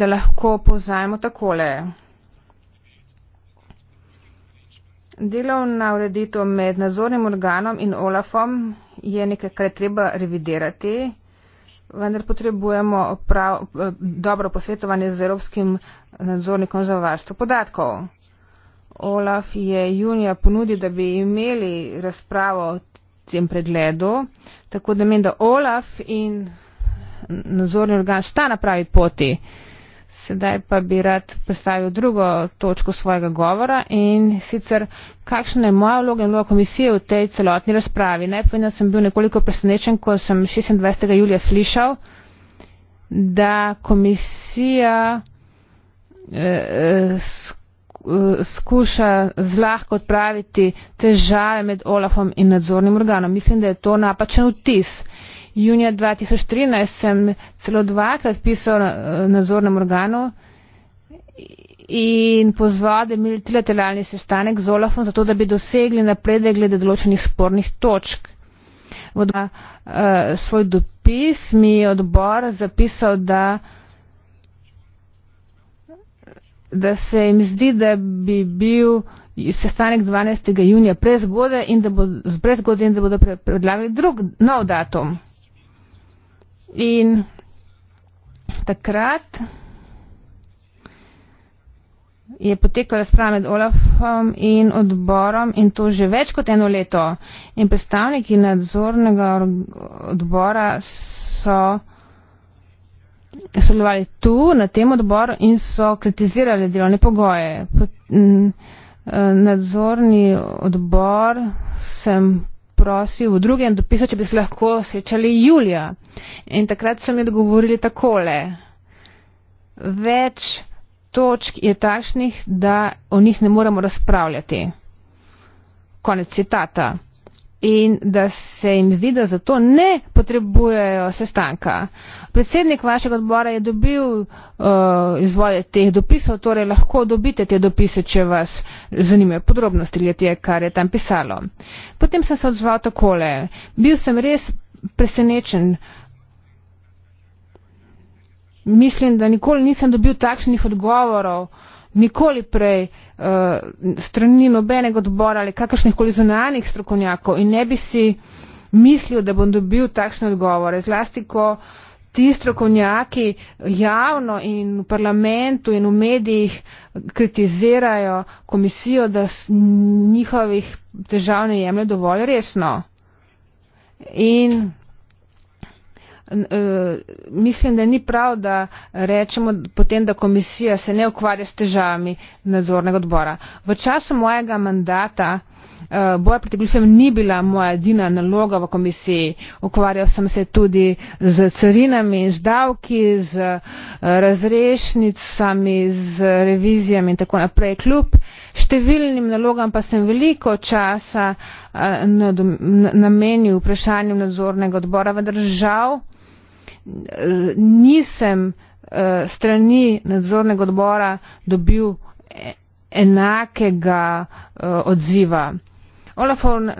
da lahko povzajemo takole. Delovna ureditev med nadzornim organom in OLAFom je nekaj, kar je treba revidirati, vendar potrebujemo prav, dobro posvetovanje z Evropskim nadzornikom za varstvo podatkov. OLAF je junija ponudil, da bi imeli razpravo o tem pregledu, tako da menim, da OLAF in nadzorni organ sta na pravi poti. Sedaj pa bi rad predstavil drugo točko svojega govora in sicer kakšna je moja vloga in vloga komisije v tej celotni razpravi. Najprej sem bil nekoliko presenečen, ko sem 26. julija slišal, da komisija eh, eh, eh, skuša zlahko odpraviti težave med Olafom in nadzornim organom. Mislim, da je to napačen vtis. Junija 2013 sem celo dvakrat pisal nadzornem organu in pozval, da bi imeli trilateralni sestanek z Olafom, zato da bi dosegli napredek glede določenih spornih točk. V uh, svoj dopis mi je odbor zapisal, da, da se jim zdi, da bi bil sestanek 12. junija prezgode in da bodo predlagali drug nov datum. In takrat je potekala sprava med Olafom in odborom in to že več kot eno leto. In predstavniki nadzornega odbora so sodelovali tu na tem odboru in so kritizirali delovne pogoje. Eh, nadzorni odbor sem prosil v drugem dopisu, če bi se lahko srečali Julija. In takrat so mi odgovorili takole. Več točk je takšnih, da o njih ne moremo razpravljati. Konec citata in da se jim zdi, da zato ne potrebujejo sestanka. Predsednik vašega odbora je dobil uh, eh, izvode teh dopisov, torej lahko dobite te dopise, če vas zanimajo podrobnosti glede tega, kar je tam pisalo. Potem sem se odzval takole. Bil sem res presenečen. Mislim, da nikoli nisem dobil takšnih odgovorov. Uh, nikoli prej uh, strani nobenega odbora ali kakršnih koli zunanjih strokovnjakov in ne bi si mislil, da bom dobil takšne odgovore. Zlasti, ko ti strokovnjaki javno in v parlamentu in v medijih kritizirajo komisijo, da njihovih težav ne jemlje dovolj resno. In E, mislim, da ni prav, da rečemo potem, da komisija se ne ukvarja s težavami nadzornega odbora. V času mojega mandata e, boja proti glifem ni bila moja edina naloga v komisiji. Ukvarjal sem se tudi z carinami, z davki, z e, razrešnicami, z revizijami in tako naprej. Kljub številnim nalogam pa sem veliko časa namenil vprašanju nadzornega odbora, vendar žal nisem eh, strani nadzornega odbora dobil enakega eh, odziva. Olafov eh,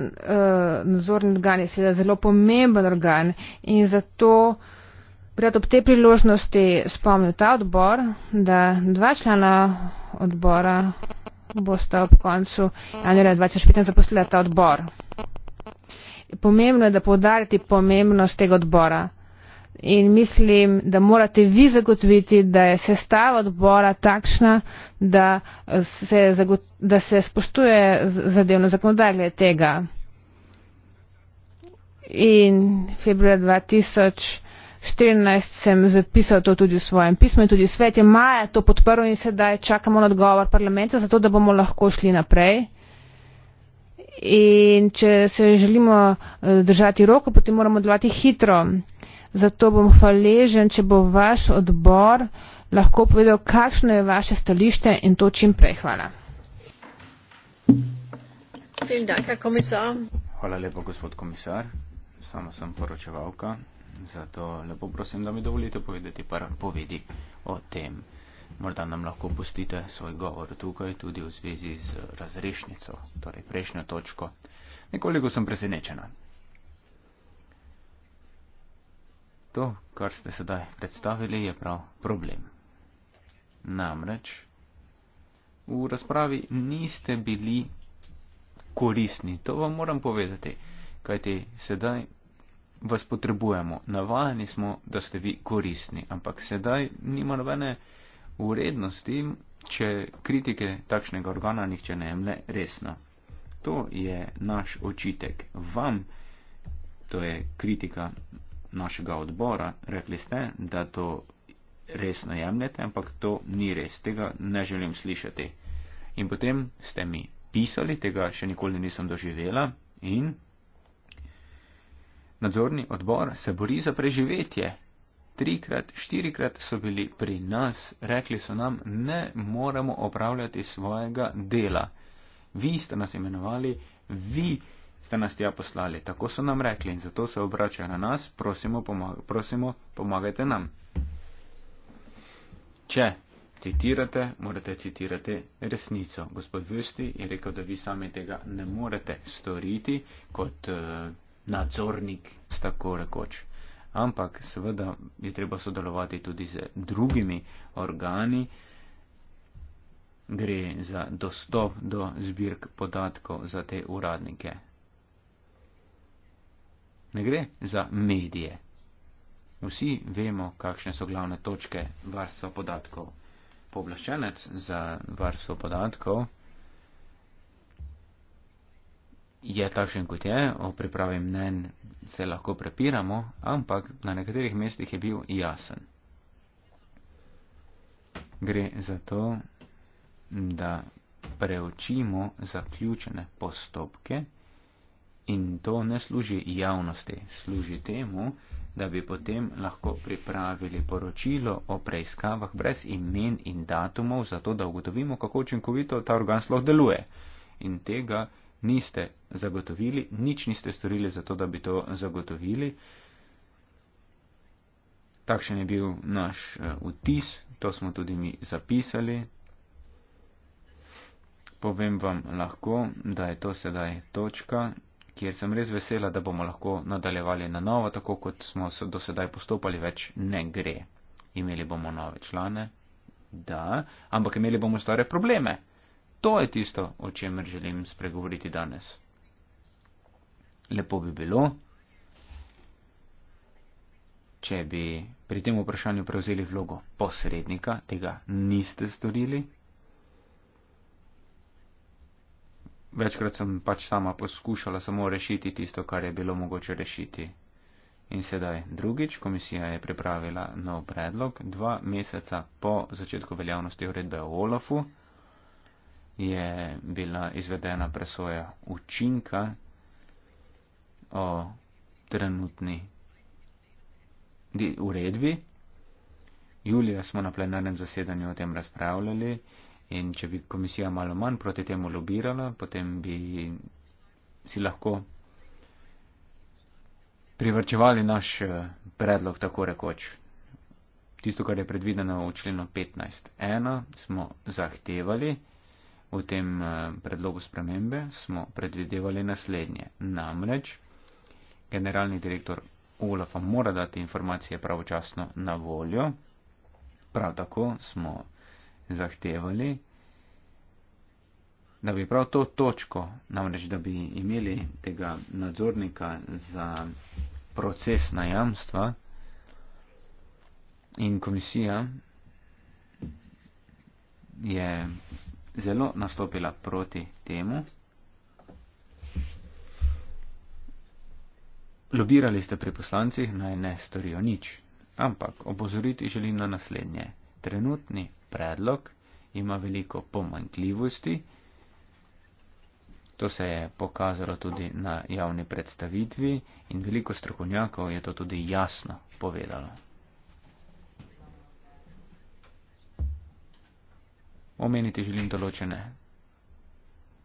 nadzorni organ je seveda zelo pomemben organ in zato bi rad ob tej priložnosti spomnil ta odbor, da dva člana odbora bosta ob koncu januarja 2015 zaposlila ta odbor. Pomembno je, da povdariti pomembnost tega odbora in mislim, da morate vi zagotoviti, da je sestava odbora takšna, da se, da se spoštuje zadevno zakonodaje tega. In februar 2014 sem zapisal to tudi v svojem pismu in tudi svet je maja to podprl in sedaj čakamo na odgovor parlamenta, zato da bomo lahko šli naprej. In če se želimo eh, držati roko, potem moramo delati hitro. Zato bom hvaležen, če bo vaš odbor lahko povedal, kakšno je vaše stališče in to čim prej. Hvala. Hvala lepo, gospod komisar. Sama sem poročevalka, zato lepo prosim, da mi dovolite povedati par povedi o tem. Morda nam lahko pustite svoj govor tukaj tudi v zvezi z razrešnico, torej prejšnjo točko. Nekoliko sem presenečena. to, kar ste sedaj predstavili, je prav problem. Namreč, v razpravi niste bili koristni, to vam moram povedati, kajti sedaj vas potrebujemo, navajeni smo, da ste vi koristni, ampak sedaj nima nobene urednosti, če kritike takšnega organa nihče ne jemlje resno. To je naš očitek vam, to je kritika našega odbora, rekli ste, da to resno jemljete, ampak to ni res, tega ne želim slišati. In potem ste mi pisali, tega še nikoli nisem doživela in nadzorni odbor se bori za preživetje. Trikrat, štirikrat so bili pri nas, rekli so nam, ne moramo opravljati svojega dela. Vi ste nas imenovali, vi ste ste nas tja poslali, tako so nam rekli in zato se obračajo na nas, prosimo, pomaga, prosimo pomagajte nam. Če citirate, morate citirati resnico. Gospod Vrsti je rekel, da vi sami tega ne morete storiti kot uh, nadzornik, tako rekoč. Ampak seveda je treba sodelovati tudi z drugimi organi. Gre za dostop do zbirk podatkov za te uradnike ne gre za medije. Vsi vemo, kakšne so glavne točke varstva podatkov. Poblaščenec za varstvo podatkov je takšen, kot je, o pripravi mnen se lahko prepiramo, ampak na nekaterih mestih je bil jasen. Gre za to, da preučimo zaključene postopke, In to ne služi javnosti, služi temu, da bi potem lahko pripravili poročilo o preiskavah brez imen in datumov, zato da ugotovimo, kako učinkovito ta organ sploh deluje. In tega niste zagotovili, nič niste storili za to, da bi to zagotovili. Takšen je bil naš eh, vtis, to smo tudi mi zapisali. Povem vam lahko, da je to sedaj točka kjer sem res vesela, da bomo lahko nadaljevali na novo, tako kot smo do sedaj postopali, več ne gre. Imeli bomo nove člane, da, ampak imeli bomo stare probleme. To je tisto, o čemer želim spregovoriti danes. Lepo bi bilo, če bi pri tem vprašanju prevzeli vlogo posrednika, tega niste storili. večkrat sem pač sama poskušala samo rešiti tisto, kar je bilo mogoče rešiti. In sedaj drugič, komisija je pripravila nov predlog, dva meseca po začetku veljavnosti uredbe o Olafu je bila izvedena presoja učinka o trenutni uredbi. Julija smo na plenarnem zasedanju o tem razpravljali In če bi komisija malo manj proti temu lobirala, potem bi si lahko privrčevali naš eh, predlog tako rekoč. Tisto, kar je predvideno v členu 15.1, smo zahtevali v tem eh, predlogu spremembe, smo predvidevali naslednje. Namreč, generalni direktor ULAF-a mora dati informacije pravočasno na voljo. Prav tako smo zahtevali, da bi prav to točko, namreč da bi imeli tega nadzornika za procesna jamstva in komisija je zelo nastopila proti temu. Lobirali ste pri poslancih, naj ne storijo nič, ampak opozoriti želim na naslednje. Trenutni predlog ima veliko pomankljivosti. To se je pokazalo tudi na javni predstavitvi in veliko strokovnjakov je to tudi jasno povedalo. Omeniti želim določene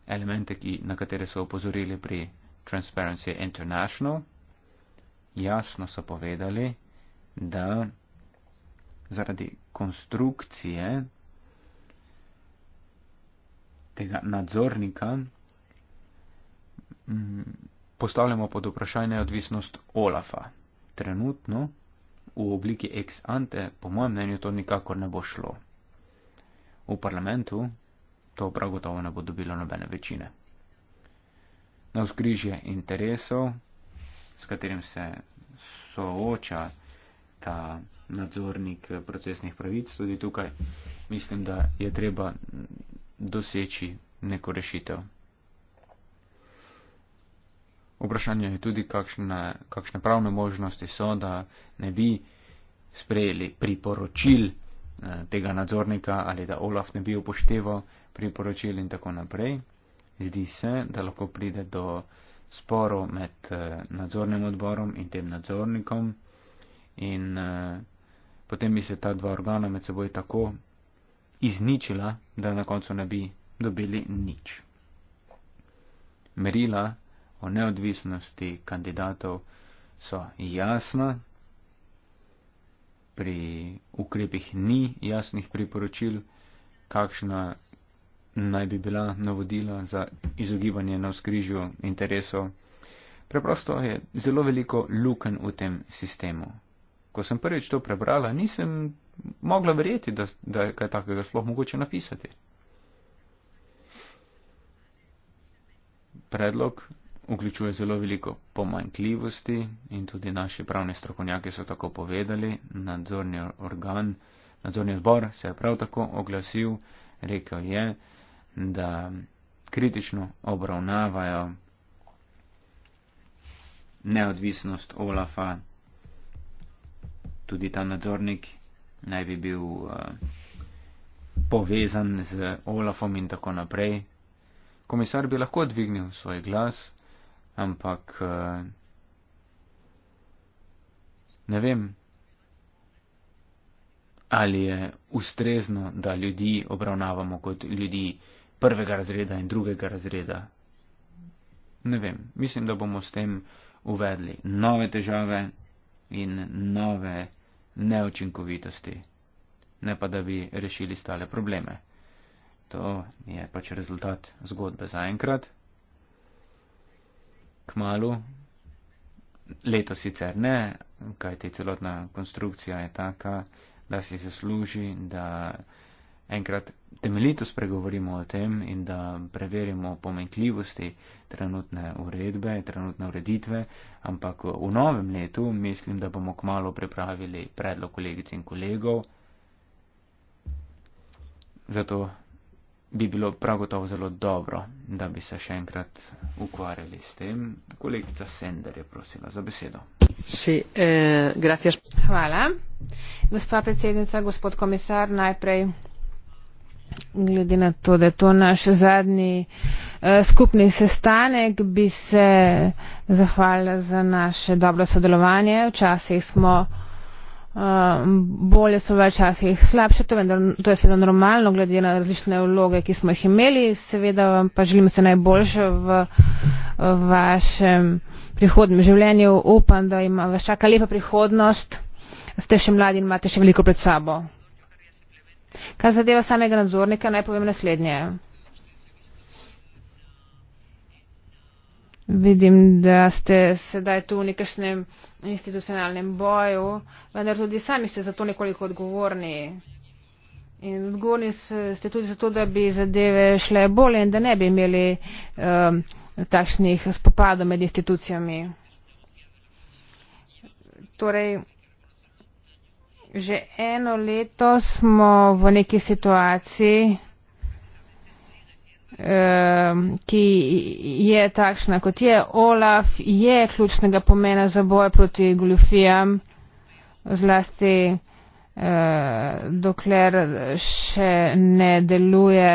elemente, ki, na katere so opozorili pri Transparency International. Jasno so povedali, da zaradi konstrukcije tega nadzornika mm, postavljamo pod vprašanje odvisnost Olafa. Trenutno v obliki ex ante, po mojem mnenju, to nikakor ne bo šlo. V parlamentu to prav gotovo ne bo dobilo nobene večine. Na vzkrižje interesov, s katerim se sooča ta nadzornik eh, procesnih pravic tudi tukaj. Mislim, da je treba doseči neko rešitev. Vprašanje je tudi, kakšne, kakšne pravne možnosti so, da ne bi sprejeli priporočil eh, tega nadzornika ali da Olaf ne bi upošteval priporočil in tako naprej. Zdi se, da lahko pride do sporo med eh, nadzornim odborom in tem nadzornikom in potem bi se ta dva organa med seboj tako izničila, da na koncu ne bi dobili nič. Merila o neodvisnosti kandidatov so jasna, pri ukrepih ni jasnih priporočil, kakšna naj bi bila navodila za izogibanje na skrižju interesov. Preprosto je zelo veliko luken v tem sistemu ko sem prvič to prebrala, nisem mogla verjeti, da, da je kaj takega sploh mogoče napisati. Predlog vključuje zelo veliko pomankljivosti in tudi naši pravni strokovnjaki so tako povedali, nadzorni organ, nadzorni odbor se je prav tako oglasil, rekel je, da kritično obravnavajo neodvisnost Olafa tudi ta nadzornik naj bi bil eh, povezan z Olafom in tako naprej. Komisar bi lahko dvignil svoj glas, ampak eh, ne vem, ali je ustrezno, da ljudi obravnavamo kot ljudi prvega razreda in drugega razreda. Ne vem, mislim, da bomo s tem uvedli nove težave in nove neučinkovitosti, ne pa da bi rešili stale probleme. To je pač rezultat zgodbe zaenkrat. Kmalu, leto sicer ne, kajti celotna konstrukcija je taka, da si zasluži, da enkrat temeljito spregovorimo o tem in da preverimo pomenkljivosti trenutne uredbe, trenutne ureditve, ampak v novem letu mislim, da bomo kmalo pripravili predlog kolegic in kolegov. Zato bi bilo prav gotovo zelo dobro, da bi se še enkrat ukvarjali s tem. Kolegica Sender je prosila za besedo. Si, eh, Hvala. Gospa predsednica, gospod komisar, najprej glede na to, da je to naš zadnji uh, skupni sestanek, bi se zahvalila za naše dobro sodelovanje. Včasih smo uh, bolje, so včasih slabše, to, vendar, to je seveda normalno, glede na različne vloge, ki smo jih imeli. Seveda vam pa želim se najboljše v, v vašem prihodnem življenju. Upam, da ima vaša lepa prihodnost. Ste še mladi in imate še veliko pred sabo. Kar zadeva samega nadzornika, naj povem naslednje. Vidim, da ste sedaj tu v nekašnem institucionalnem boju, vendar tudi sami ste za to nekoliko odgovorni. In odgovorni ste tudi za to, da bi zadeve šle bolje in da ne bi imeli um, takšnih spopadov med institucijami. Torej, Že eno leto smo v neki situaciji, ki je takšna, kot je. Olaf je ključnega pomena za boj proti goljufijam, zlasti eh, dokler še ne deluje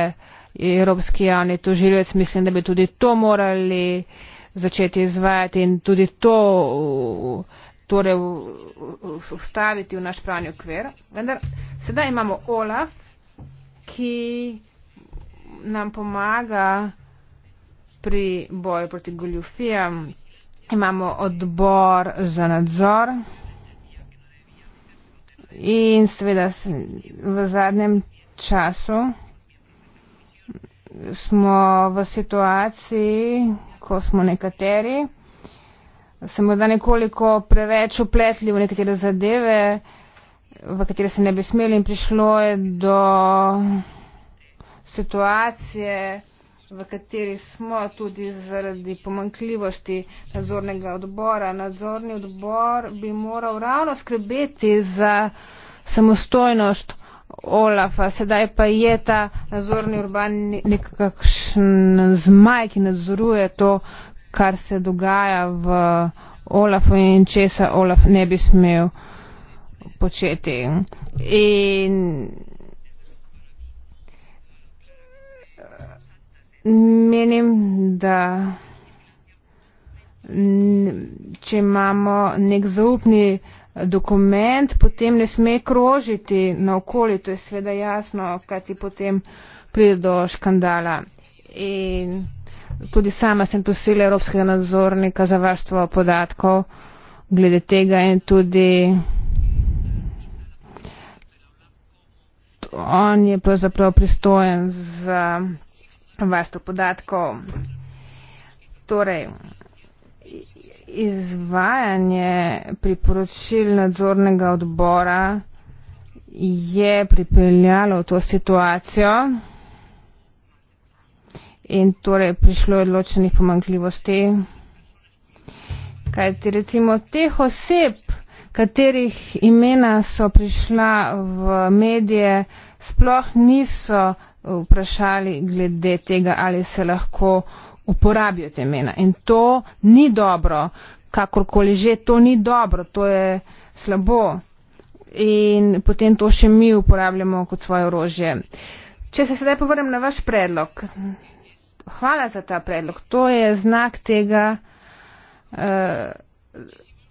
Evropski javni tožilec. Mislim, da bi tudi to morali začeti izvajati in tudi to torej vstaviti v naš pravni okvir. Vendar sedaj imamo Olaf, ki nam pomaga pri boju proti goljufijam. Imamo odbor za nadzor in seveda v zadnjem času smo v situaciji, ko smo nekateri se morda nekoliko preveč upletli v nekatere zadeve, v katere se ne bi smeli in prišlo je do situacije, v kateri smo tudi zaradi pomankljivosti nadzornega odbora. Nadzorni odbor bi moral ravno skrbeti za samostojnost Olafa, sedaj pa je ta nadzorni urban nekakšen zmaj, ki nadzoruje to kar se dogaja v Olafu in česa Olaf ne bi smel početi. In menim, da če imamo nek zaupni dokument, potem ne sme krožiti na okolje, to je sveda jasno, kaj ti potem pride do škandala. In tudi sama sem posila evropskega nadzornika za varstvo podatkov glede tega in tudi on je pravzaprav pristojen za varstvo podatkov. Torej, izvajanje priporočil nadzornega odbora je pripeljalo v to situacijo in torej prišlo je odločenih pomankljivosti. Kaj ti recimo teh oseb, katerih imena so prišla v medije, sploh niso vprašali glede tega, ali se lahko uporabijo te imena. In to ni dobro, kakorkoli že, to ni dobro, to je slabo. In potem to še mi uporabljamo kot svoje orožje. Če se sedaj povrnem na vaš predlog, hvala za ta predlog. To je znak tega, uh,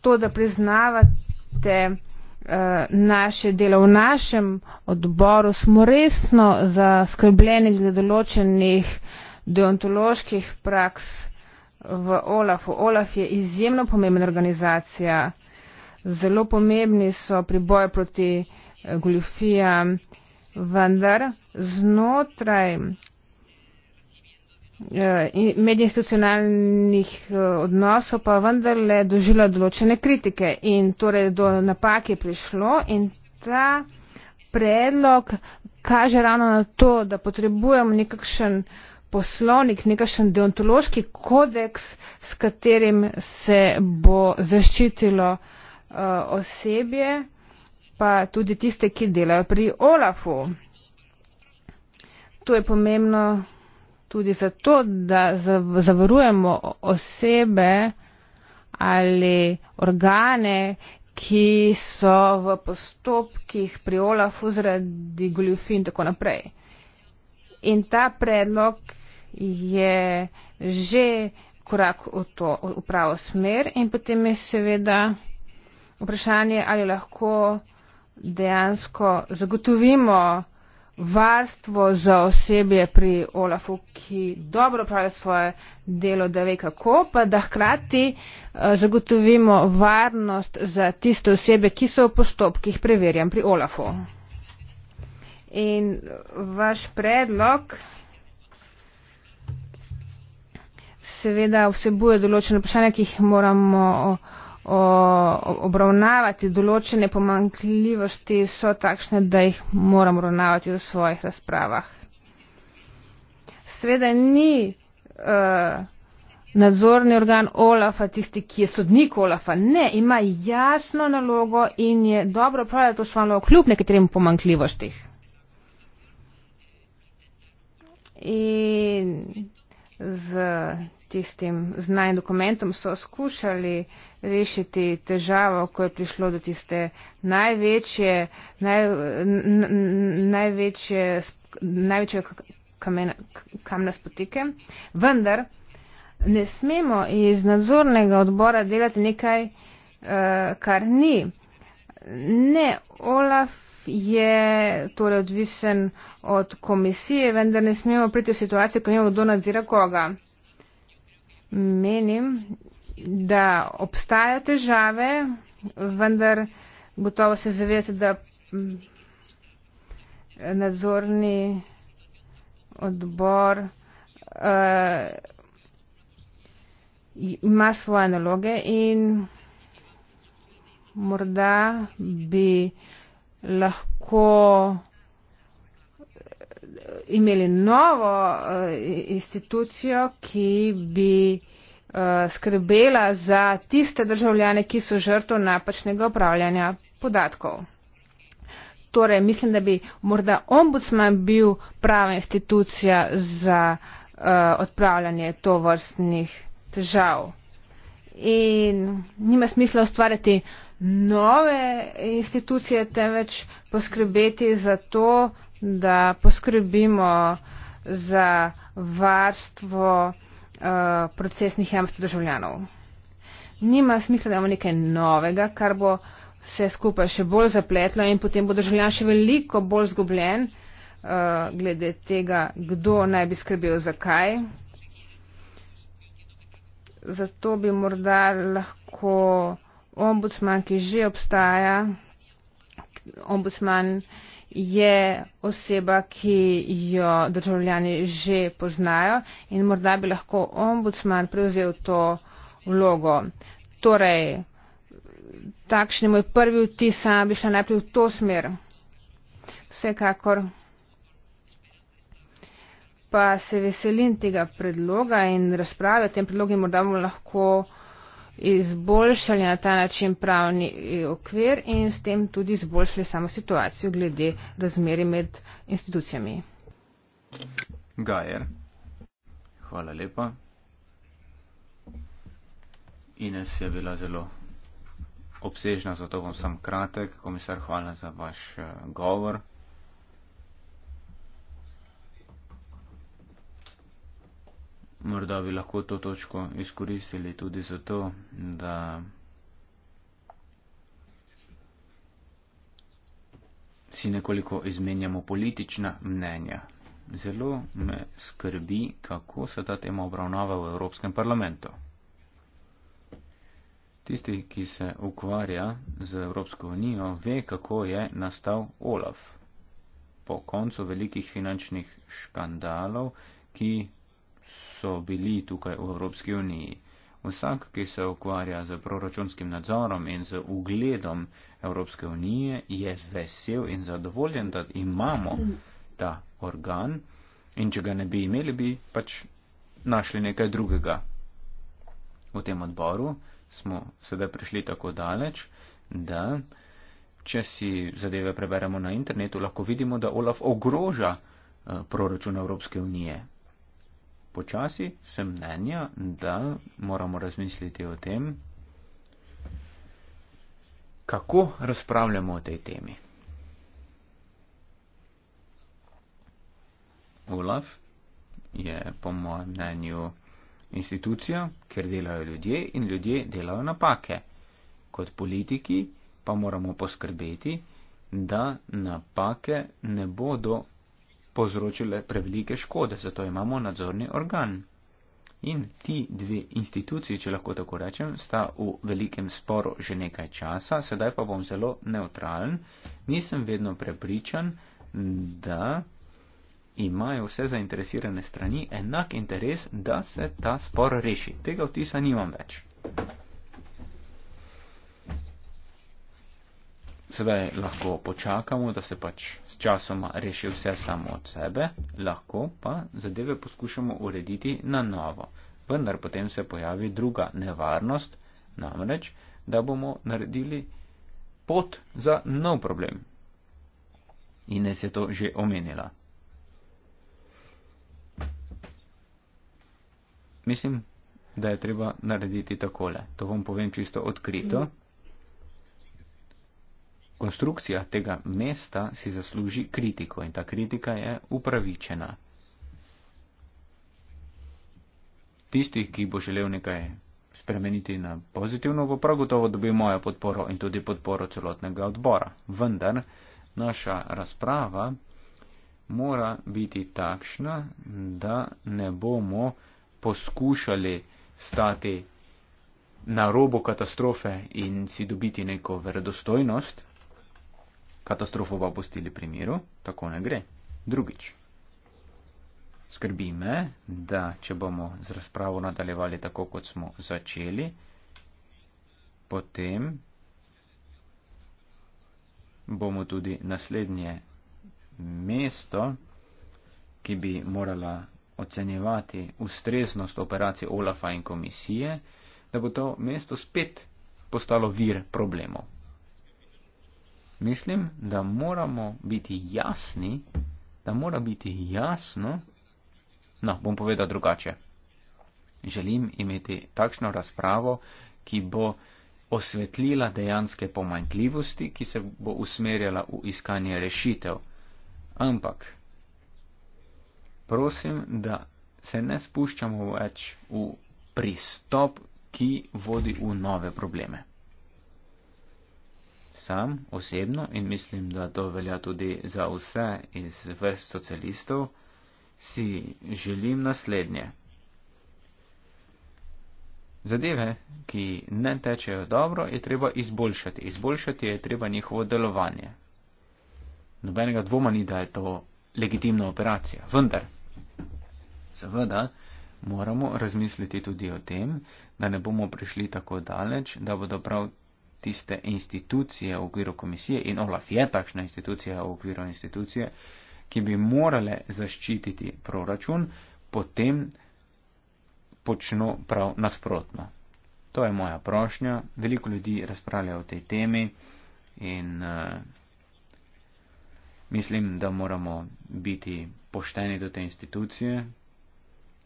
to, da priznavate uh, naše delo. V našem odboru smo resno zaskrbljeni glede določenih deontoloških praks v OLAF-u. OLAF je izjemno pomembna organizacija. Zelo pomembni so pri boju proti eh, goljofijam, vendar znotraj Eh, medinstitucionalnih eh, odnosov pa vendarle doživela določene kritike in torej do napak je prišlo in ta predlog kaže ravno na to, da potrebujemo nekakšen poslovnik, nekakšen deontološki kodeks, s katerim se bo zaščitilo eh, osebje, pa tudi tiste, ki delajo pri OLAF-u. To je pomembno tudi zato, da zavarujemo osebe ali organe, ki so v postopkih pri Olafu zaradi goljufi in tako naprej. In ta predlog je že korak v to v pravo smer in potem je seveda vprašanje, ali lahko dejansko zagotovimo varstvo za osebje pri Olafu, ki dobro pravi svoje delo, da ve kako, pa da hkrati eh, zagotovimo varnost za tiste osebe, ki so v postopkih preverjam pri Olafu. In vaš predlog seveda vsebuje določene vprašanja, ki jih moramo o, obravnavati določene pomankljivosti, so takšne, da jih moram obravnavati v svojih razpravah. Sveda ni uh, nadzorni organ Olafa tisti, ki je sodnik Olafa. Ne, ima jasno nalogo in je dobro pravila to svojo nalogo kljub nekaterim pomankljivostih. In z tistim znanjem dokumentom, so skušali rešiti težavo, ko je prišlo do tiste največje, naj, največje, največje kamna spotike. Vendar ne smemo iz nadzornega odbora delati nekaj, eh, kar ni. Ne, Olaf je torej odvisen od komisije, vendar ne smemo priti v situacijo, ko nekdo nadzira koga menim, da obstajajo težave, vendar gotovo se zavedate, da mm, nadzorni odbor uh, ima svoje naloge in morda bi lahko imeli novo uh, institucijo, ki bi uh, skrbela za tiste državljane, ki so žrtov napačnega upravljanja podatkov. Torej, mislim, da bi morda ombudsman bil prava institucija za uh, odpravljanje to vrstnih težav. In nima smisla ustvarjati nove institucije, temveč poskrbeti za to, da poskrbimo za varstvo eh, procesnih jamstv državljanov. Nima smisla, da imamo nekaj novega, kar bo vse skupaj še bolj zapletlo in potem bo državljan še veliko bolj zgubljen eh, glede tega, kdo naj bi skrbel za kaj. Zato bi morda lahko ombudsman, ki že obstaja, ombudsman, ki že obstaja, je oseba, ki jo državljani že poznajo in morda bi lahko ombudsman prevzel to vlogo. Torej, takšen je moj prvi vtis, sama bi šla najprej v to smer. Vsekakor pa se veselim tega predloga in razprave o tem predlogu in morda bomo lahko izboljšali na ta način pravni eh, okvir in s tem tudi izboljšali samo situacijo glede razmeri med institucijami. Gajer, hvala lepa. Ines je bila zelo obsežna, zato bom sam kratek. Komisar, hvala za vaš eh, govor. morda bi lahko to točko izkoristili tudi zato, da si nekoliko izmenjamo politična mnenja. Zelo me skrbi, kako se ta tema obravnava v Evropskem parlamentu. Tisti, ki se ukvarja z Evropsko unijo, ve, kako je nastal OLAF po koncu velikih finančnih škandalov, ki so bili tukaj v Evropski uniji. Vsak, ki se ukvarja z proračunskim nadzorom in z ugledom Evropske unije, je vesel in zadovoljen, da imamo ta organ in če ga ne bi imeli, bi pač našli nekaj drugega. V tem odboru smo sedaj prišli tako daleč, da če si zadeve preberemo na internetu, lahko vidimo, da Olaf ogroža eh, proračun Evropske unije počasi sem mnenja, da moramo razmisliti o tem, kako razpravljamo o tej temi. Olaf je po mojem mnenju institucija, kjer delajo ljudje in ljudje delajo napake. Kot politiki pa moramo poskrbeti, da napake ne bodo povzročile prevelike škode, zato imamo nadzorni organ. In ti dve instituciji, če lahko tako rečem, sta v velikem sporu že nekaj časa, sedaj pa bom zelo neutralen, nisem vedno prepričan, da imajo vse zainteresirane strani enak interes, da se ta spor reši. Tega vtisa nimam več. sedaj lahko počakamo, da se pač s časoma reši vse samo od sebe, lahko pa zadeve poskušamo urediti na novo. Vendar potem se pojavi druga nevarnost, namreč, da bomo naredili pot za nov problem. Ines je to že omenila. Mislim, da je treba narediti takole. To vam povem čisto odkrito. Mm -hmm konstrukcija tega mesta si zasluži kritiko in ta kritika je upravičena. Tisti, ki bo želel nekaj spremeniti na pozitivno, bo prav gotovo dobil mojo podporo in tudi podporo celotnega odbora. Vendar naša razprava mora biti takšna, da ne bomo poskušali stati na robu katastrofe in si dobiti neko verodostojnost, katastrofo pa pustili pri miru, tako ne gre. Drugič, skrbi me, da če bomo z razpravo nadaljevali tako, kot smo začeli, potem bomo tudi naslednje mesto, ki bi morala ocenjevati ustreznost operacije Olafa in komisije, da bo to mesto spet postalo vir problemov mislim, da moramo biti jasni, da mora biti jasno, no, bom povedal drugače. Želim imeti takšno razpravo, ki bo osvetlila dejanske pomanjkljivosti, ki se bo usmerjala v iskanje rešitev. Ampak, prosim, da se ne spuščamo več v pristop, ki vodi v nove probleme sam osebno in mislim, da to velja tudi za vse iz vrst socialistov, si želim naslednje. Zadeve, ki ne tečejo dobro, je treba izboljšati. Izboljšati je treba njihovo delovanje. Nobenega dvoma ni, da je to legitimna operacija. Vendar, seveda, moramo razmisliti tudi o tem, da ne bomo prišli tako daleč, da bodo prav tiste institucije v okviru komisije in OLAF je takšna institucija v okviru institucije, ki bi morale zaščititi proračun, potem počno prav nasprotno. To je moja prošnja. Veliko ljudi razpravlja o tej temi in uh, mislim, da moramo biti pošteni do te institucije.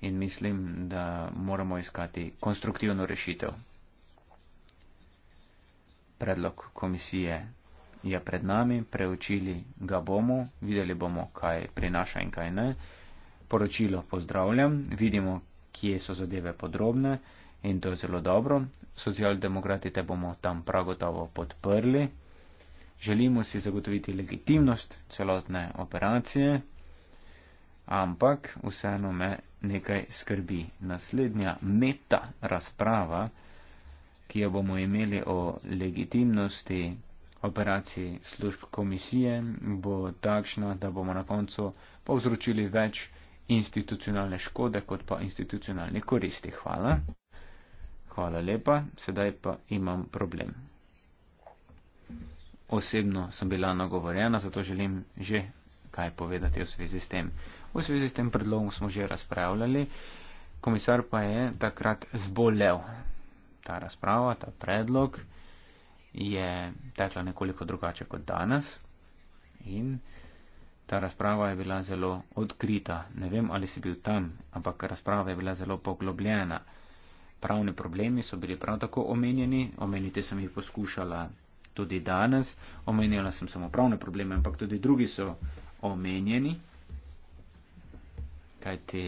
In mislim, da moramo iskati konstruktivno rešitev predlog komisije je pred nami, preučili ga bomo, videli bomo, kaj prinaša in kaj ne. Poročilo pozdravljam, vidimo, kje so zadeve podrobne in to je zelo dobro. Socialdemokrati te bomo tam pragotovo podprli. Želimo si zagotoviti legitimnost celotne operacije, ampak vseeno me nekaj skrbi. Naslednja meta razprava ki jo bomo imeli o legitimnosti operacij služb komisije, bo takšna, da bomo na koncu povzročili več institucionalne škode kot pa institucionalne koristi. Hvala. Hvala lepa. Sedaj pa imam problem. Osebno sem bila nagovorjena, zato želim že kaj povedati v zvezi s tem. V zvezi s tem predlogom smo že razpravljali, komisar pa je takrat zbolel ta razprava, ta predlog je tekla nekoliko drugače kot danes in ta razprava je bila zelo odkrita. Ne vem, ali si bil tam, ampak razprava je bila zelo poglobljena. Pravni problemi so bili prav tako omenjeni, omeniti sem jih poskušala tudi danes, omenjala sem samo pravne probleme, ampak tudi drugi so omenjeni. Kajti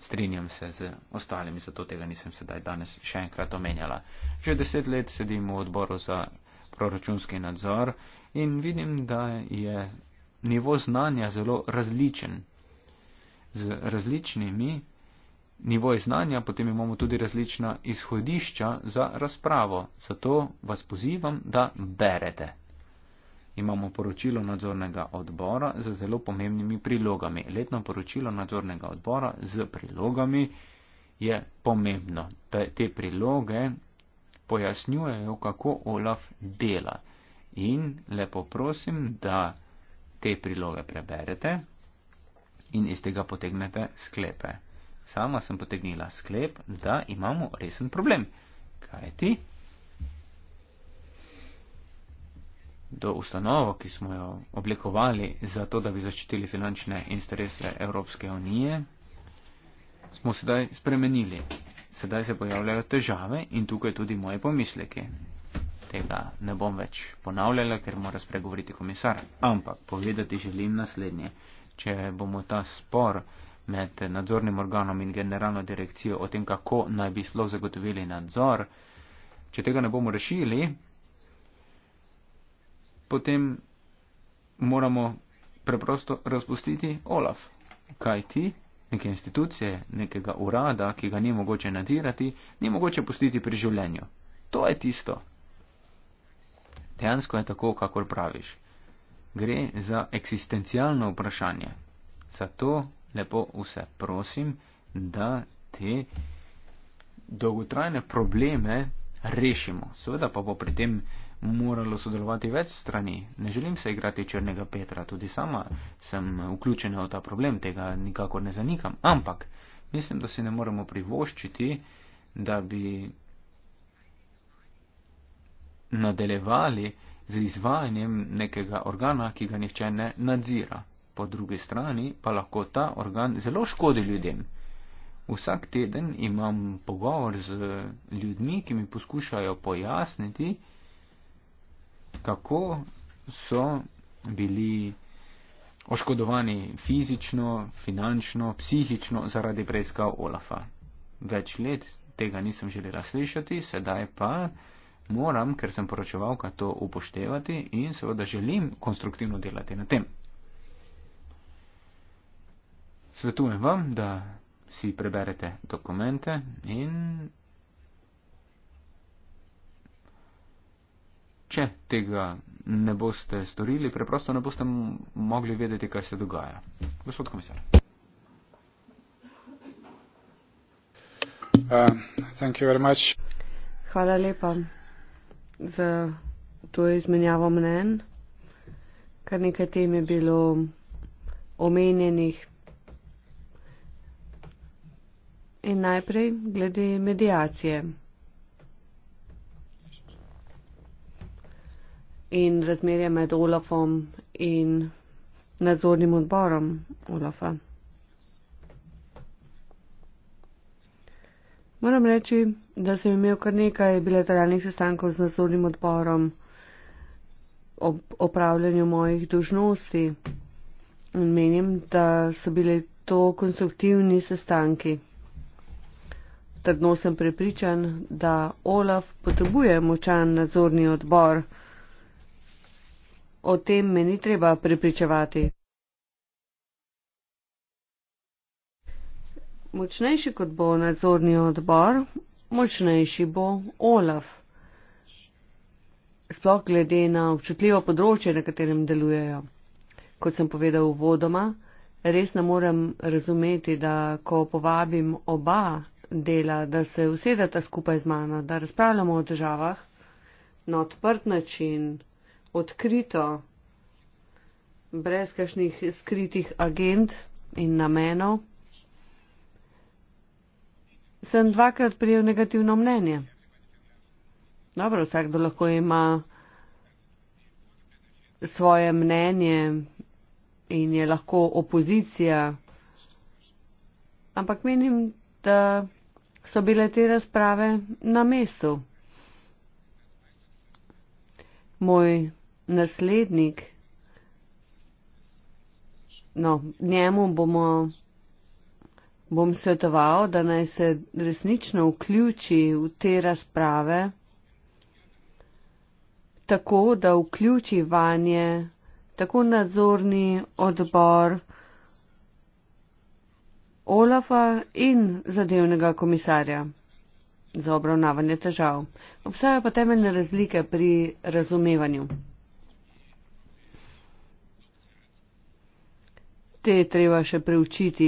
strinjam se z ostalimi, zato tega nisem sedaj danes še enkrat omenjala. Že deset let sedim v odboru za proračunski nadzor in vidim, da je nivo znanja zelo različen. Z različnimi nivoji znanja potem imamo tudi različna izhodišča za razpravo, zato vas pozivam, da berete imamo poročilo nadzornega odbora z zelo pomembnimi prilogami. Letno poročilo nadzornega odbora z prilogami je pomembno. Te, te priloge pojasnjujejo, kako Olaf dela. In lepo prosim, da te priloge preberete in iz tega potegnete sklepe. Sama sem potegnila sklep, da imamo resen problem. Kaj ti? do ustanovo, ki smo jo oblikovali za to, da bi zaščitili finančne interese Evropske unije, smo sedaj spremenili. Sedaj se pojavljajo težave in tukaj tudi moje pomisleke. Tega ne bom več ponavljala, ker mora spregovoriti komisar. Ampak povedati želim naslednje. Če bomo ta spor med nadzornim organom in generalno direkcijo o tem, kako naj bi sploh zagotovili nadzor, če tega ne bomo rešili, potem moramo preprosto razpustiti Olaf. Kaj ti? Neke institucije, nekega urada, ki ga ni mogoče nadzirati, ni mogoče pustiti pri življenju. To je tisto. Dejansko je tako, kakor praviš. Gre za eksistencialno vprašanje. Zato lepo vse prosim, da te dolgotrajne probleme rešimo. Seveda pa bo pri tem moralo sodelovati več strani. Ne želim se igrati Črnega Petra, tudi sama sem vključena v ta problem, tega nikakor ne zanikam. Ampak mislim, da si ne moremo privoščiti, da bi nadaljevali z izvajanjem nekega organa, ki ga nihče ne nadzira. Po drugi strani pa lahko ta organ zelo škodi ljudem. Vsak teden imam pogovor z ljudmi, ki mi poskušajo pojasniti, kako so bili oškodovani fizično, finančno, psihično zaradi preiskav Olafa. Več let tega nisem želela slišati, sedaj pa moram, ker sem poročevalka, to upoštevati in seveda želim konstruktivno delati na tem. Svetujem vam, da si preberete dokumente in če tega ne boste storili, preprosto ne boste mogli vedeti, kaj se dogaja. Gospod komisar. Uh, Hvala lepa za to izmenjavo mnen. Kar nekaj tem je bilo omenjenih. In najprej glede medijacije. in razmerje med Olafom in nadzornim odborom Olafa. Moram reči, da sem imel kar nekaj bilateralnih sestankov z nadzornim odborom ob opravljanju mojih dužnosti in menim, da so bili to konstruktivni sestanki. Trdno sem prepričan, da Olaf potrebuje močan nadzorni odbor. O tem me ni treba prepričevati. Močnejši kot bo nadzorni odbor, močnejši bo Olaf. Sploh glede na občutljivo področje, na katerem delujejo. Kot sem povedal v vodoma, res ne morem razumeti, da ko povabim oba dela, da se usedata skupaj z mano, da razpravljamo o težavah na odprt način, odkrito, brez kašnih skritih agent in namenov, sem dvakrat prijel negativno mnenje. Dobro, vsakdo lahko ima svoje mnenje in je lahko opozicija, ampak menim, da so bile te razprave na mestu. Moj naslednik, no, njemu bomo, bom svetoval, da naj se resnično vključi v te razprave, tako da vključi vanje tako nadzorni odbor Olafa in zadevnega komisarja za obravnavanje težav. Obstajajo pa temeljne razlike pri razumevanju. te je treba še preučiti,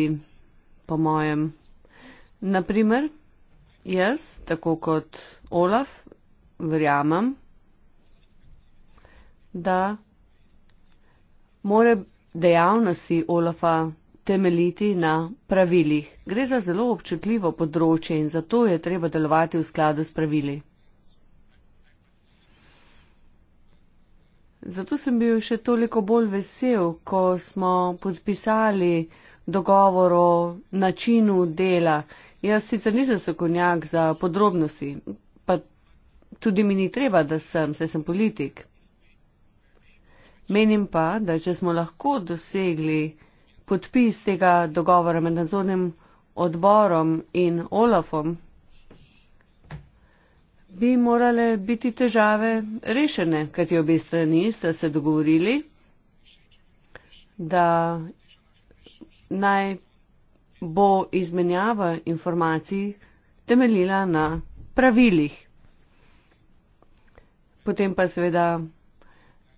po mojem. Naprimer, jaz, tako kot Olaf, verjamem, da more dejavnosti Olafa temeljiti na pravilih. Gre za zelo občutljivo področje in zato je treba delovati v skladu s pravili. Zato sem bil še toliko bolj vesel, ko smo podpisali dogovor o načinu dela. Jaz sicer nisem sokonjak za podrobnosti, pa tudi mi ni treba, da sem, saj sem politik. Menim pa, da če smo lahko dosegli podpis tega dogovora med nadzornim odborom in Olafom, bi morale biti težave rešene, ker ti obe strani sta se dogovorili, da naj bo izmenjava informacij temeljila na pravilih. Potem pa seveda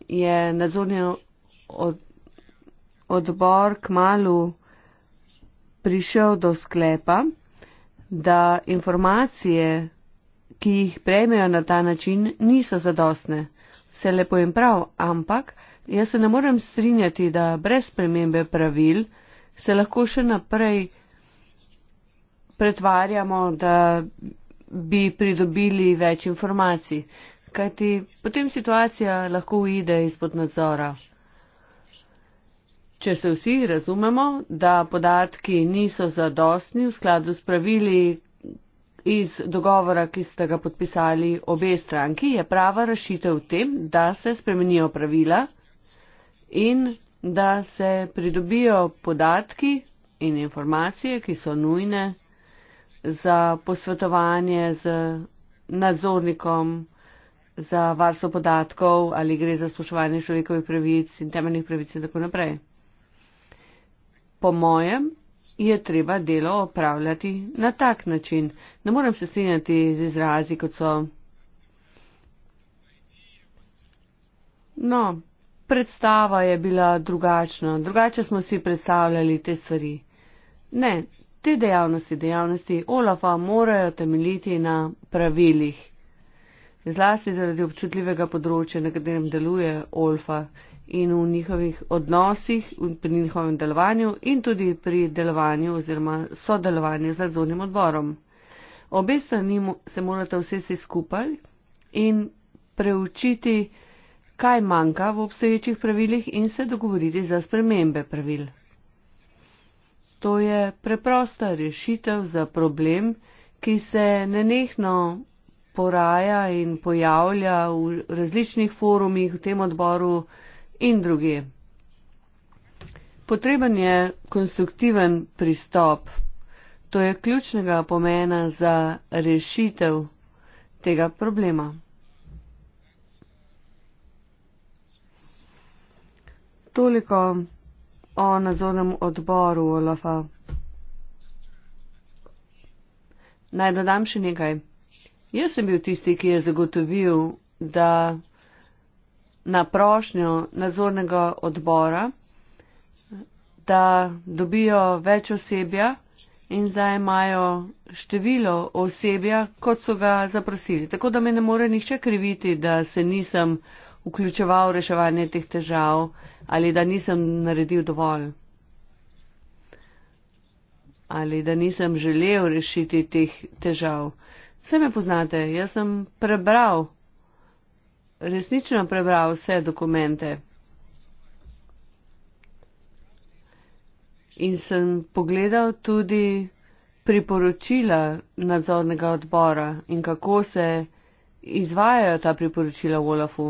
je nadzorni od, odbor k malu prišel do sklepa, da informacije ki jih prejmejo na ta način, niso zadostne. Se lepo in prav, ampak jaz se ne morem strinjati, da brez spremembe pravil se lahko še naprej pretvarjamo, da bi pridobili več informacij, kajti potem situacija lahko uide izpod nadzora. Če se vsi razumemo, da podatki niso zadostni v skladu s pravili, iz dogovora, ki ste ga podpisali obe stranki, je prava rešitev v tem, da se spremenijo pravila in da se pridobijo podatki in informacije, ki so nujne za posvetovanje z nadzornikom, za varstvo podatkov ali gre za spoštovanje človekovih pravic in temeljnih pravic in tako naprej. Po mojem je treba delo opravljati na tak način. Ne morem se strinjati z izrazi, kot so. No, predstava je bila drugačna, drugače smo si predstavljali te stvari. Ne, te dejavnosti, dejavnosti Olafa morajo temeljiti na pravilih. Zlasti zaradi občutljivega področja, na katerem deluje Olfa, in v njihovih odnosih, pri njihovem delovanju in tudi pri delovanju oziroma sodelovanju z nadzornim odborom. Obe strani se morate vsesti skupaj in preučiti, kaj manjka v obstoječih pravilih in se dogovoriti za spremembe pravil. To je preprosta rešitev za problem, ki se nenehno poraja in pojavlja v različnih forumih v tem odboru, in druge. Potreben je konstruktiven pristop. To je ključnega pomena za rešitev tega problema. Toliko o nadzornem odboru Olafa. Naj dodam še nekaj. Jaz sem bil tisti, ki je zagotovil, da na prošnjo nadzornega odbora, da dobijo več osebja in zdaj imajo število osebja, kot so ga zaprosili. Tako da me ne more nihče kriviti, da se nisem vključeval v reševanje teh težav ali da nisem naredil dovolj ali da nisem želel rešiti teh težav. Vse me poznate, jaz sem prebral resnično prebral vse dokumente. In sem pogledal tudi priporočila nadzornega odbora in kako se izvajajo ta priporočila v Olafu.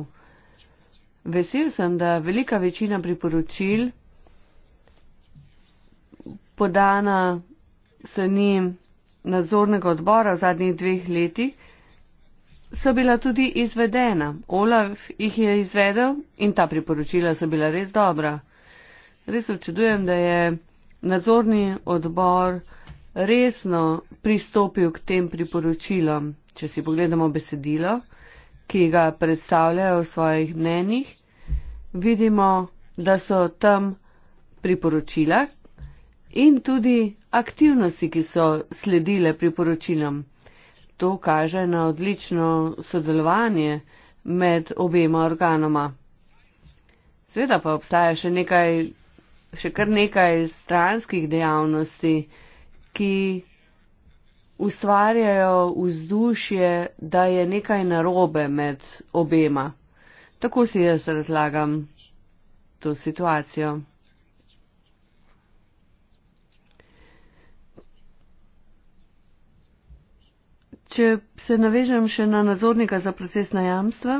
Vesel sem, da velika večina priporočil podana strani nadzornega odbora v zadnjih dveh letih so bila tudi izvedena. Olaf jih je izvedel in ta priporočila so bila res dobra. Res občudujem, da je nadzorni odbor resno pristopil k tem priporočilom. Če si pogledamo besedilo, ki ga predstavljajo v svojih mnenjih, vidimo, da so tam priporočila in tudi aktivnosti, ki so sledile priporočilom. To kaže na odlično sodelovanje med obema organoma. Sveda pa obstaja še nekaj, še kar nekaj stranskih dejavnosti, ki ustvarjajo vzdušje, da je nekaj narobe med obema. Tako si jaz razlagam to situacijo. Če se navežem še na nadzornika za procesna jamstva,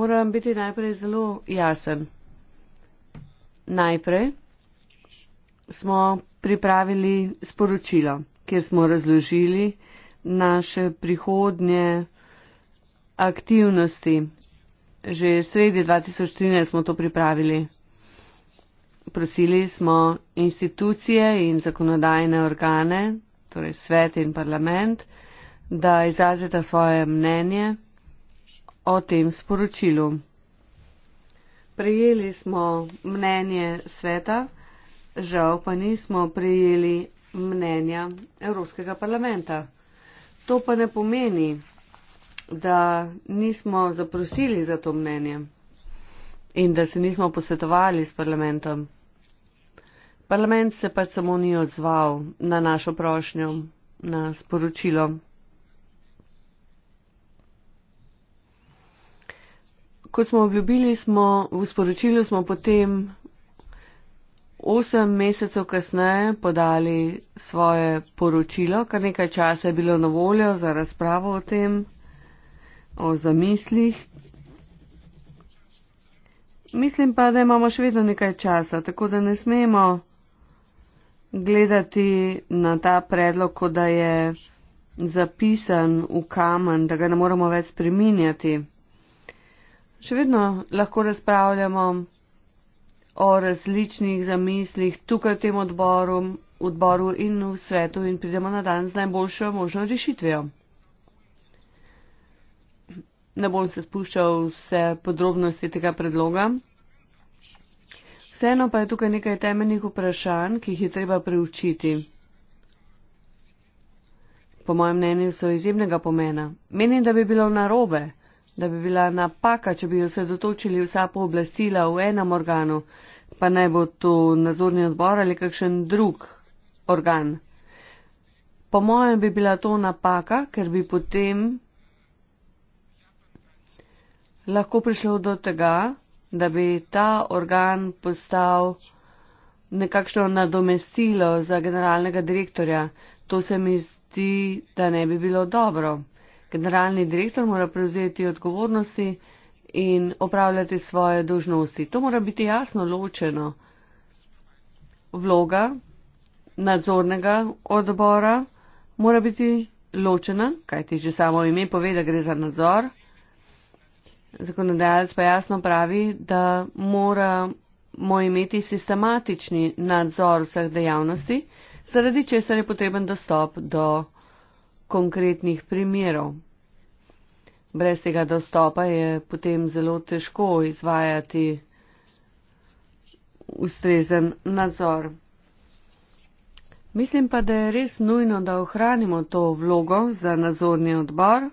moram biti najprej zelo jasen. Najprej smo pripravili sporočilo, kjer smo razložili naše prihodnje aktivnosti. Že sredi 2013 smo to pripravili. Prosili smo institucije in zakonodajne organe, torej svet in parlament, da izrazita svoje mnenje o tem sporočilu. Prejeli smo mnenje sveta, žal pa nismo prejeli mnenja Evropskega parlamenta. To pa ne pomeni, da nismo zaprosili za to mnenje in da se nismo posvetovali s parlamentom. Parlament se pa samo ni odzval na našo prošnjo, na sporočilo. Kot smo obljubili, smo v sporočilu smo potem osem mesecev kasneje podali svoje poročilo, kar nekaj časa je bilo na voljo za razpravo o tem, o zamislih. Mislim pa, da imamo še vedno nekaj časa, tako da ne smemo gledati na ta predlog, kot da je zapisan v kamen, da ga ne moramo več spreminjati. Še vedno lahko razpravljamo o različnih zamislih tukaj v tem odboru, odboru in v svetu in pridemo na dan z najboljšo možno rešitvijo. Ne bom se spuščal vse podrobnosti tega predloga. Vseeno pa je tukaj nekaj temeljnih vprašanj, ki jih je treba preučiti. Po mojem mnenju so izjemnega pomena. Menim, da bi bilo narobe, da bi bila napaka, če bi osredotočili vsa pooblastila v enem organu, pa naj bo to nadzorni odbor ali kakšen drug organ. Po mojem bi bila to napaka, ker bi potem lahko prišlo do tega, da bi ta organ postal nekakšno nadomestilo za generalnega direktorja. To se mi zdi, da ne bi bilo dobro. Generalni direktor mora prevzeti odgovornosti in opravljati svoje dožnosti. To mora biti jasno ločeno. Vloga nadzornega odbora mora biti ločena, kajti že samo ime pove, da gre za nadzor. Zakonodajalec pa jasno pravi, da moramo imeti sistematični nadzor vseh dejavnosti, zaradi česar je potreben dostop do konkretnih primerov. Brez tega dostopa je potem zelo težko izvajati ustrezen nadzor. Mislim pa, da je res nujno, da ohranimo to vlogo za nadzorni odbor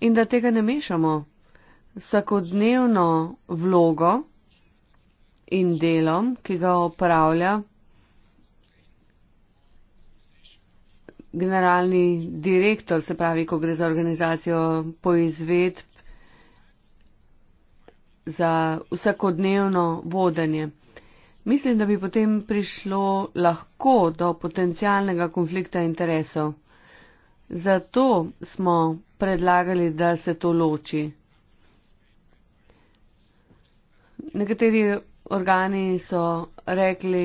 in da tega ne mešamo. Vsakodnevno vlogo in delom, ki ga opravlja generalni direktor, se pravi, ko gre za organizacijo poizvedb za vsakodnevno vodenje. Mislim, da bi potem prišlo lahko do potencialnega konflikta interesov. Zato smo predlagali, da se to loči. Nekateri organi so rekli,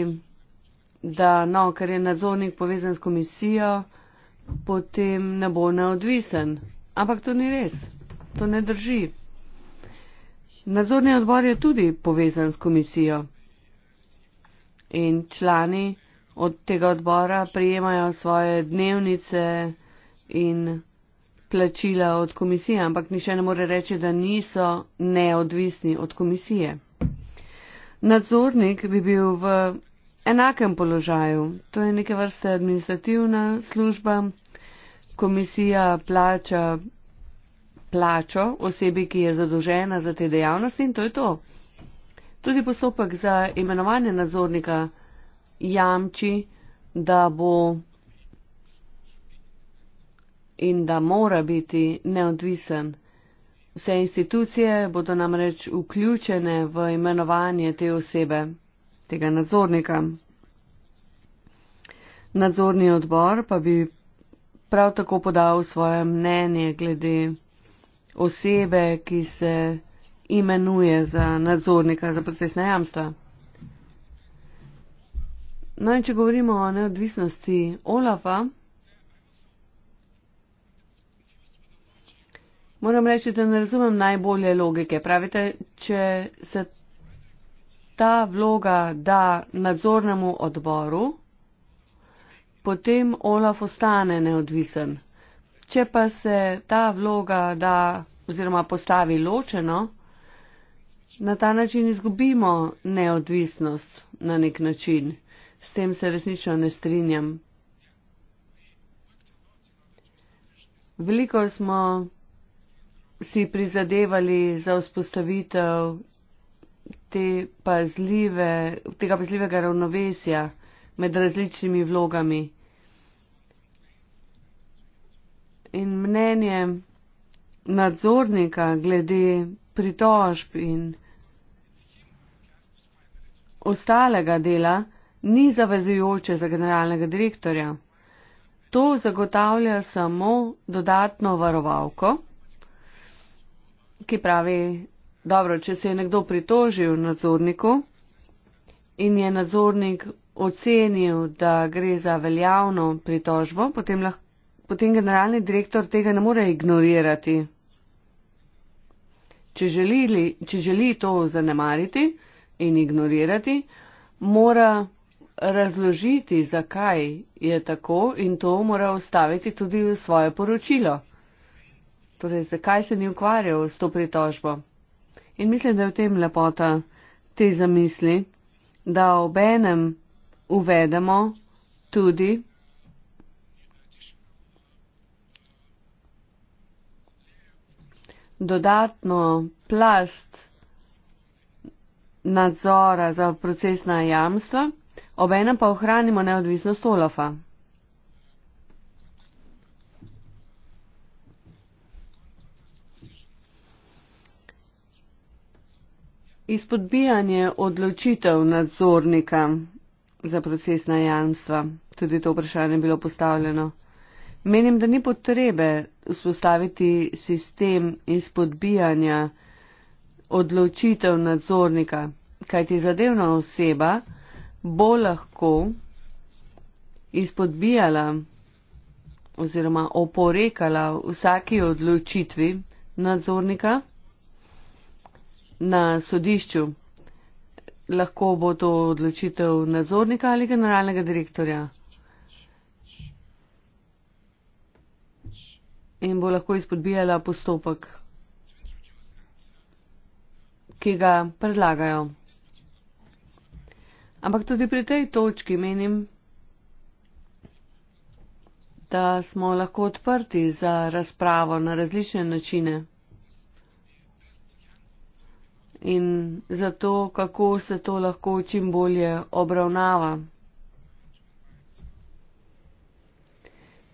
da no, ker je nadzornik povezan s komisijo, potem ne bo neodvisen. Ampak to ni res. To ne drži. Nadzorni odbor je tudi povezan s komisijo. In člani od tega odbora prijemajo svoje dnevnice in plačila od komisije, ampak nišče ne more reči, da niso neodvisni od komisije. Nadzornik bi bil v enakem položaju, to je neke vrste administrativna služba. Komisija plača plačo osebi, ki je zadolžena za te dejavnosti in to je to. Tudi postopek za imenovanje nadzornika jamči, da bo in da mora biti neodvisen. Vse institucije bodo namreč vključene v imenovanje te osebe, tega nadzornika. Nadzorni odbor pa bi prav tako podal svoje mnenje glede osebe, ki se imenuje za nadzornika za procesna jamstva. No in če govorimo o neodvisnosti Olafa, Moram reči, da ne razumem najbolje logike. Pravite, če se ta vloga da nadzornemu odboru, potem Olaf ostane neodvisen. Če pa se ta vloga da oziroma postavi ločeno, na ta način izgubimo neodvisnost na nek način. S tem se resnično ne strinjam. Veliko smo si prizadevali za vzpostavitev te pazljive, tega pazljivega ravnovesja med različnimi vlogami in mnenjem nadzornika glede pritožb in ostalega dela ni zavezujoče za generalnega direktorja. To zagotavlja samo dodatno varovalko ki pravi, dobro, če se je nekdo pritožil nadzorniku in je nadzornik ocenil, da gre za veljavno pritožbo, potem, lahko, potem generalni direktor tega ne more ignorirati. Če želi, če želi to zanemariti in ignorirati, mora razložiti, zakaj je tako in to mora ustaviti tudi v svoje poročilo torej zakaj se ni ukvarjal s to pritožbo. In mislim, da je v tem lepota te zamisli, da obenem uvedemo tudi dodatno plast nadzora za procesna jamstva, obenem pa ohranimo neodvisnost Olafa. Izpodbijanje odločitev nadzornika za procesna jamstva, tudi to vprašanje je bilo postavljeno. Menim, da ni potrebe vzpostaviti sistem izpodbijanja odločitev nadzornika, kajti zadevna oseba bo lahko izpodbijala oziroma oporekala vsaki odločitvi nadzornika na sodišču. Lahko bo to odločitev nadzornika ali generalnega direktorja. In bo lahko izpodbijala postopek, ki ga predlagajo. Ampak tudi pri tej točki menim, da smo lahko odprti za razpravo na različne načine in za to, kako se to lahko čim bolje obravnava.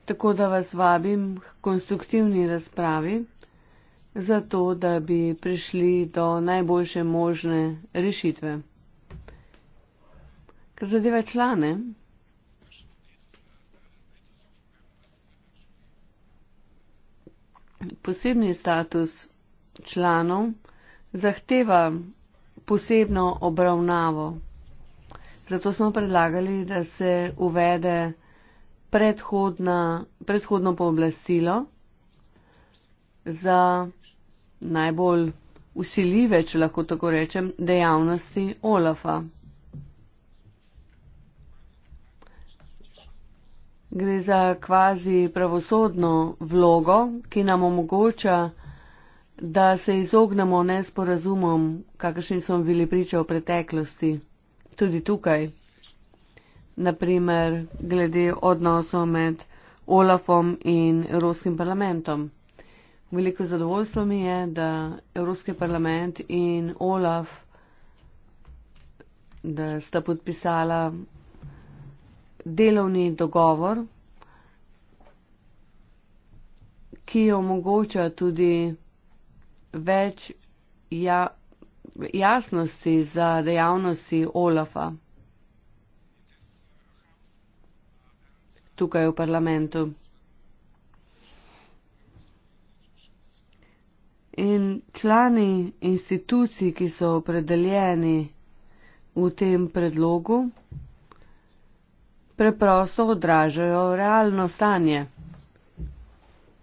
Tako da vas vabim k konstruktivni razpravi, zato da bi prišli do najboljše možne rešitve. Kar zadeva člane, posebni status članov, zahteva posebno obravnavo. Zato smo predlagali, da se uvede predhodna, predhodno pooblastilo za najbolj usiljive, če lahko tako rečem, dejavnosti Olafa. Gre za kvazi pravosodno vlogo, ki nam omogoča, da se izognemo nesporazumom, kakršni smo bili priča v preteklosti, tudi tukaj, naprimer glede odnosov med Olafom in Evropskim parlamentom. Veliko zadovoljstvo mi je, da Evropski parlament in Olaf, da sta podpisala delovni dogovor, ki omogoča tudi več ja, jasnosti za dejavnosti Olafa tukaj v parlamentu. In člani institucij, ki so opredeljeni v tem predlogu, preprosto odražajo realno stanje.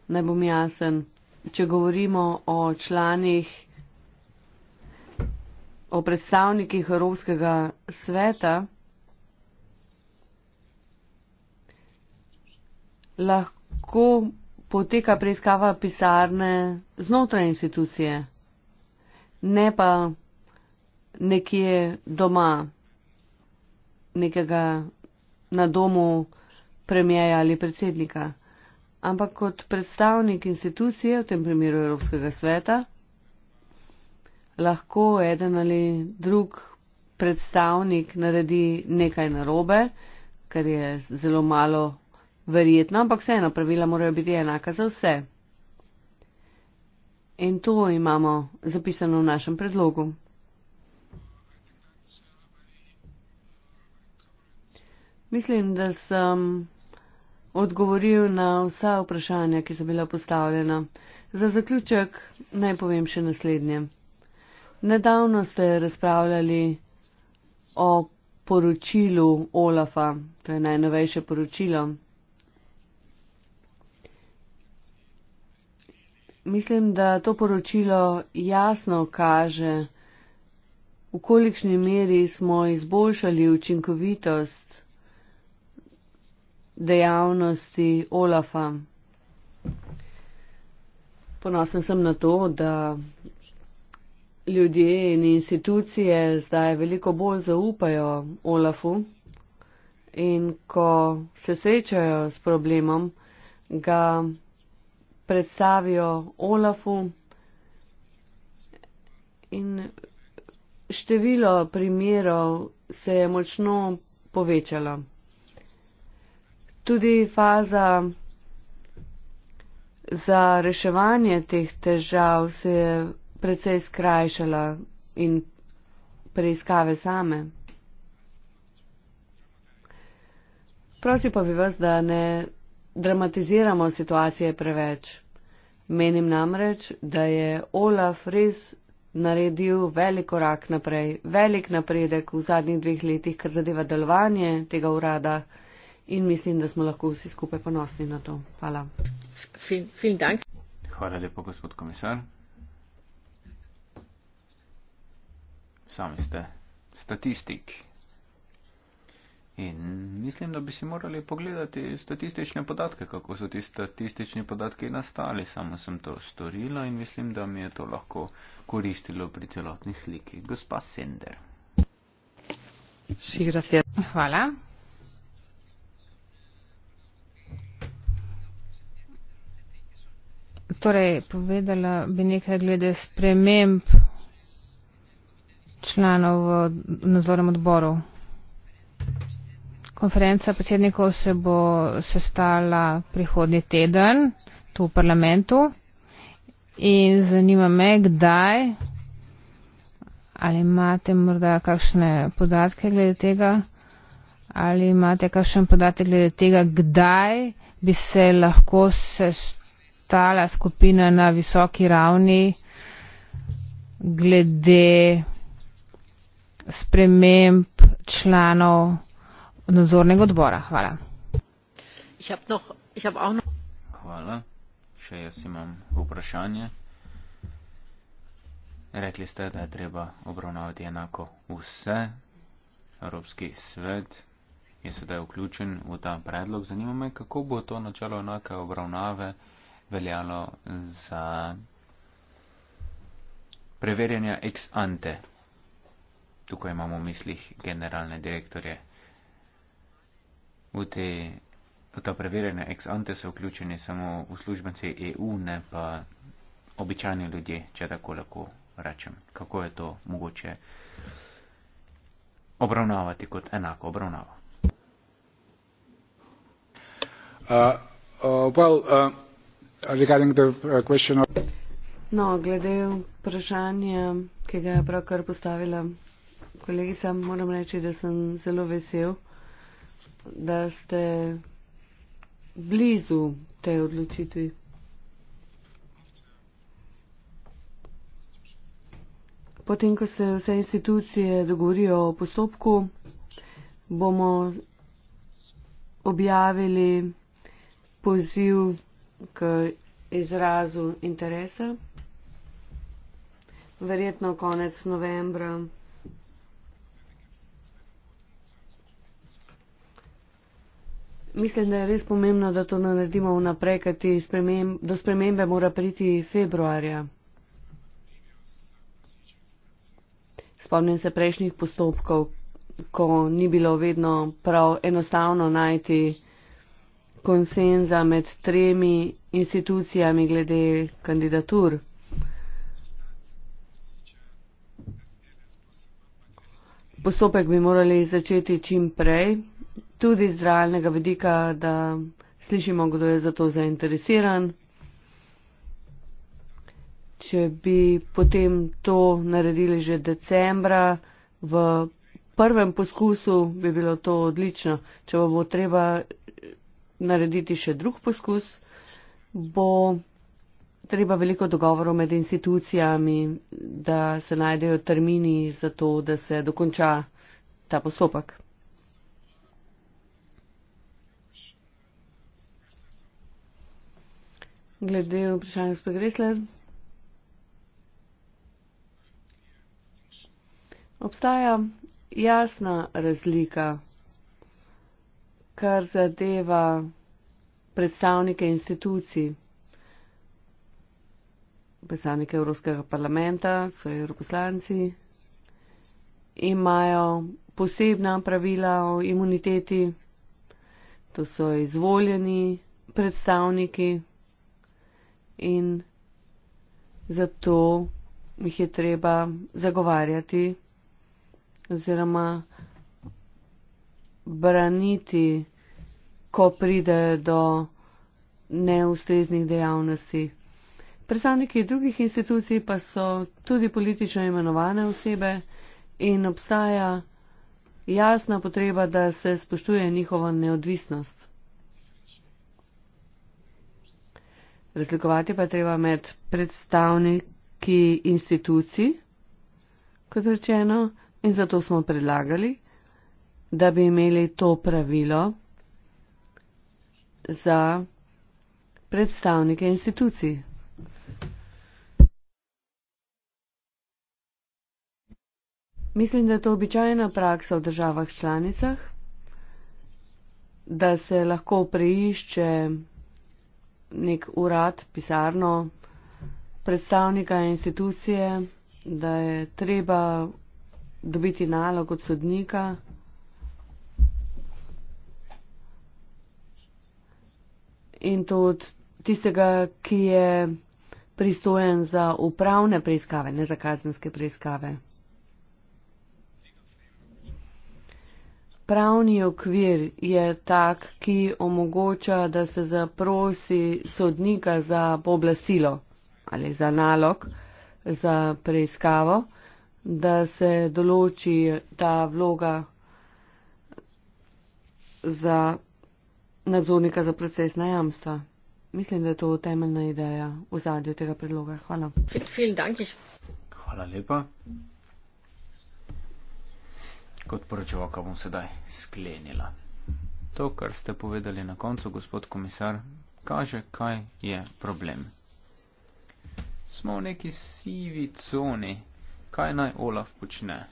Ne bom jasen če govorimo o članih, o predstavnikih Evropskega sveta, lahko poteka preiskava pisarne znotraj institucije, ne pa nekje doma, nekega na domu premijeja ali predsednika ampak kot predstavnik institucije, v tem primeru Evropskega sveta, lahko eden ali drug predstavnik naredi nekaj narobe, kar je zelo malo verjetno, ampak vseeno pravila morajo biti enaka za vse. In to imamo zapisano v našem predlogu. Mislim, da sem odgovoril na vsa vprašanja, ki so bila postavljena. Za zaključek naj povem še naslednje. Nedavno ste razpravljali o poročilu Olafa, to je najnovejše poročilo. Mislim, da to poročilo jasno kaže, v kolikšni meri smo izboljšali učinkovitost dejavnosti Olafa. Ponosen sem na to, da ljudje in institucije zdaj veliko bolj zaupajo Olafu in ko se srečajo s problemom, ga predstavijo Olafu in število primerov se je močno povečalo tudi faza za reševanje teh težav se je precej skrajšala in preiskave same. Prosim pa bi vas, da ne dramatiziramo situacije preveč. Menim namreč, da je Olaf res naredil velik korak naprej, velik napredek v zadnjih dveh letih, kar zadeva delovanje tega urada in mislim, da smo lahko vsi skupaj ponosni na to. Hvala. Hvala lepo, gospod komisar. Sami ste statistik. In mislim, da bi si morali pogledati statistične podatke, kako so ti statistični podatki nastali. Samo sem to storila in mislim, da mi je to lahko koristilo pri celotni sliki. Gospa Sender. Hvala. torej povedala bi nekaj glede sprememb članov v nadzornem odboru. Konferenca predsednikov se bo sestala prihodnji teden tu v parlamentu in zanima me, kdaj, ali imate morda kakšne podatke glede tega, ali imate kakšen podatek glede tega, kdaj bi se lahko sestala stala skupina na visoki ravni glede sprememb članov nadzornega odbora. Hvala. Hvala. Še jaz imam vprašanje. Rekli ste, da je treba obravnavati enako vse. Evropski svet je sedaj vključen v ta predlog. Zanima me, kako bo to načelo enake obravnave veljalo za preverjanja ex ante. Tukaj imamo v mislih generalne direktorje. V, te, v ta preverjanja ex ante so vključeni samo uslužbenci EU, ne pa običajni ljudje, če tako lahko rečem. Kako je to mogoče obravnavati kot enako obravnavo? Uh, uh, well, uh Uh, uh, no, glede vprašanja, ki ga je pravkar postavila kolegica, moram reči, da sem zelo vesel, da ste blizu te odločitvi. Potem, ko se vse institucije dogovorijo o postopku, bomo objavili poziv k izrazu interesa. Verjetno konec novembra. Mislim, da je res pomembno, da to naredimo vnaprej, ker spremem do spremembe mora priti februarja. Spomnim se prejšnjih postopkov, ko ni bilo vedno prav enostavno najti konsenza med tremi institucijami glede kandidatur. Postopek bi morali začeti čim prej, tudi z realnega vidika, da slišimo, kdo je za to zainteresiran. Če bi potem to naredili že decembra v prvem poskusu, bi bilo to odlično. Če bo treba narediti še drug poskus, bo treba veliko dogovorov med institucijami, da se najdejo termini za to, da se dokonča ta postopek. Glede vprašanja gospod Gresler. Obstaja jasna razlika kar zadeva predstavnike institucij, predstavnike Evropskega parlamenta, so evroposlanci, imajo posebna pravila o imuniteti, to so izvoljeni predstavniki in zato jih je treba zagovarjati oziroma braniti, ko pride do neustreznih dejavnosti. Predstavniki drugih institucij pa so tudi politično imenovane osebe in obstaja jasna potreba, da se spoštuje njihova neodvisnost. Razlikovati pa je treba med predstavniki institucij, kot rečeno, in zato smo predlagali, da bi imeli to pravilo za predstavnike institucij. Mislim, da je to običajna praksa v državah članicah, da se lahko preišče nek urad, pisarno predstavnika institucije, da je treba dobiti nalog od sodnika. in tudi tistega, ki je pristojen za upravne preiskave, ne za kazenske preiskave. Pravni okvir je tak, ki omogoča, da se zaprosi sodnika za pooblastilo ali za nalog za preiskavo, da se določi ta vloga za nadzornika za procesna jamstva. Mislim, da je to temeljna ideja v zadju tega predloga. Hvala. Vielen Dank. Hvala lepa. Kot poročevalka bom sedaj sklenila. To, kar ste povedali na koncu, gospod komisar, kaže, kaj je problem. Smo v neki sivi coni, kaj naj Olaf počne.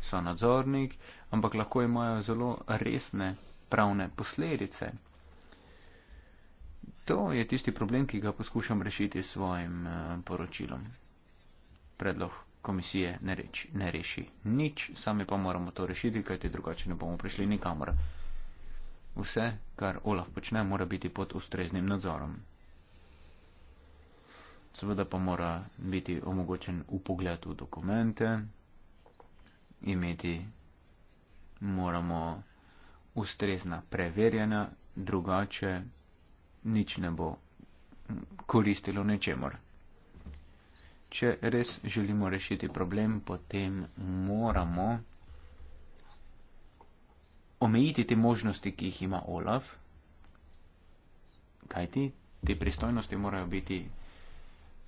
So nadzornik, ampak lahko imajo zelo resne pravne posledice. To je tisti problem, ki ga poskušam rešiti s svojim eh, poročilom. Predlog komisije ne, reči, ne reši nič, sami pa moramo to rešiti, kajti drugače ne bomo prišli nikamor. Vse, kar Olaf počne, mora biti pod ustreznim nadzorom. Seveda pa mora biti omogočen upogled v dokumente, imeti moramo ustrezna preverjena, drugače nič ne bo koristilo ničemor. Če res želimo rešiti problem, potem moramo omejiti te možnosti, ki jih ima Olaf, kajti te pristojnosti morajo biti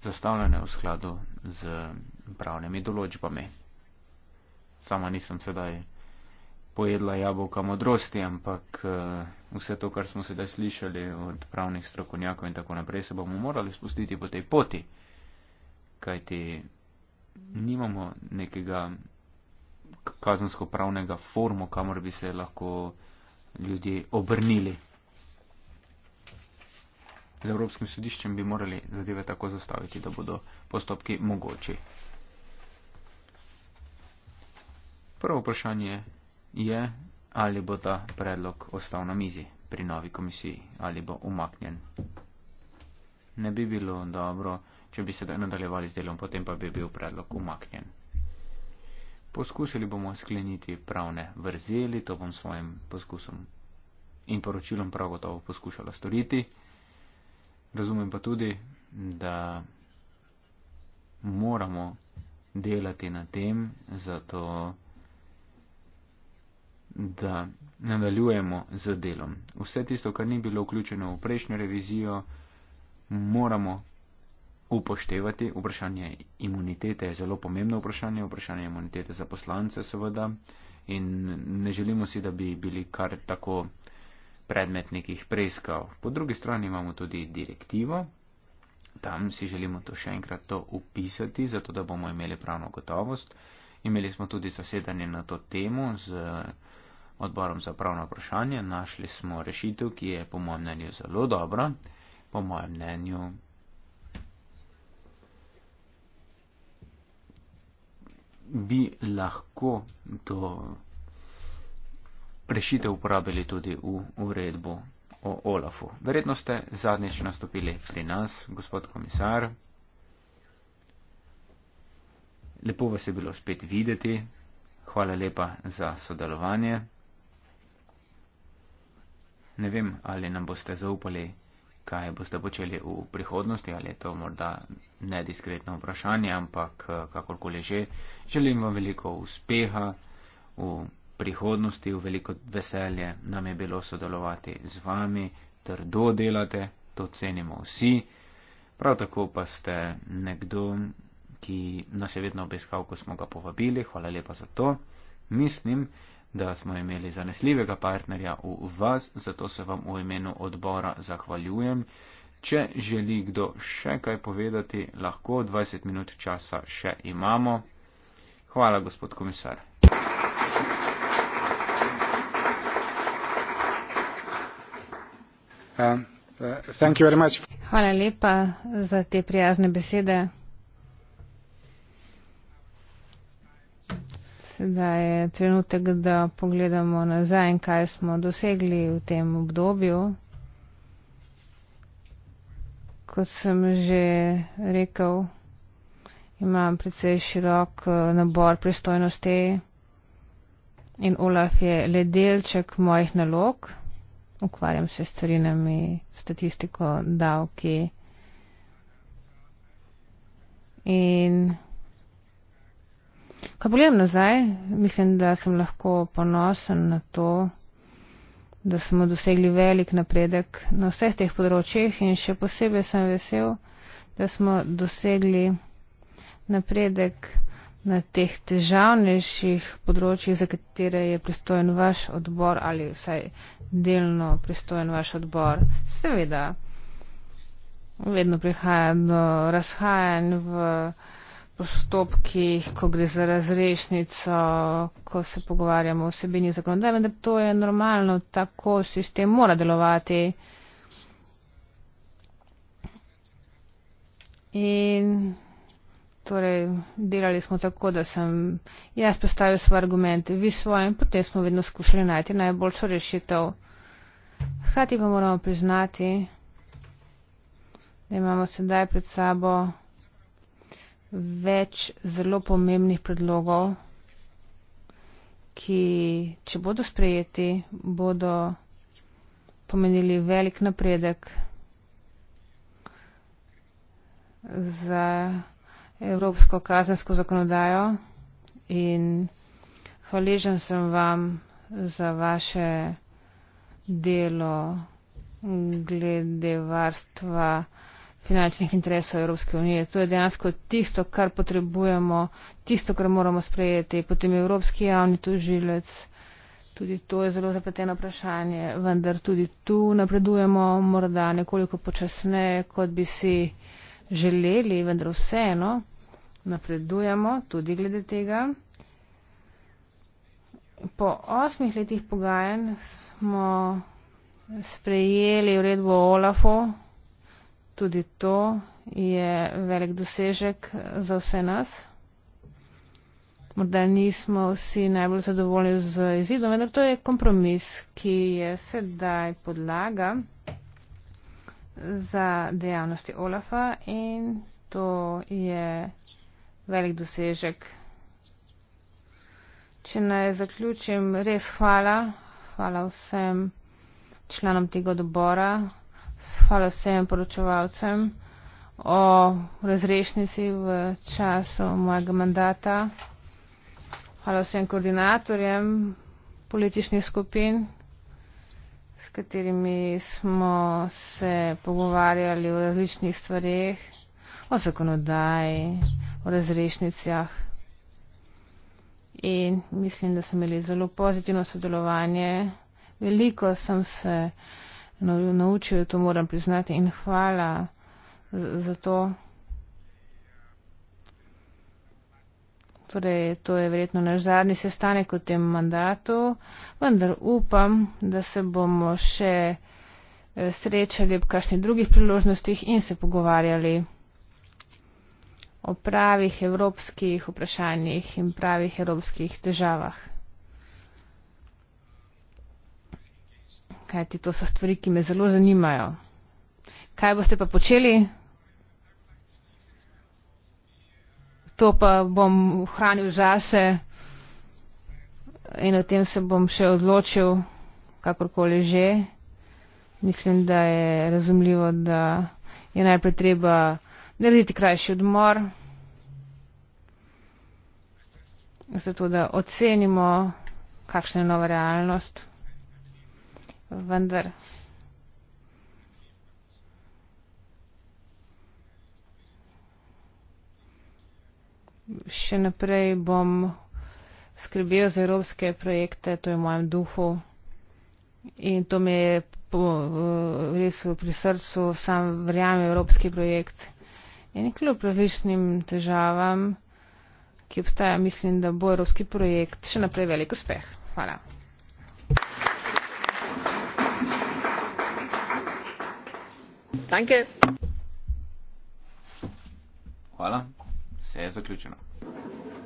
zastavljene v skladu z pravnimi določbami. Sama nisem sedaj pojedla jabolka modrosti, ampak eh, vse to, kar smo sedaj slišali od pravnih strokovnjakov in tako naprej, se bomo morali spustiti po tej poti, kajti nimamo nekega kazensko-pravnega formu, kamor bi se lahko ljudje obrnili. Z Evropskim sodiščem bi morali zadeve tako zastaviti, da bodo postopki mogoči. Prvo vprašanje je, ali bo ta predlog ostal na mizi pri novi komisiji ali bo umaknjen. Ne bi bilo dobro, če bi se nadaljevali z delom, potem pa bi bil predlog umaknjen. Poskusili bomo skleniti pravne vrzeli, to bom svojim poskusom in poročilom prav gotovo poskušala storiti. Razumem pa tudi, da moramo delati na tem, zato da nadaljujemo z delom. Vse tisto, kar ni bilo vključeno v prejšnjo revizijo, moramo upoštevati. Vprašanje imunitete je zelo pomembno vprašanje, vprašanje imunitete za poslance seveda in ne želimo si, da bi bili kar tako predmet nekih preiskav. Po drugi strani imamo tudi direktivo, tam si želimo to še enkrat to upisati, zato da bomo imeli pravno gotovost. Imeli smo tudi zasedanje na to temo z odborom za pravno vprašanje, našli smo rešitev, ki je po mojem mnenju zelo dobra. Po mojem mnenju bi lahko to rešitev uporabili tudi v uredbu o Olafu. Verjetno ste zadnjič nastopili pri nas, gospod komisar. Lepo vas je bilo spet videti. Hvala lepa za sodelovanje. Ne vem, ali nam boste zaupali, kaj boste počeli v prihodnosti, ali je to morda nediskretno vprašanje, ampak eh, kakorkoli že, želim vam veliko uspeha v prihodnosti, v veliko veselje nam je bilo sodelovati z vami, trdo delate, to cenimo vsi. Prav tako pa ste nekdo, ki nas je vedno obiskal, ko smo ga povabili, hvala lepa za to. Mislim, da smo imeli zanesljivega partnerja v vas, zato se vam v imenu odbora zahvaljujem. Če želi kdo še kaj povedati, lahko 20 minut časa še imamo. Hvala, gospod komisar. Um, uh, Hvala lepa za te prijazne besede. da je trenutek, da pogledamo nazaj, kaj smo dosegli v tem obdobju. Kot sem že rekel, imam precej širok eh, nabor pristojnosti in Olaf je le delček mojih nalog. Ukvarjam se s carinami, statistiko, davki. In Ko pogledam nazaj, mislim, da sem lahko ponosen na to, da smo dosegli velik napredek na vseh teh področjih in še posebej sem vesel, da smo dosegli napredek na teh težavnejših področjih, za katere je pristojen vaš odbor ali vsaj delno pristojen vaš odbor. Seveda, vedno prihaja do razhajanj v postopkih, ko gre za razrešnico, ko se pogovarjamo o sebini zakonodaje, vendar to je normalno, tako sistem mora delovati. In torej delali smo tako, da sem jaz postavil svoje argumente, vi svoje in potem smo vedno skušali najti najboljšo rešitev. Hkrati pa moramo priznati, da imamo sedaj pred sabo več zelo pomembnih predlogov, ki, če bodo sprejeti, bodo pomenili velik napredek za evropsko kazensko zakonodajo in hvaležen sem vam za vaše delo glede varstva finančnih interesov Evropske unije. To je dejansko tisto, kar potrebujemo, tisto, kar moramo sprejeti. Potem Evropski javni tožilec, tudi to je zelo zapleteno vprašanje, vendar tudi tu napredujemo morda nekoliko počasneje, kot bi si želeli, vendar vseeno napredujemo tudi glede tega. Po osmih letih pogajanj smo sprejeli uredbo Olafu, tudi to je velik dosežek za vse nas. Morda nismo vsi najbolj zadovoljni z izidom, vendar to je kompromis, ki je sedaj podlaga za dejavnosti Olafa in to je velik dosežek. Če naj zaključim, res hvala, hvala vsem članom tega odbora, hvala vsem poročevalcem o razrešnici v času mojega mandata. Hvala vsem koordinatorjem političnih skupin, s katerimi smo se pogovarjali o različnih stvareh, o zakonodaji, o razrešnicah. In mislim, da smo imeli zelo pozitivno sodelovanje. Veliko sem se naučil, to moram priznati. In hvala za to. Torej, to je verjetno naš zadnji sestanek v tem mandatu, vendar upam, da se bomo še eh, srečali ob kakšnih drugih priložnostih in se pogovarjali o pravih evropskih vprašanjih in pravih evropskih težavah. kajti to so stvari, ki me zelo zanimajo. Kaj boste pa počeli? To pa bom ohranil zase in o tem se bom še odločil, kakorkoli že. Mislim, da je razumljivo, da je najprej treba narediti krajši odmor, zato da ocenimo, kakšna je nova realnost vendar. Še naprej bom skrbel za evropske projekte, to je v mojem duhu in to mi je po, eh, res pri srcu, sam verjamem evropski projekt. In kljub različnim težavam, ki obstajajo, mislim, da bo evropski projekt še naprej velik uspeh. Hvala. Danke. Hvala. Vse je zaključeno.